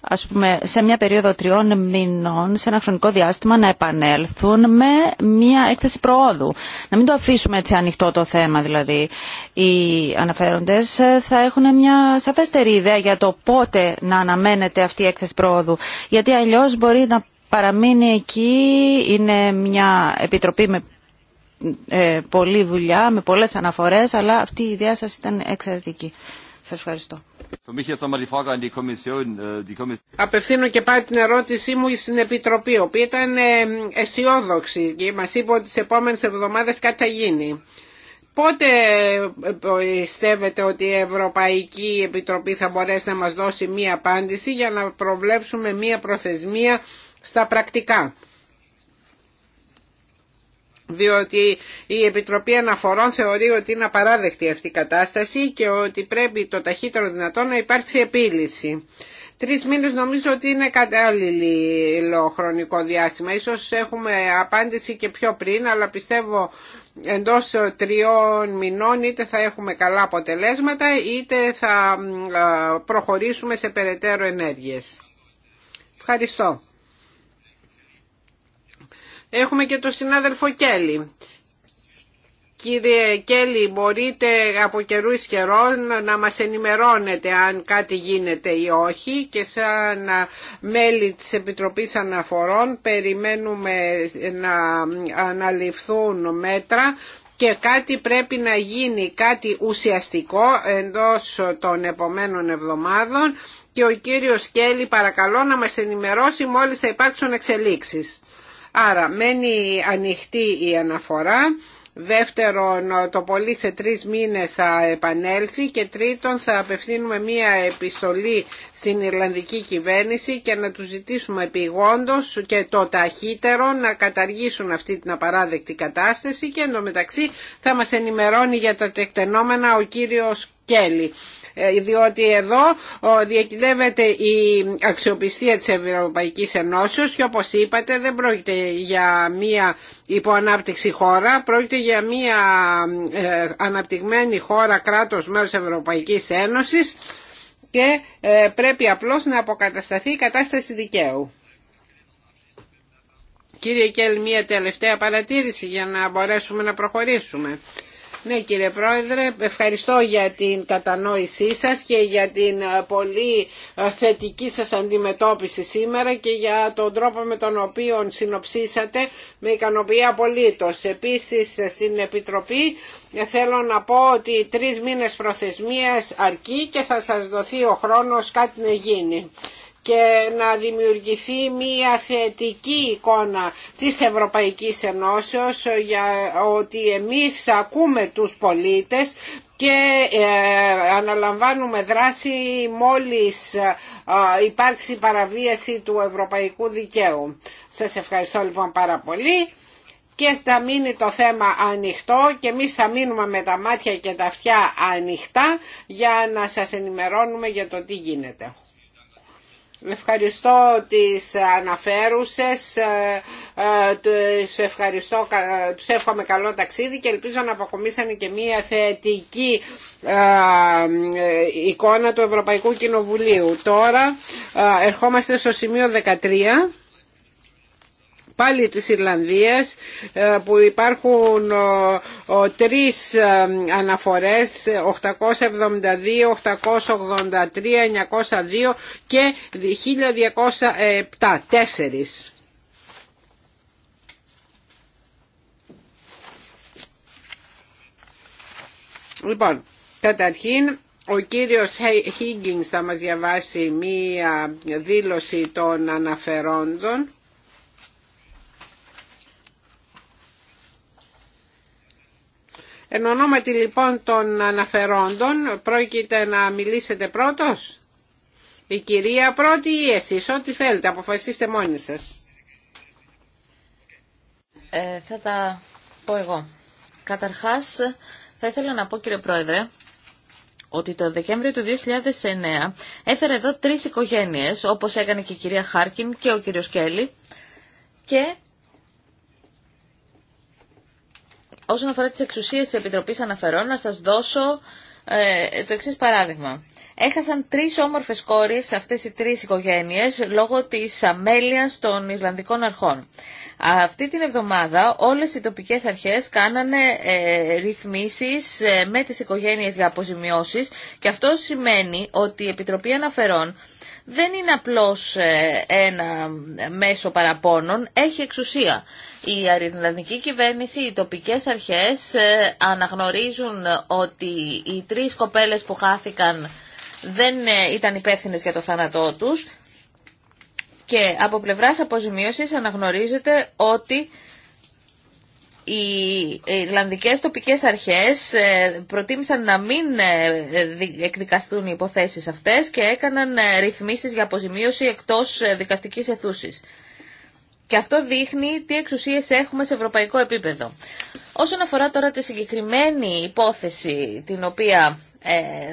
ας πούμε, σε μια περίοδο τριών μηνών, σε ένα χρονικό διάστημα, να επανέλθουν με μια έκθεση προόδου. Να μην το αφήσουμε έτσι ανοιχτό το θέμα, δηλαδή. Οι αναφέροντες θα έχουν μια σαφέστερη ιδέα για το πότε να αναμένεται αυτή η έκθεση προόδου. Γιατί αλλιώς μπορεί να παραμείνει εκεί, είναι μια επιτροπή με πολύ ε, πολλή δουλειά, με πολλές αναφορές, αλλά αυτή η ιδέα σας ήταν εξαιρετική. Σας ευχαριστώ. Απευθύνω και πάλι την ερώτησή μου στην Επιτροπή, η οποία ήταν ε, αισιόδοξη και μας είπε ότι τις επόμενες εβδομάδες κάτι θα γίνει. Πότε ε, πιστεύετε ότι η Ευρωπαϊκή Επιτροπή θα μπορέσει να μας δώσει μία απάντηση για να προβλέψουμε μία προθεσμία στα πρακτικά διότι η Επιτροπή Αναφορών θεωρεί ότι είναι απαράδεκτη αυτή η κατάσταση και ότι πρέπει το ταχύτερο δυνατόν να υπάρξει επίλυση. Τρει μήνε νομίζω ότι είναι κατάλληλο χρονικό διάστημα. Ίσως έχουμε απάντηση και πιο πριν, αλλά πιστεύω εντός τριών μηνών είτε θα έχουμε καλά αποτελέσματα είτε θα προχωρήσουμε σε περαιτέρω ενέργειες. Ευχαριστώ. Έχουμε και τον συνάδελφο Κέλλη. Κύριε Κέλλη, μπορείτε από καιρού καιρών να μας ενημερώνετε αν κάτι γίνεται ή όχι και σαν μέλη της Επιτροπής Αναφορών περιμένουμε να αναλυφθούν μέτρα και κάτι πρέπει να γίνει, κάτι ουσιαστικό εντός των επομένων εβδομάδων και ο κύριος Κέλλη παρακαλώ να μας ενημερώσει μόλις θα υπάρξουν εξελίξεις. Άρα μένει ανοιχτή η αναφορά. Δεύτερον, το πολύ σε τρεις μήνες θα επανέλθει και τρίτον θα απευθύνουμε μία επιστολή στην Ιρλανδική κυβέρνηση και να του ζητήσουμε επιγόντως και το ταχύτερο να καταργήσουν αυτή την απαράδεκτη κατάσταση και εντωμεταξύ θα μας ενημερώνει για τα τεκτενόμενα ο κύριος Κέλλη. Ε, διότι εδώ διακυδεύεται η αξιοπιστία της Ευρωπαϊκής Ενώσεως και όπως είπατε δεν πρόκειται για μία υποανάπτυξη χώρα, πρόκειται για μία ε, αναπτυγμένη χώρα κράτος μέρος Ευρωπαϊκής Ένωσης και ε, πρέπει απλώς να αποκατασταθεί η κατάσταση δικαίου. Κύριε Κέλ, μία τελευταία παρατήρηση για να μπορέσουμε να προχωρήσουμε. Ναι κύριε Πρόεδρε, ευχαριστώ για την κατανόησή σας και για την ε, πολύ ε, θετική σας αντιμετώπιση σήμερα και για τον τρόπο με τον οποίο συνοψίσατε με ικανοποιεί απολύτως. Επίσης ε, στην Επιτροπή θέλω να πω ότι τρεις μήνες προθεσμίας αρκεί και θα σας δοθεί ο χρόνος κάτι να γίνει και να δημιουργηθεί μια θετική εικόνα της Ευρωπαϊκής Ενώσεως για ότι εμείς ακούμε τους πολίτες και ε, αναλαμβάνουμε δράση μόλις ε, υπάρξει παραβίαση του ευρωπαϊκού δικαίου. Σας ευχαριστώ λοιπόν πάρα πολύ και θα μείνει το θέμα ανοιχτό και εμεί θα μείνουμε με τα μάτια και τα αυτιά ανοιχτά για να σας ενημερώνουμε για το τι γίνεται. Ευχαριστώ τις αναφέρουσες, ε, ε, τους, ευχαριστώ, τους εύχομαι καλό ταξίδι και ελπίζω να αποκομίσανε και μία θετική ε, εικόνα του Ευρωπαϊκού Κοινοβουλίου. Τώρα ερχόμαστε στο σημείο 13 πάλι της Ιρλανδίας ε, που υπάρχουν τρεις ε, αναφορές 872, 883, 902 και 1207 τέσσερις. Λοιπόν, καταρχήν ο κύριος Higgins θα μας διαβάσει μία δήλωση των αναφερόντων Εν ονόματι λοιπόν των αναφερόντων, πρόκειται να μιλήσετε πρώτος. Η κυρία πρώτη ή εσείς, ό,τι θέλετε, αποφασίστε μόνοι σας. Ε, θα τα πω εγώ. Καταρχάς, θα ήθελα να πω κύριε Πρόεδρε, ότι το Δεκέμβριο του 2009 έφερε εδώ τρεις οικογένειες, όπως έκανε και η κυρία Χάρκιν και ο κύριος Κέλλη, και όσον αφορά τις εξουσίες της Επιτροπής Αναφερών, να σας δώσω ε, το εξή παράδειγμα. Έχασαν τρεις όμορφες κόρες αυτές οι τρεις οικογένειες λόγω της αμέλειας των Ιρλανδικών αρχών. Αυτή την εβδομάδα όλες οι τοπικές αρχές κάνανε ε, ρυθμίσεις ε, με τις οικογένειες για αποζημιώσεις και αυτό σημαίνει ότι η Επιτροπή Αναφερών δεν είναι απλώς ε, ένα μέσο παραπόνων, έχει εξουσία. Η αριθμητική κυβέρνηση, οι τοπικές αρχές ε, αναγνωρίζουν ότι οι τρεις κοπέλες που χάθηκαν δεν ε, ήταν υπεύθυνε για το θάνατό τους και από πλευράς αποζημίωσης αναγνωρίζεται ότι οι Ιρλανδικές τοπικές αρχές ε, προτίμησαν να μην ε, εκδικαστούν οι υποθέσεις αυτές και έκαναν ε, ρυθμίσεις για αποζημίωση εκτός δικαστικής αιθούσης. Και αυτό δείχνει τι εξουσίες έχουμε σε ευρωπαϊκό επίπεδο. Όσον αφορά τώρα τη συγκεκριμένη υπόθεση την οποία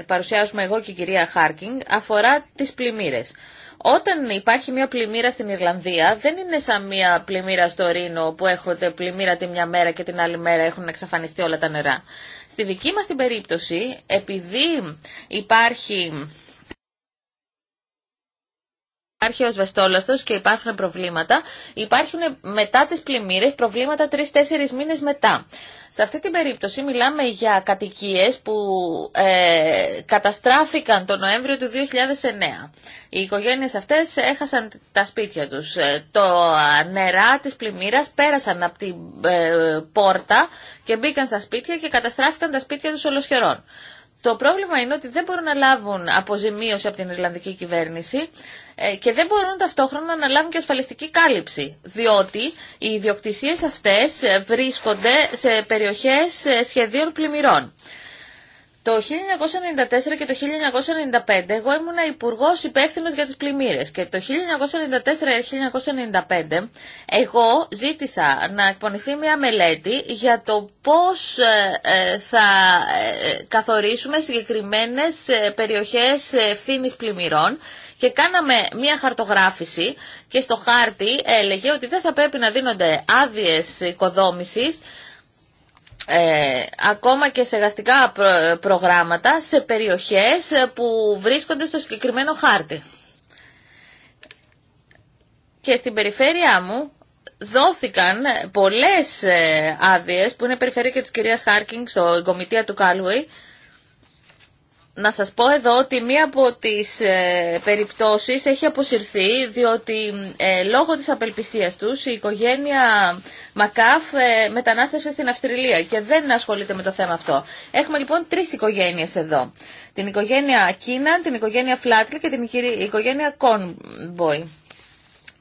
παρουσιάζουμε εγώ και η κυρία Χάρκινγκ, αφορά τις πλημμύρες. Όταν υπάρχει μια πλημμύρα στην Ιρλανδία, δεν είναι σαν μια πλημμύρα στο Ρήνο που έχονται πλημμύρα τη μια μέρα και την άλλη μέρα έχουν εξαφανιστεί όλα τα νερά. Στη δική μας την περίπτωση, επειδή υπάρχει Υπάρχει ο σβεστόλαθος και υπάρχουν προβλήματα. Υπάρχουν μετά τις πλημμύρες προβλήματα τρει-τέσσερι μήνες μετά. Σε αυτή την περίπτωση μιλάμε για κατοικίες που ε, καταστράφηκαν το Νοέμβριο του 2009. Οι οικογένειε αυτές έχασαν τα σπίτια τους. Ε, το νερά της πλημμύρας πέρασαν από την ε, πόρτα και μπήκαν στα σπίτια και καταστράφηκαν τα σπίτια του ολοσχερών. Το πρόβλημα είναι ότι δεν μπορούν να λάβουν αποζημίωση από την Ιρλανδική κυβέρνηση ε, και δεν μπορούν ταυτόχρονα να λάβουν και ασφαλιστική κάλυψη, διότι οι ιδιοκτησίες αυτές ε, βρίσκονται σε περιοχές ε, σχεδίων πλημμυρών. Το 1994 και το 1995 εγώ ήμουν υπουργό υπεύθυνο για τις πλημμύρε. και το 1994-1995 εγώ ζήτησα να εκπονηθεί μια μελέτη για το πώς ε, ε, θα ε, καθορίσουμε συγκεκριμένες περιοχές ευθύνη πλημμυρών και κάναμε μία χαρτογράφηση και στο χάρτη έλεγε ότι δεν θα πρέπει να δίνονται άδειες οικοδόμηση. Ε, ακόμα και σε γαστικά προγράμματα σε περιοχές που βρίσκονται στο συγκεκριμένο χάρτη. Και στην περιφέρειά μου δόθηκαν πολλές ε, άδειες που είναι περιφέρεια και της κυρίας Χάρκινγκ στο κομιτεία του Κάλουεϊ να σας πω εδώ ότι μία από τις ε, περιπτώσεις έχει αποσυρθεί διότι ε, λόγω της απελπισίας τους η οικογένεια Μακάφ ε, μετανάστευσε στην Αυστραλία και δεν ασχολείται με το θέμα αυτό. Έχουμε λοιπόν τρεις οικογένειες εδώ. Την οικογένεια Κίναν, την οικογένεια Φλάτλη και την οικογένεια Κόνμποϊ.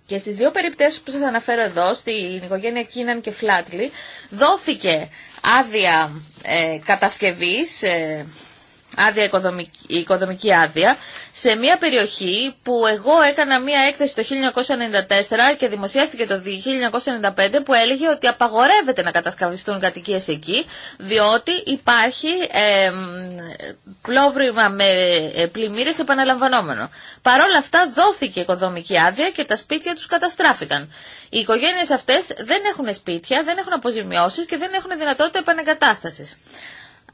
Και στις δύο περιπτώσεις που σας αναφέρω εδώ, στην οικογένεια Κίναν και Φλάτλη, δόθηκε άδεια ε, κατασκευής ε, άδεια οικοδομική, οικοδομική άδεια, σε μια περιοχή που εγώ έκανα μια έκθεση το 1994 και δημοσιεύτηκε το 1995 που έλεγε ότι απαγορεύεται να κατασκευαστούν κατοικίες εκεί, διότι υπάρχει ε, με πλημμύρες επαναλαμβανόμενο. Παρ' όλα αυτά δόθηκε οικοδομική άδεια και τα σπίτια τους καταστράφηκαν. Οι οικογένειες αυτές δεν έχουν σπίτια, δεν έχουν αποζημιώσεις και δεν έχουν δυνατότητα επανεγκατάστασης.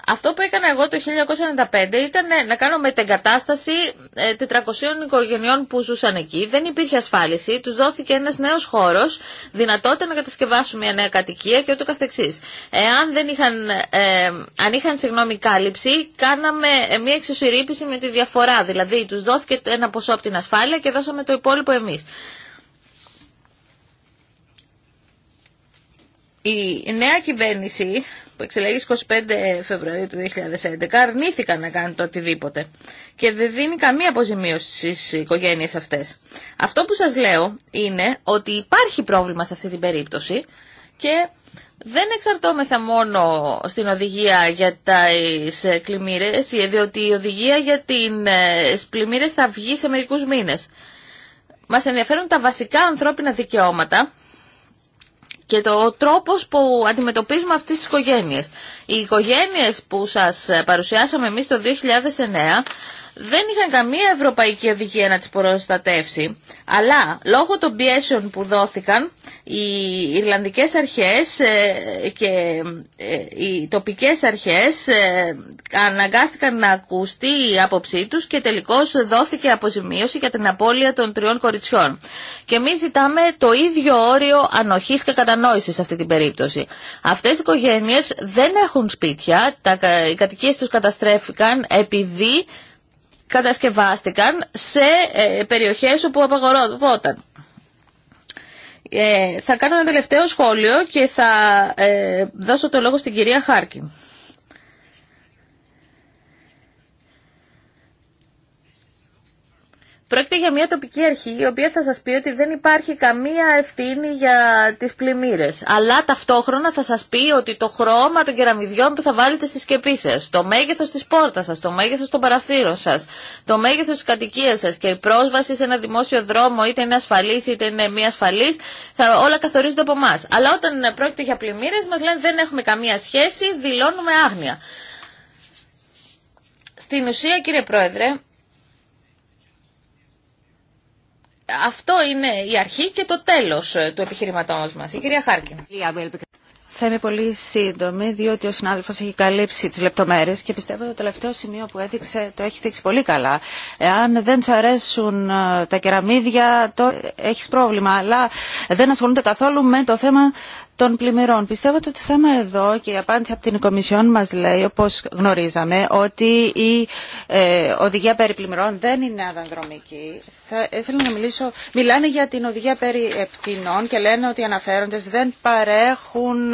Αυτό που έκανα εγώ το 1995 ήταν ε, να κάνω μετεγκατάσταση 400 ε, οικογενειών που ζούσαν εκεί. Δεν υπήρχε ασφάλιση, τους δόθηκε ένας νέος χώρος, δυνατότητα να κατασκευάσουν μια νέα κατοικία και ούτω καθεξής. Εάν δεν είχαν, ε, αν είχαν συγγνώμη κάλυψη, κάναμε μια εξωσυρήπηση με τη διαφορά. Δηλαδή τους δόθηκε ένα ποσό από την ασφάλεια και δώσαμε το υπόλοιπο εμείς. Η νέα κυβέρνηση που εξελέγει 25 Φεβρουαρίου του 2011 αρνήθηκαν να κάνουν το οτιδήποτε και δεν δίνει καμία αποζημίωση στις οικογένειες αυτές. Αυτό που σας λέω είναι ότι υπάρχει πρόβλημα σε αυτή την περίπτωση και δεν εξαρτώμεθα μόνο στην οδηγία για τις ε, πλημμύρες, διότι η οδηγία για ε, τις πλημμύρε θα βγει σε μερικούς μήνες. Μας ενδιαφέρουν τα βασικά ανθρώπινα δικαιώματα και το τρόπος που αντιμετωπίζουμε αυτές τις οικογένειες. Οι οικογένειες που σας παρουσιάσαμε εμείς το 2009 δεν είχαν καμία ευρωπαϊκή οδηγία να τις προστατεύσει, αλλά λόγω των πιέσεων που δόθηκαν οι Ιρλανδικές αρχές ε, και ε, οι τοπικές αρχές ε, αναγκάστηκαν να ακουστεί η άποψή τους και τελικώς δόθηκε αποζημίωση για την απώλεια των τριών κοριτσιών. Και εμεί ζητάμε το ίδιο όριο ανοχής και κατανόησης σε αυτή την περίπτωση. Αυτές οι οικογένειες δεν έχουν σπίτια, οι κατοικίες τους καταστρέφηκαν επειδή κατασκευάστηκαν σε ε, περιοχές όπου απαγορευόταν. Ε, θα κάνω ένα τελευταίο σχόλιο και θα ε, δώσω το λόγο στην κυρία Χάρκιν. Πρόκειται για μια τοπική αρχή η οποία θα σας πει ότι δεν υπάρχει καμία ευθύνη για τις πλημμύρες. Αλλά ταυτόχρονα θα σας πει ότι το χρώμα των κεραμιδιών που θα βάλετε στις σκεπή σα, το μέγεθος της πόρτας σας, το μέγεθος των παραθύρων σας, το μέγεθος της κατοικίας σας και η πρόσβαση σε ένα δημόσιο δρόμο είτε είναι ασφαλής είτε είναι μη ασφαλής, θα όλα καθορίζονται από εμά. Αλλά όταν πρόκειται για πλημμύρες μας λένε δεν έχουμε καμία σχέση, δηλώνουμε άγνοια. Στην ουσία κύριε Πρόεδρε, αυτό είναι η αρχή και το τέλος ε, του επιχειρηματός μας. Η κυρία Χάρκιν. Θα είμαι πολύ σύντομη, διότι ο συνάδελφος έχει καλύψει τις λεπτομέρειες και πιστεύω το τελευταίο σημείο που έδειξε το έχει δείξει πολύ καλά. Εάν δεν σου αρέσουν ε, τα κεραμίδια, το έχεις πρόβλημα, αλλά δεν ασχολούνται καθόλου με το θέμα των πλημμυρών. Πιστεύω ότι το θέμα εδώ και η απάντηση από την Κομισιόν μας λέει, όπως γνωρίζαμε, ότι η ε, οδηγία περί πλημμυρών δεν είναι αδανδρομική. Θα να μιλήσω... Μιλάνε για την οδηγία περί ε, πτηνών και λένε ότι οι αναφέροντες δεν παρέχουν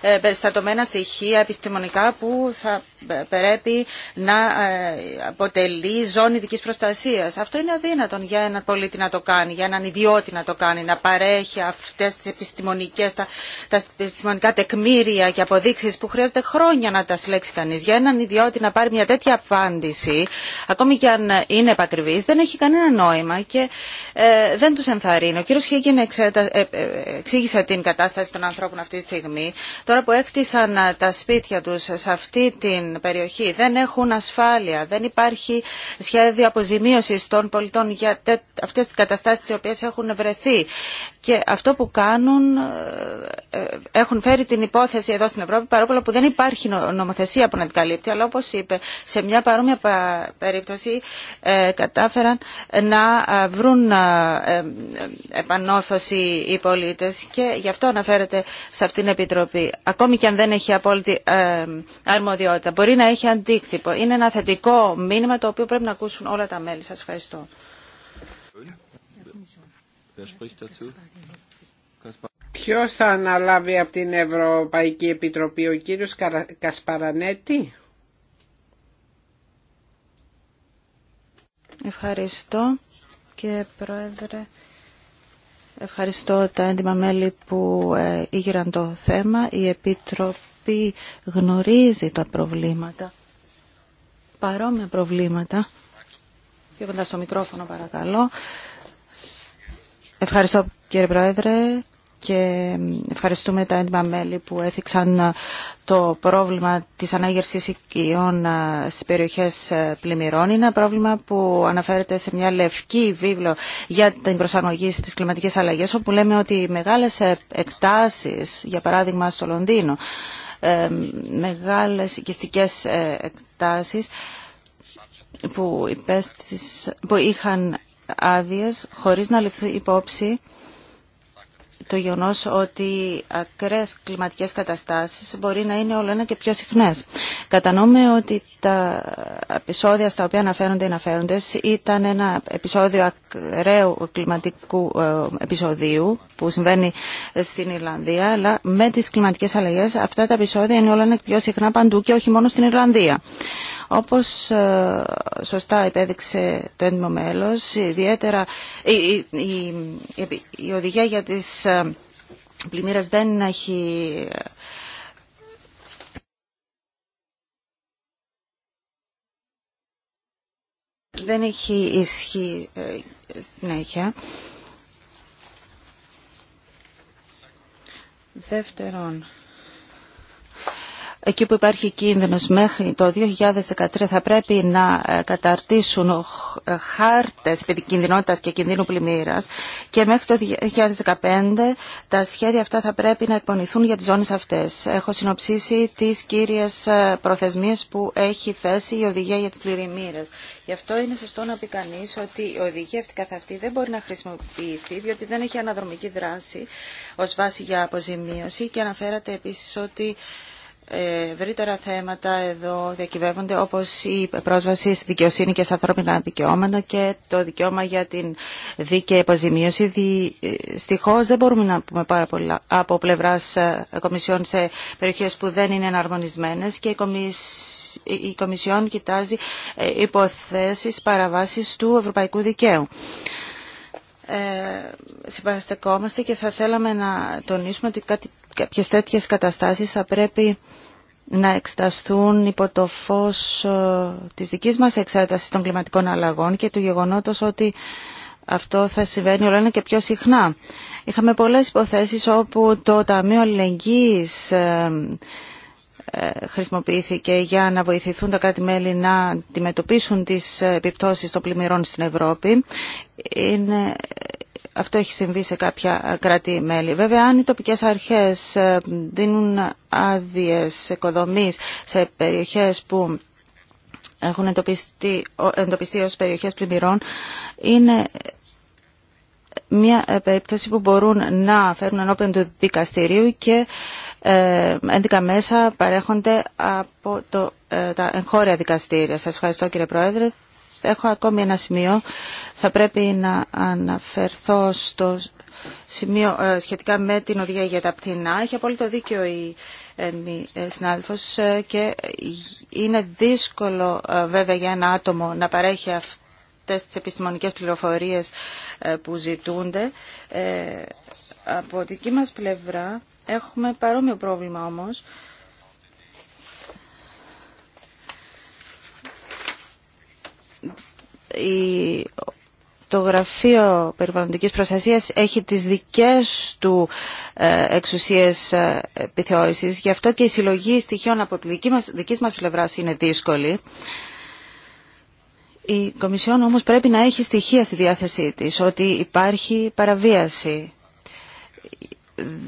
ε, περιστατωμένα στοιχεία επιστημονικά που θα πρέπει να ε, αποτελεί ζώνη δικής προστασίας. Αυτό είναι αδύνατον για έναν πολίτη να το κάνει, για έναν ιδιώτη να το κάνει, να παρέχει αυτές τις επιστημονικές, τα, επιστημονικά τεκμήρια και αποδείξεις που χρειάζεται χρόνια να τα συλλέξει κανείς. Για έναν ιδιώτη να πάρει μια τέτοια απάντηση, ακόμη και αν είναι επακριβής, δεν έχει κανένα νόημα και ε, δεν τους ενθαρρύνει. Ο κύριος Χίγκιν ε, εξήγησε την κατάσταση των ανθρώπων αυτή τη στιγμή. Τώρα που έκτισαν τα σπίτια τους σε αυτή την περιοχή, δεν έχουν ασφάλεια, δεν υπάρχει σχέδιο αποζημίωση των πολιτών για αυτές τις καταστάσεις οι οποίες έχουν βρεθεί. Και αυτό που κάνουν, ε, ε, έχουν φέρει την υπόθεση εδώ στην Ευρώπη, παρόλο που δεν υπάρχει νομοθεσία που να την καλύπτει, αλλά όπως είπε, σε μια παρόμοια περίπτωση ε, κατάφεραν να βρουν επανόρθωση οι πολίτες και γι' αυτό αναφέρεται σε αυτήν την Επιτροπή, ακόμη και αν δεν έχει απόλυτη αρμοδιότητα μπορεί να έχει αντίκτυπο. Είναι ένα θετικό μήνυμα το οποίο πρέπει να ακούσουν όλα τα μέλη. Σας ευχαριστώ. Ποιος θα αναλάβει από την Ευρωπαϊκή Επιτροπή, ο κύριος Κασπαρανέτη. Ευχαριστώ και Πρόεδρε. Ευχαριστώ τα έντιμα μέλη που ε, ήγηραν το θέμα. Η Επίτροπη γνωρίζει τα προβλήματα, παρόμοια προβλήματα. Πιο κοντά στο μικρόφωνο παρακαλώ. Ευχαριστώ κύριε Πρόεδρε και ευχαριστούμε τα έντυπα μέλη που έφυξαν το πρόβλημα της ανάγερσης οικειών στις περιοχές πλημμυρών. Είναι ένα πρόβλημα που αναφέρεται σε μια λευκή βίβλο για την προσαρμογή στις κλιματικές αλλαγές, όπου λέμε ότι μεγάλες εκτάσεις, για παράδειγμα στο Λονδίνο, ε, μεγάλες οικιστικές ε, εκτάσεις που, είχαν άδειε χωρίς να ληφθεί υπόψη το γεγονός ότι ακραίες κλιματικές καταστάσεις μπορεί να είναι όλο ένα και πιο συχνές. Κατανοούμε ότι τα επεισόδια στα οποία αναφέρονται οι αναφέροντες ήταν ένα επεισόδιο ακραίου κλιματικού ε, επεισοδίου που συμβαίνει στην Ιρλανδία, αλλά με τις κλιματικές αλλαγές αυτά τα επεισόδια είναι όλα πιο συχνά παντού και όχι μόνο στην Ιρλανδία. Όπως ε, σωστά επέδειξε το έντιμο μέλος, ιδιαίτερα η, η, η, οδηγία για τις ε, πλημμύρες δεν έχει... δεν έχει ισχύ συνέχεια. Δεύτερον, εκεί που υπάρχει κίνδυνος μέχρι το 2013 θα πρέπει να ε, καταρτήσουν ε, χάρτες κινδυνότητας και κινδύνου πλημμύρας και μέχρι το 2015 τα σχέδια αυτά θα πρέπει να εκπονηθούν για τις ζώνες αυτές. Έχω συνοψίσει τις κύριες ε, προθεσμίες που έχει θέσει η οδηγία για τις πλημμύρες. Γι' αυτό είναι σωστό να πει κανεί ότι η οδηγία αυτή καθ' αυτή δεν μπορεί να χρησιμοποιηθεί, διότι δεν έχει αναδρομική δράση ως βάση για αποζημίωση και αναφέρατε επίσης ότι ευρύτερα θέματα εδώ διακυβεύονται όπως η πρόσβαση στη δικαιοσύνη και στα ανθρώπινα δικαιώματα και το δικαίωμα για την δίκαιη αποζημίωση. Δυστυχώ δεν μπορούμε να πούμε πάρα πολλά από πλευράς ε, κομισιών σε περιοχές που δεν είναι εναρμονισμένες και η, Κομισιόν κοιτάζει ε, υποθέσεις παραβάσεις του ευρωπαϊκού δικαίου ε, συμπαραστεκόμαστε και θα θέλαμε να τονίσουμε ότι κάτι κάποιες τέτοιες καταστάσεις θα πρέπει να εξεταστούν υπό το φως ε, της δικής μας εξέτασης των κλιματικών αλλαγών και του γεγονότος ότι αυτό θα συμβαίνει όλο ένα και πιο συχνά. Είχαμε πολλές υποθέσεις όπου το Ταμείο Αλληλεγγύης ε, ε, χρησιμοποιήθηκε για να βοηθηθούν τα κράτη-μέλη να αντιμετωπίσουν τις επιπτώσεις των πλημμυρών στην Ευρώπη. Είναι αυτό έχει συμβεί σε κάποια ε, κράτη-μέλη. Βέβαια, αν οι τοπικές αρχές ε, δίνουν άδειες οικοδομής σε περιοχές που έχουν εντοπιστεί, εντοπιστεί ως περιοχές πλημμυρών, είναι μια ε, περίπτωση που μπορούν να φέρουν ενώπιον του δικαστηρίου και ε, μέσα παρέχονται από το, τα εγχώρια δικαστήρια. Σας ευχαριστώ κύριε Πρόεδρε. Έχω ακόμη ένα σημείο. Θα πρέπει να αναφερθώ στο σημείο ε, σχετικά με την οδηγία για τα πτηνά. Έχει απόλυτο δίκιο η ε, ε, συνάδελφος και είναι δύσκολο βέβαια για ένα άτομο να παρέχει αυτές τις επιστημονικές πληροφορίες που ζητούνται. Από δική μας πλευρά έχουμε παρόμοιο πρόβλημα όμως το Γραφείο Περιβαλλοντικής Προστασίας έχει τις δικές του ε, εξουσίες ε, επιθεώρησης. Γι' αυτό και η συλλογή στοιχείων από τη δική μας, δικής μας είναι δύσκολη. Η Κομισιόν όμως πρέπει να έχει στοιχεία στη διάθεσή της ότι υπάρχει παραβίαση.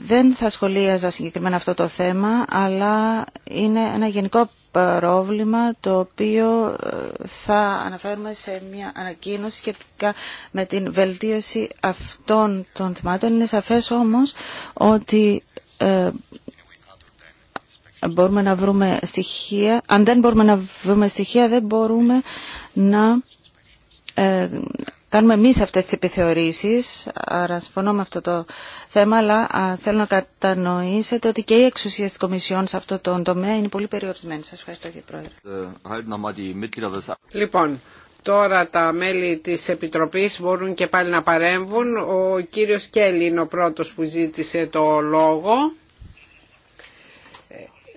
Δεν θα σχολίαζα συγκεκριμένα αυτό το θέμα, αλλά είναι ένα γενικό πρόβλημα το οποίο ε, θα αναφέρουμε σε μια ανακοίνωση σχετικά με την βελτίωση αυτών των θυμάτων. Είναι σαφές όμως ότι ε, μπορούμε να βρούμε στοιχεία. Αν δεν μπορούμε να βρούμε στοιχεία δεν μπορούμε να ε, κάνουμε εμεί αυτέ τι επιθεωρήσει, άρα συμφωνώ με αυτό το θέμα, αλλά θέλω να κατανοήσετε ότι και η εξουσία τη Κομισιόν σε αυτό το τομέα είναι πολύ περιορισμένη. Σα ευχαριστώ κύριε Πρόεδρε. Ε, λοιπόν, τώρα τα μέλη τη Επιτροπής μπορούν και πάλι να παρέμβουν. Ο κύριο Κέλλη είναι ο πρώτο που ζήτησε το λόγο.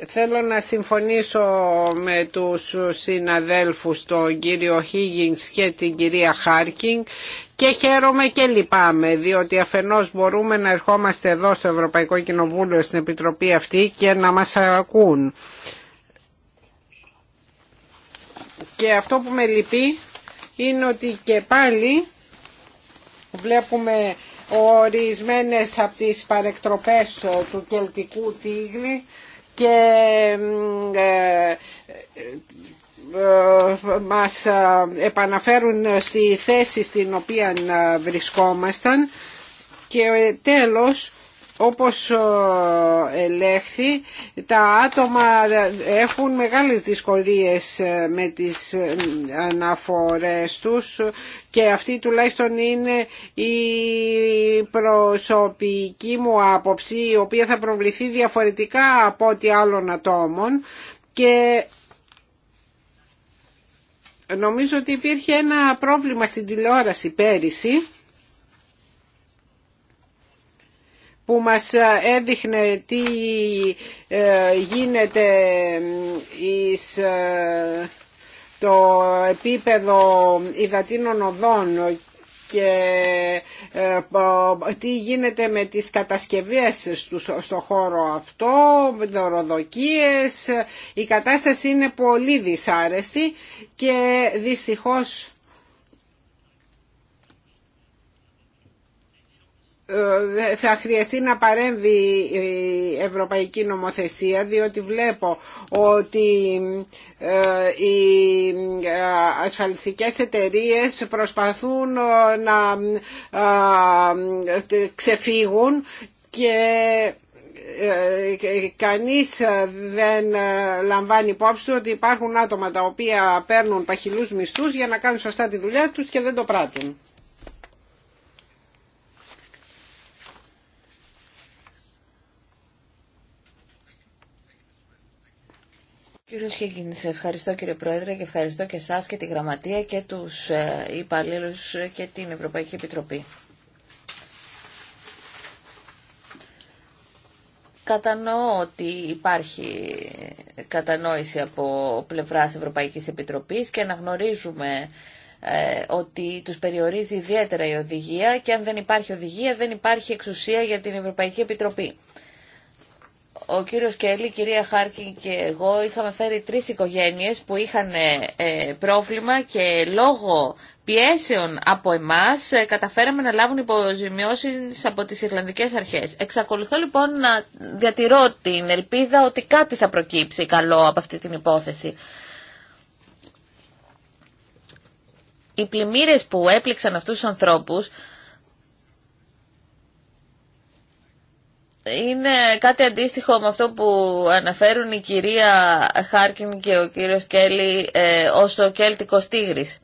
Θέλω να συμφωνήσω με τους συναδέλφους τον κύριο Χίγινγκς και την κυρία Χάρκινγκ και χαίρομαι και λυπάμαι διότι αφενός μπορούμε να ερχόμαστε εδώ στο Ευρωπαϊκό Κοινοβούλιο στην Επιτροπή αυτή και να μας ακούν. Και αυτό που με λυπεί είναι ότι και πάλι βλέπουμε ορισμένες από τις παρεκτροπές του κελτικού τίγλη και ε, ε, ε, μας επαναφέρουν στη θέση στην οποία βρισκόμασταν και τέλος όπως ε, ελέγχθη τα άτομα έχουν μεγάλες δυσκολίες ε, με τις ε, αναφορές τους και αυτή τουλάχιστον είναι η προσωπική μου άποψη η οποία θα προβληθεί διαφορετικά από ό,τι άλλων ατόμων και νομίζω ότι υπήρχε ένα πρόβλημα στην τηλεόραση πέρυσι που μας έδειχνε τι ε, γίνεται εις ε, το επίπεδο υδατίνων οδών και ε, τι γίνεται με τις κατασκευές στο χώρο αυτό, δωροδοκίες. Η κατάσταση είναι πολύ δυσάρεστη και δυστυχώς θα χρειαστεί να παρέμβει η ευρωπαϊκή νομοθεσία διότι βλέπω ότι ε, οι ε, ασφαλιστικές εταιρείες προσπαθούν ε, να ξεφύγουν και κανείς δεν λαμβάνει υπόψη του ότι υπάρχουν άτομα τα οποία παίρνουν παχυλούς μισθούς για να κάνουν σωστά τη δουλειά τους και δεν το πράττουν. Κύριε σε ευχαριστώ κύριε Πρόεδρε και ευχαριστώ και εσάς και τη Γραμματεία και τους ε, υπαλλήλου και την Ευρωπαϊκή Επιτροπή. Κατανοώ ότι υπάρχει κατανόηση από πλευράς Ευρωπαϊκής Επιτροπής και αναγνωρίζουμε ε, ότι τους περιορίζει ιδιαίτερα η οδηγία και αν δεν υπάρχει οδηγία δεν υπάρχει εξουσία για την Ευρωπαϊκή Επιτροπή ο κύριος Κέλλη, η κυρία Χάρκη και εγώ είχαμε φέρει τρεις οικογένειες που είχαν ε, ε, πρόβλημα και λόγω πιέσεων από εμάς ε, καταφέραμε να λάβουν υποζημιώσεις από τις Ιρλανδικές αρχές. Εξακολουθώ λοιπόν να διατηρώ την ελπίδα ότι κάτι θα προκύψει καλό από αυτή την υπόθεση. Οι πλημμύρες που έπληξαν αυτούς τους ανθρώπους είναι κάτι αντίστοιχο με αυτό που αναφέρουν η κυρία Χάρκιν και ο κύριος Κέλλη ε, ως ο Κέλτικος Τίγρης.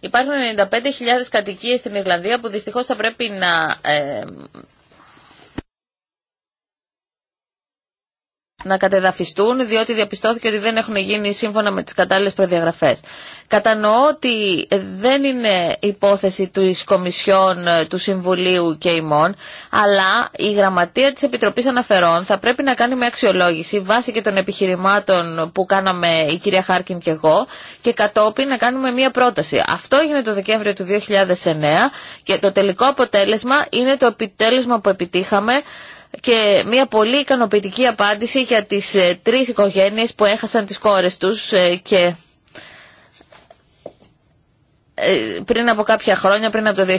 Υπάρχουν 95.000 κατοικίες στην Ιρλανδία που δυστυχώς θα πρέπει να ε, να κατεδαφιστούν διότι διαπιστώθηκε ότι δεν έχουν γίνει σύμφωνα με τις κατάλληλες προδιαγραφές. Κατανοώ ότι δεν είναι υπόθεση του Κομισιόν, ε, του Συμβουλίου και ημών, αλλά η Γραμματεία της Επιτροπής Αναφερών θα πρέπει να κάνει μια αξιολόγηση βάσει και των επιχειρημάτων που κάναμε η κυρία Χάρκιν και εγώ και κατόπιν να κάνουμε μία πρόταση. Αυτό έγινε το Δεκέμβριο του 2009 και το τελικό αποτέλεσμα είναι το επιτέλεσμα που επιτύχαμε και μια πολύ ικανοποιητική απάντηση για τις ε, τρεις οικογένειες που έχασαν τις κόρες τους ε, και ε, πριν από κάποια χρόνια, πριν από το 2009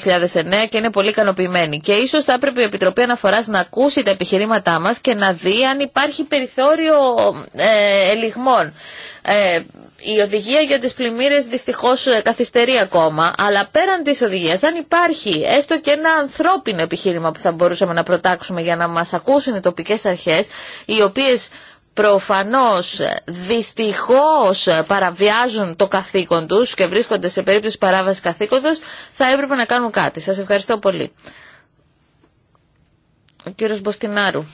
και είναι πολύ ικανοποιημένη. Και ίσως θα έπρεπε η Επιτροπή Αναφοράς να ακούσει τα επιχειρήματά μας και να δει αν υπάρχει περιθώριο ε, ελιγμών. Ε, η οδηγία για τις πλημμύρες δυστυχώς καθυστερεί ακόμα, αλλά πέραν της οδηγίας, αν υπάρχει έστω και ένα ανθρώπινο επιχείρημα που θα μπορούσαμε να προτάξουμε για να μας ακούσουν οι τοπικές αρχές, οι οποίες προφανώς δυστυχώς παραβιάζουν το καθήκον τους και βρίσκονται σε περίπτωση παράβασης καθήκοντος, θα έπρεπε να κάνουν κάτι. Σας ευχαριστώ πολύ. Ο κύριος Μποστινάρου.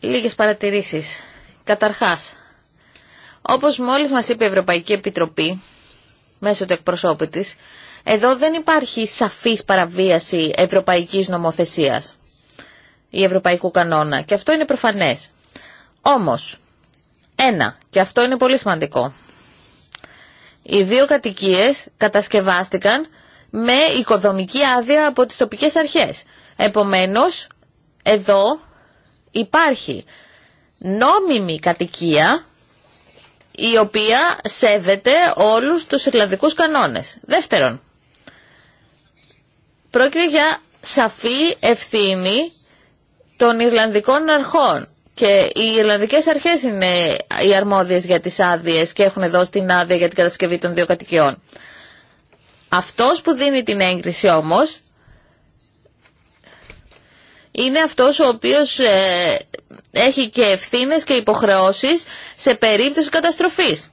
Λίγες παρατηρήσεις. Καταρχάς, όπως μόλις μας είπε η Ευρωπαϊκή Επιτροπή, μέσω του εκπροσώπου της, εδώ δεν υπάρχει σαφής παραβίαση ευρωπαϊκής νομοθεσίας ή ευρωπαϊκού κανόνα και αυτό είναι προφανές. Όμως, ένα, και αυτό είναι πολύ σημαντικό, οι δύο κατοικίες κατασκευάστηκαν με οικοδομική άδεια από τις τοπικές αρχές. Επομένως, εδώ υπάρχει νόμιμη κατοικία η οποία σέβεται όλους τους Ιρλανδικούς κανόνες. Δεύτερον, πρόκειται για σαφή ευθύνη των Ιρλανδικών αρχών. Και οι Ιρλανδικέ αρχές είναι οι αρμόδιες για τις άδειε και έχουν δώσει την άδεια για την κατασκευή των δύο κατοικιών. Αυτός που δίνει την έγκριση όμως είναι αυτός ο οποίος ε, έχει και ευθύνε και υποχρεώσεις σε περίπτωση καταστροφής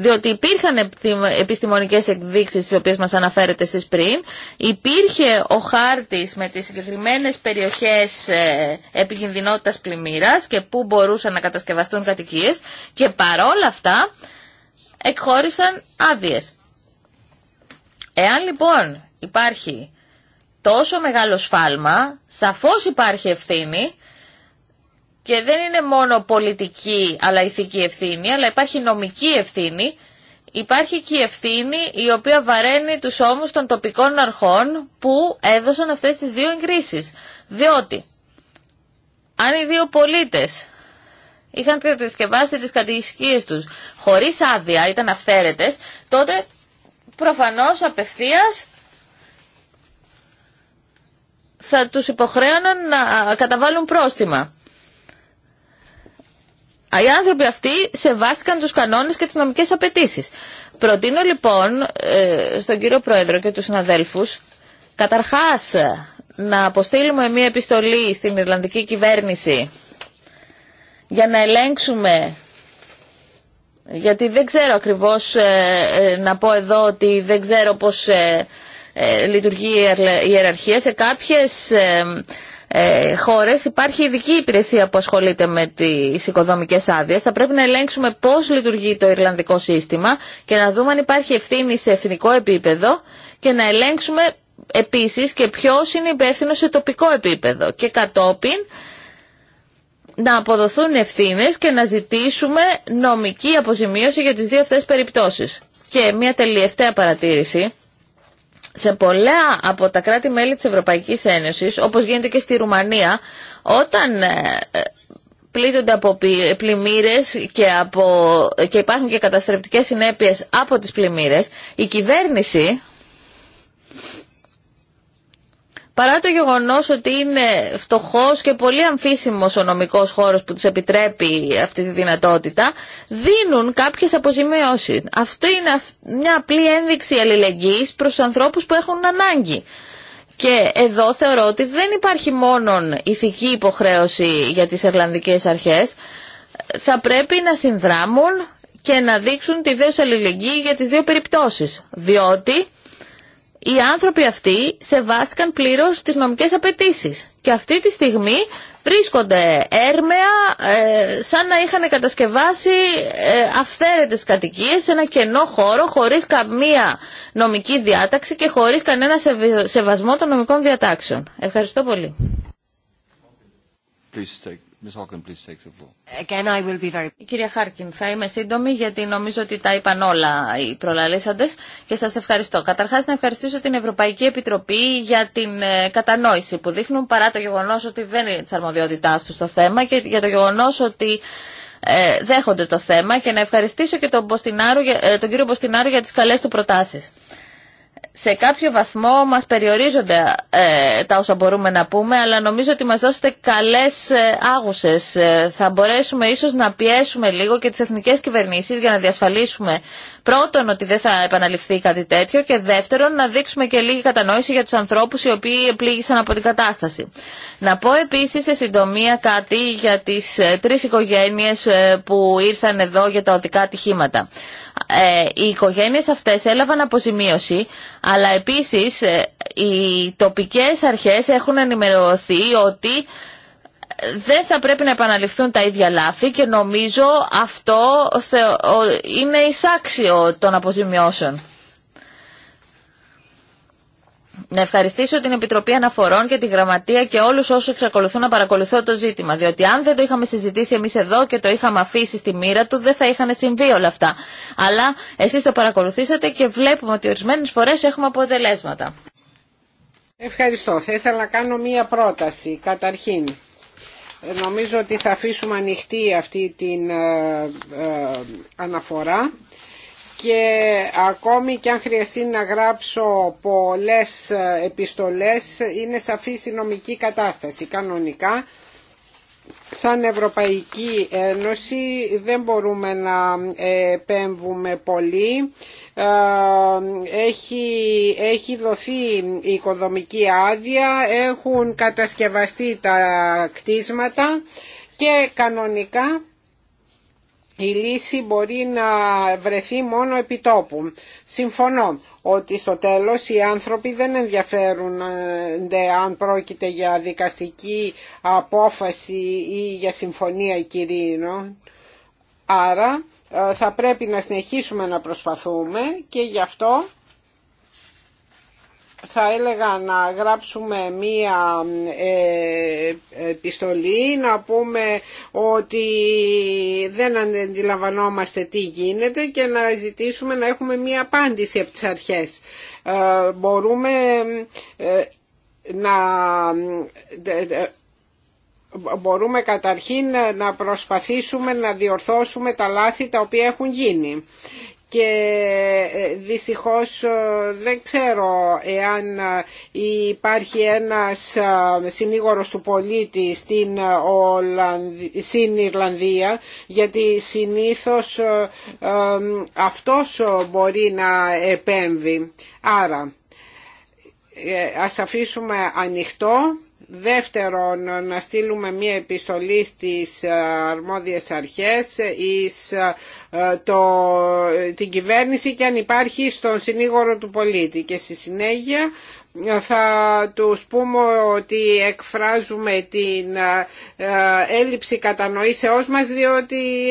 διότι υπήρχαν επιστημονικές εκδείξεις τις οποίες μας αναφέρετε εσείς πριν, υπήρχε ο χάρτης με τις συγκεκριμένες περιοχές ε, επικινδυνότητας πλημμύρας και πού μπορούσαν να κατασκευαστούν κατοικίες και παρόλα αυτά εκχώρησαν άδειες. Εάν λοιπόν υπάρχει τόσο μεγάλο σφάλμα, σαφώς υπάρχει ευθύνη και δεν είναι μόνο πολιτική αλλά ηθική ευθύνη, αλλά υπάρχει νομική ευθύνη. Υπάρχει και η ευθύνη η οποία βαραίνει τους ώμους των τοπικών αρχών που έδωσαν αυτές τις δύο εγκρίσεις. Διότι αν οι δύο πολίτες είχαν κατασκευάσει τις κατοικίες τους χωρίς άδεια, ήταν αυθαίρετες, τότε προφανώς απευθείας θα τους υποχρέωναν να καταβάλουν πρόστιμα. Οι άνθρωποι αυτοί σεβάστηκαν τους κανόνες και τις νομικές απαιτήσεις. Προτείνω λοιπόν ε, στον κύριο Πρόεδρο και τους συναδέλφους καταρχάς να αποστείλουμε μία επιστολή στην Ιρλανδική κυβέρνηση για να ελέγξουμε γιατί δεν ξέρω ακριβώς ε, ε, να πω εδώ ότι δεν ξέρω πώς λειτουργεί η ιεραρχία σε κάποιες ε, χώρες υπάρχει ειδική υπηρεσία που ασχολείται με τι οικοδομικέ άδειε. Θα πρέπει να ελέγξουμε πώς λειτουργεί το Ιρλανδικό σύστημα και να δούμε αν υπάρχει ευθύνη σε εθνικό επίπεδο και να ελέγξουμε επίσης και ποιο είναι υπεύθυνο σε τοπικό επίπεδο και κατόπιν να αποδοθούν ευθύνε και να ζητήσουμε νομική αποζημίωση για τι δύο αυτέ περιπτώσει. Και μια τελευταία παρατήρηση σε πολλά από τα κράτη-μέλη της Ευρωπαϊκής Ένωσης, όπως γίνεται και στη Ρουμανία, όταν ε, ε, πλήττονται από πλημμύρες και, από, και υπάρχουν και καταστρεπτικές συνέπειες από τις πλημμύρες, η κυβέρνηση παρά το γεγονός ότι είναι φτωχός και πολύ αμφίσιμος ο νομικός χώρος που τους επιτρέπει αυτή τη δυνατότητα, δίνουν κάποιες αποζημιώσεις. Αυτό είναι μια απλή ένδειξη αλληλεγγύης προς ανθρώπους που έχουν ανάγκη. Και εδώ θεωρώ ότι δεν υπάρχει μόνο ηθική υποχρέωση για τις Ιρλανδικές αρχές, θα πρέπει να συνδράμουν και να δείξουν τη δέωση αλληλεγγύη για τις δύο περιπτώσεις. Διότι οι άνθρωποι αυτοί σεβάστηκαν πλήρως τις νομικές απαιτήσεις και αυτή τη στιγμή βρίσκονται έρμεα ε, σαν να είχαν κατασκευάσει ε, αυθαίρετες κατοικίες σε ένα κενό χώρο χωρίς καμία νομική διάταξη και χωρίς κανένα σεβασμό των νομικών διατάξεων. Ευχαριστώ πολύ. Please take η κυρία Χάρκιν, θα είμαι σύντομη γιατί νομίζω ότι τα είπαν όλα οι προλαλήσαντες και σας ευχαριστώ. Καταρχάς να ευχαριστήσω την Ευρωπαϊκή Επιτροπή για την ε, κατανόηση που δείχνουν παρά το γεγονός ότι δεν είναι της αρμοδιότητάς τους το θέμα και για το γεγονός ότι ε, δέχονται το θέμα και να ευχαριστήσω και τον, ε, κύριο Μποστινάρου για τις καλές του προτάσεις σε κάποιο βαθμό μας περιορίζονται ε, τα όσα μπορούμε να πούμε, αλλά νομίζω ότι μας δώσετε καλές ε, άγουσες. Ε, θα μπορέσουμε ίσως να πιέσουμε λίγο και τις εθνικές κυβερνήσεις για να διασφαλίσουμε πρώτον ότι δεν θα επαναληφθεί κάτι τέτοιο και δεύτερον να δείξουμε και λίγη κατανόηση για τους ανθρώπους οι οποίοι πλήγησαν από την κατάσταση. Να πω επίσης σε συντομία κάτι για τις ε, τρεις οικογένειες που ήρθαν εδώ για τα οδικά ατυχήματα. Ε, οι οικογένειες αυτές έλαβαν αποζημίωση, αλλά επίσης ε, οι τοπικές αρχές έχουν ενημερωθεί ότι ε, δεν θα πρέπει να επαναληφθούν τα ίδια λάθη και νομίζω αυτό είναι εισάξιο των αποζημιώσεων να ευχαριστήσω την Επιτροπή Αναφορών και τη Γραμματεία και όλου όσου εξακολουθούν να παρακολουθούν το ζήτημα. Διότι αν δεν το είχαμε συζητήσει εμεί εδώ και το είχαμε αφήσει στη μοίρα του, δεν θα είχαν συμβεί όλα αυτά. Αλλά εσεί το παρακολουθήσατε και βλέπουμε ότι ορισμένε φορέ έχουμε αποτελέσματα. Ευχαριστώ. Θα ήθελα να κάνω μία πρόταση. Καταρχήν, νομίζω ότι θα αφήσουμε ανοιχτή αυτή την ε, ε αναφορά και ακόμη και αν χρειαστεί να γράψω πολλές επιστολές είναι σαφής η νομική κατάσταση κανονικά σαν Ευρωπαϊκή Ένωση δεν μπορούμε να επέμβουμε πολύ. Ε, έχει, έχει δοθεί η οικοδομική άδεια, έχουν κατασκευαστεί τα κτίσματα και κανονικά η λύση μπορεί να βρεθεί μόνο επί τόπου. Συμφωνώ ότι στο τέλος οι άνθρωποι δεν ενδιαφέρονται αν πρόκειται για δικαστική απόφαση ή για συμφωνία κυρίων. Άρα ε, θα πρέπει να συνεχίσουμε να προσπαθούμε και γι' αυτό θα έλεγα να γράψουμε μία ε, επιστολή, να πούμε ότι δεν αντιλαμβανόμαστε τι γίνεται και να ζητήσουμε να έχουμε μία απάντηση από τις αρχές. Ε, μπορούμε ε, να μπορούμε καταρχήν να προσπαθήσουμε να διορθώσουμε τα λάθη τα οποία έχουν γίνει και ε, δυστυχώς ε, δεν ξέρω εάν ε, υπάρχει ένας συνήγορος του πολίτη στην, Ιρλανδία γιατί συνήθως αυτός μπορεί να επέμβει. Άρα ας αφήσουμε ανοιχτό Δεύτερον, να στείλουμε μία επιστολή στις ε, αρμόδιες αρχές εις ε, το, την κυβέρνηση και αν υπάρχει στον συνήγορο του πολίτη. Και στη συνέχεια θα τους πούμε ότι εκφράζουμε την ε, έλλειψη κατανοήσεώς μας διότι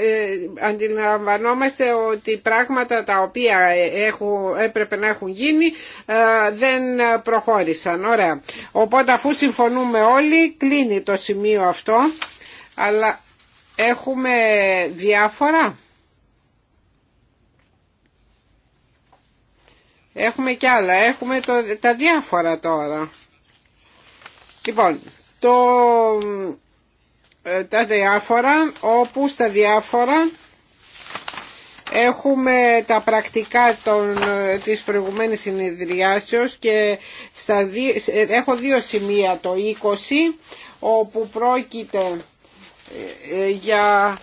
ε, αντιλαμβανόμαστε ότι πράγματα τα οποία έχουν, έπρεπε να έχουν γίνει ε, δεν προχώρησαν. Ωραία. Οπότε αφού συμφωνούμε όλοι κλείνει το σημείο αυτό αλλά έχουμε διάφορα. Έχουμε κι άλλα. Έχουμε το, τα διάφορα τώρα. Λοιπόν, το, ε, τα διάφορα, όπου στα διάφορα έχουμε τα πρακτικά των, ε, της προηγουμένης συνεδριάσεως και στα ε, έχω δύο σημεία, το 20, όπου πρόκειται για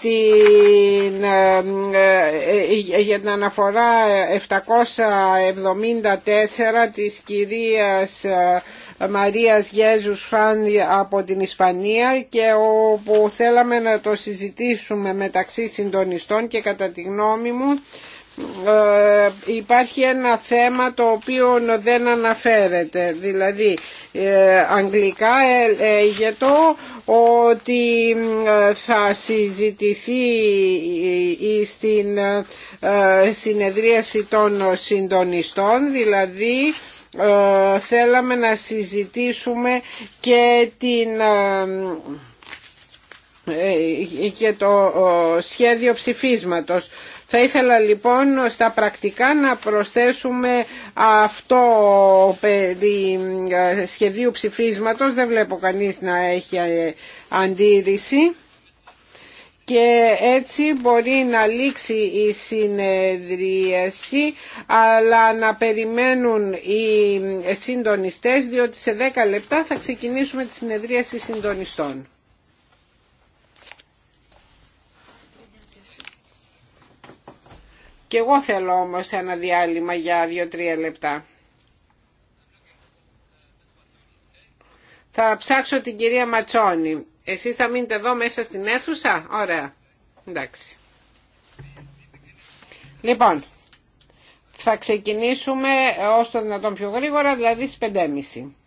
την, ε, ε, ε, για την αναφορά 774 της κυρίας Μαρίας Γέζους Χάν από την Ισπανία και όπου θέλαμε να το συζητήσουμε μεταξύ συντονιστών και κατά τη γνώμη μου ε, υπάρχει ένα θέμα το οποίο δεν αναφέρεται. Δηλαδή, ε, αγγλικά το ότι ε, θα συζητηθεί στην συνεδρίαση των συντονιστών, δηλαδή θέλαμε να συζητήσουμε και την και το σχέδιο ψηφίσματος θα ήθελα λοιπόν στα πρακτικά να προσθέσουμε αυτό περί ε, σχεδίου ψηφίσματος. Δεν βλέπω κανείς να έχει ε, αντίρρηση και έτσι μπορεί να λήξει η συνεδρίαση αλλά να περιμένουν οι συντονιστές διότι σε 10 λεπτά θα ξεκινήσουμε τη συνεδρίαση συντονιστών. εγώ θέλω όμως ένα διάλειμμα για 2-3 λεπτά. Θα ψάξω την κυρία Ματσόνη. Εσείς θα μείνετε εδώ μέσα στην αίθουσα. Ωραία. Εντάξει. Λοιπόν, θα ξεκινήσουμε όσο το δυνατόν πιο γρήγορα, δηλαδή στις 5.30.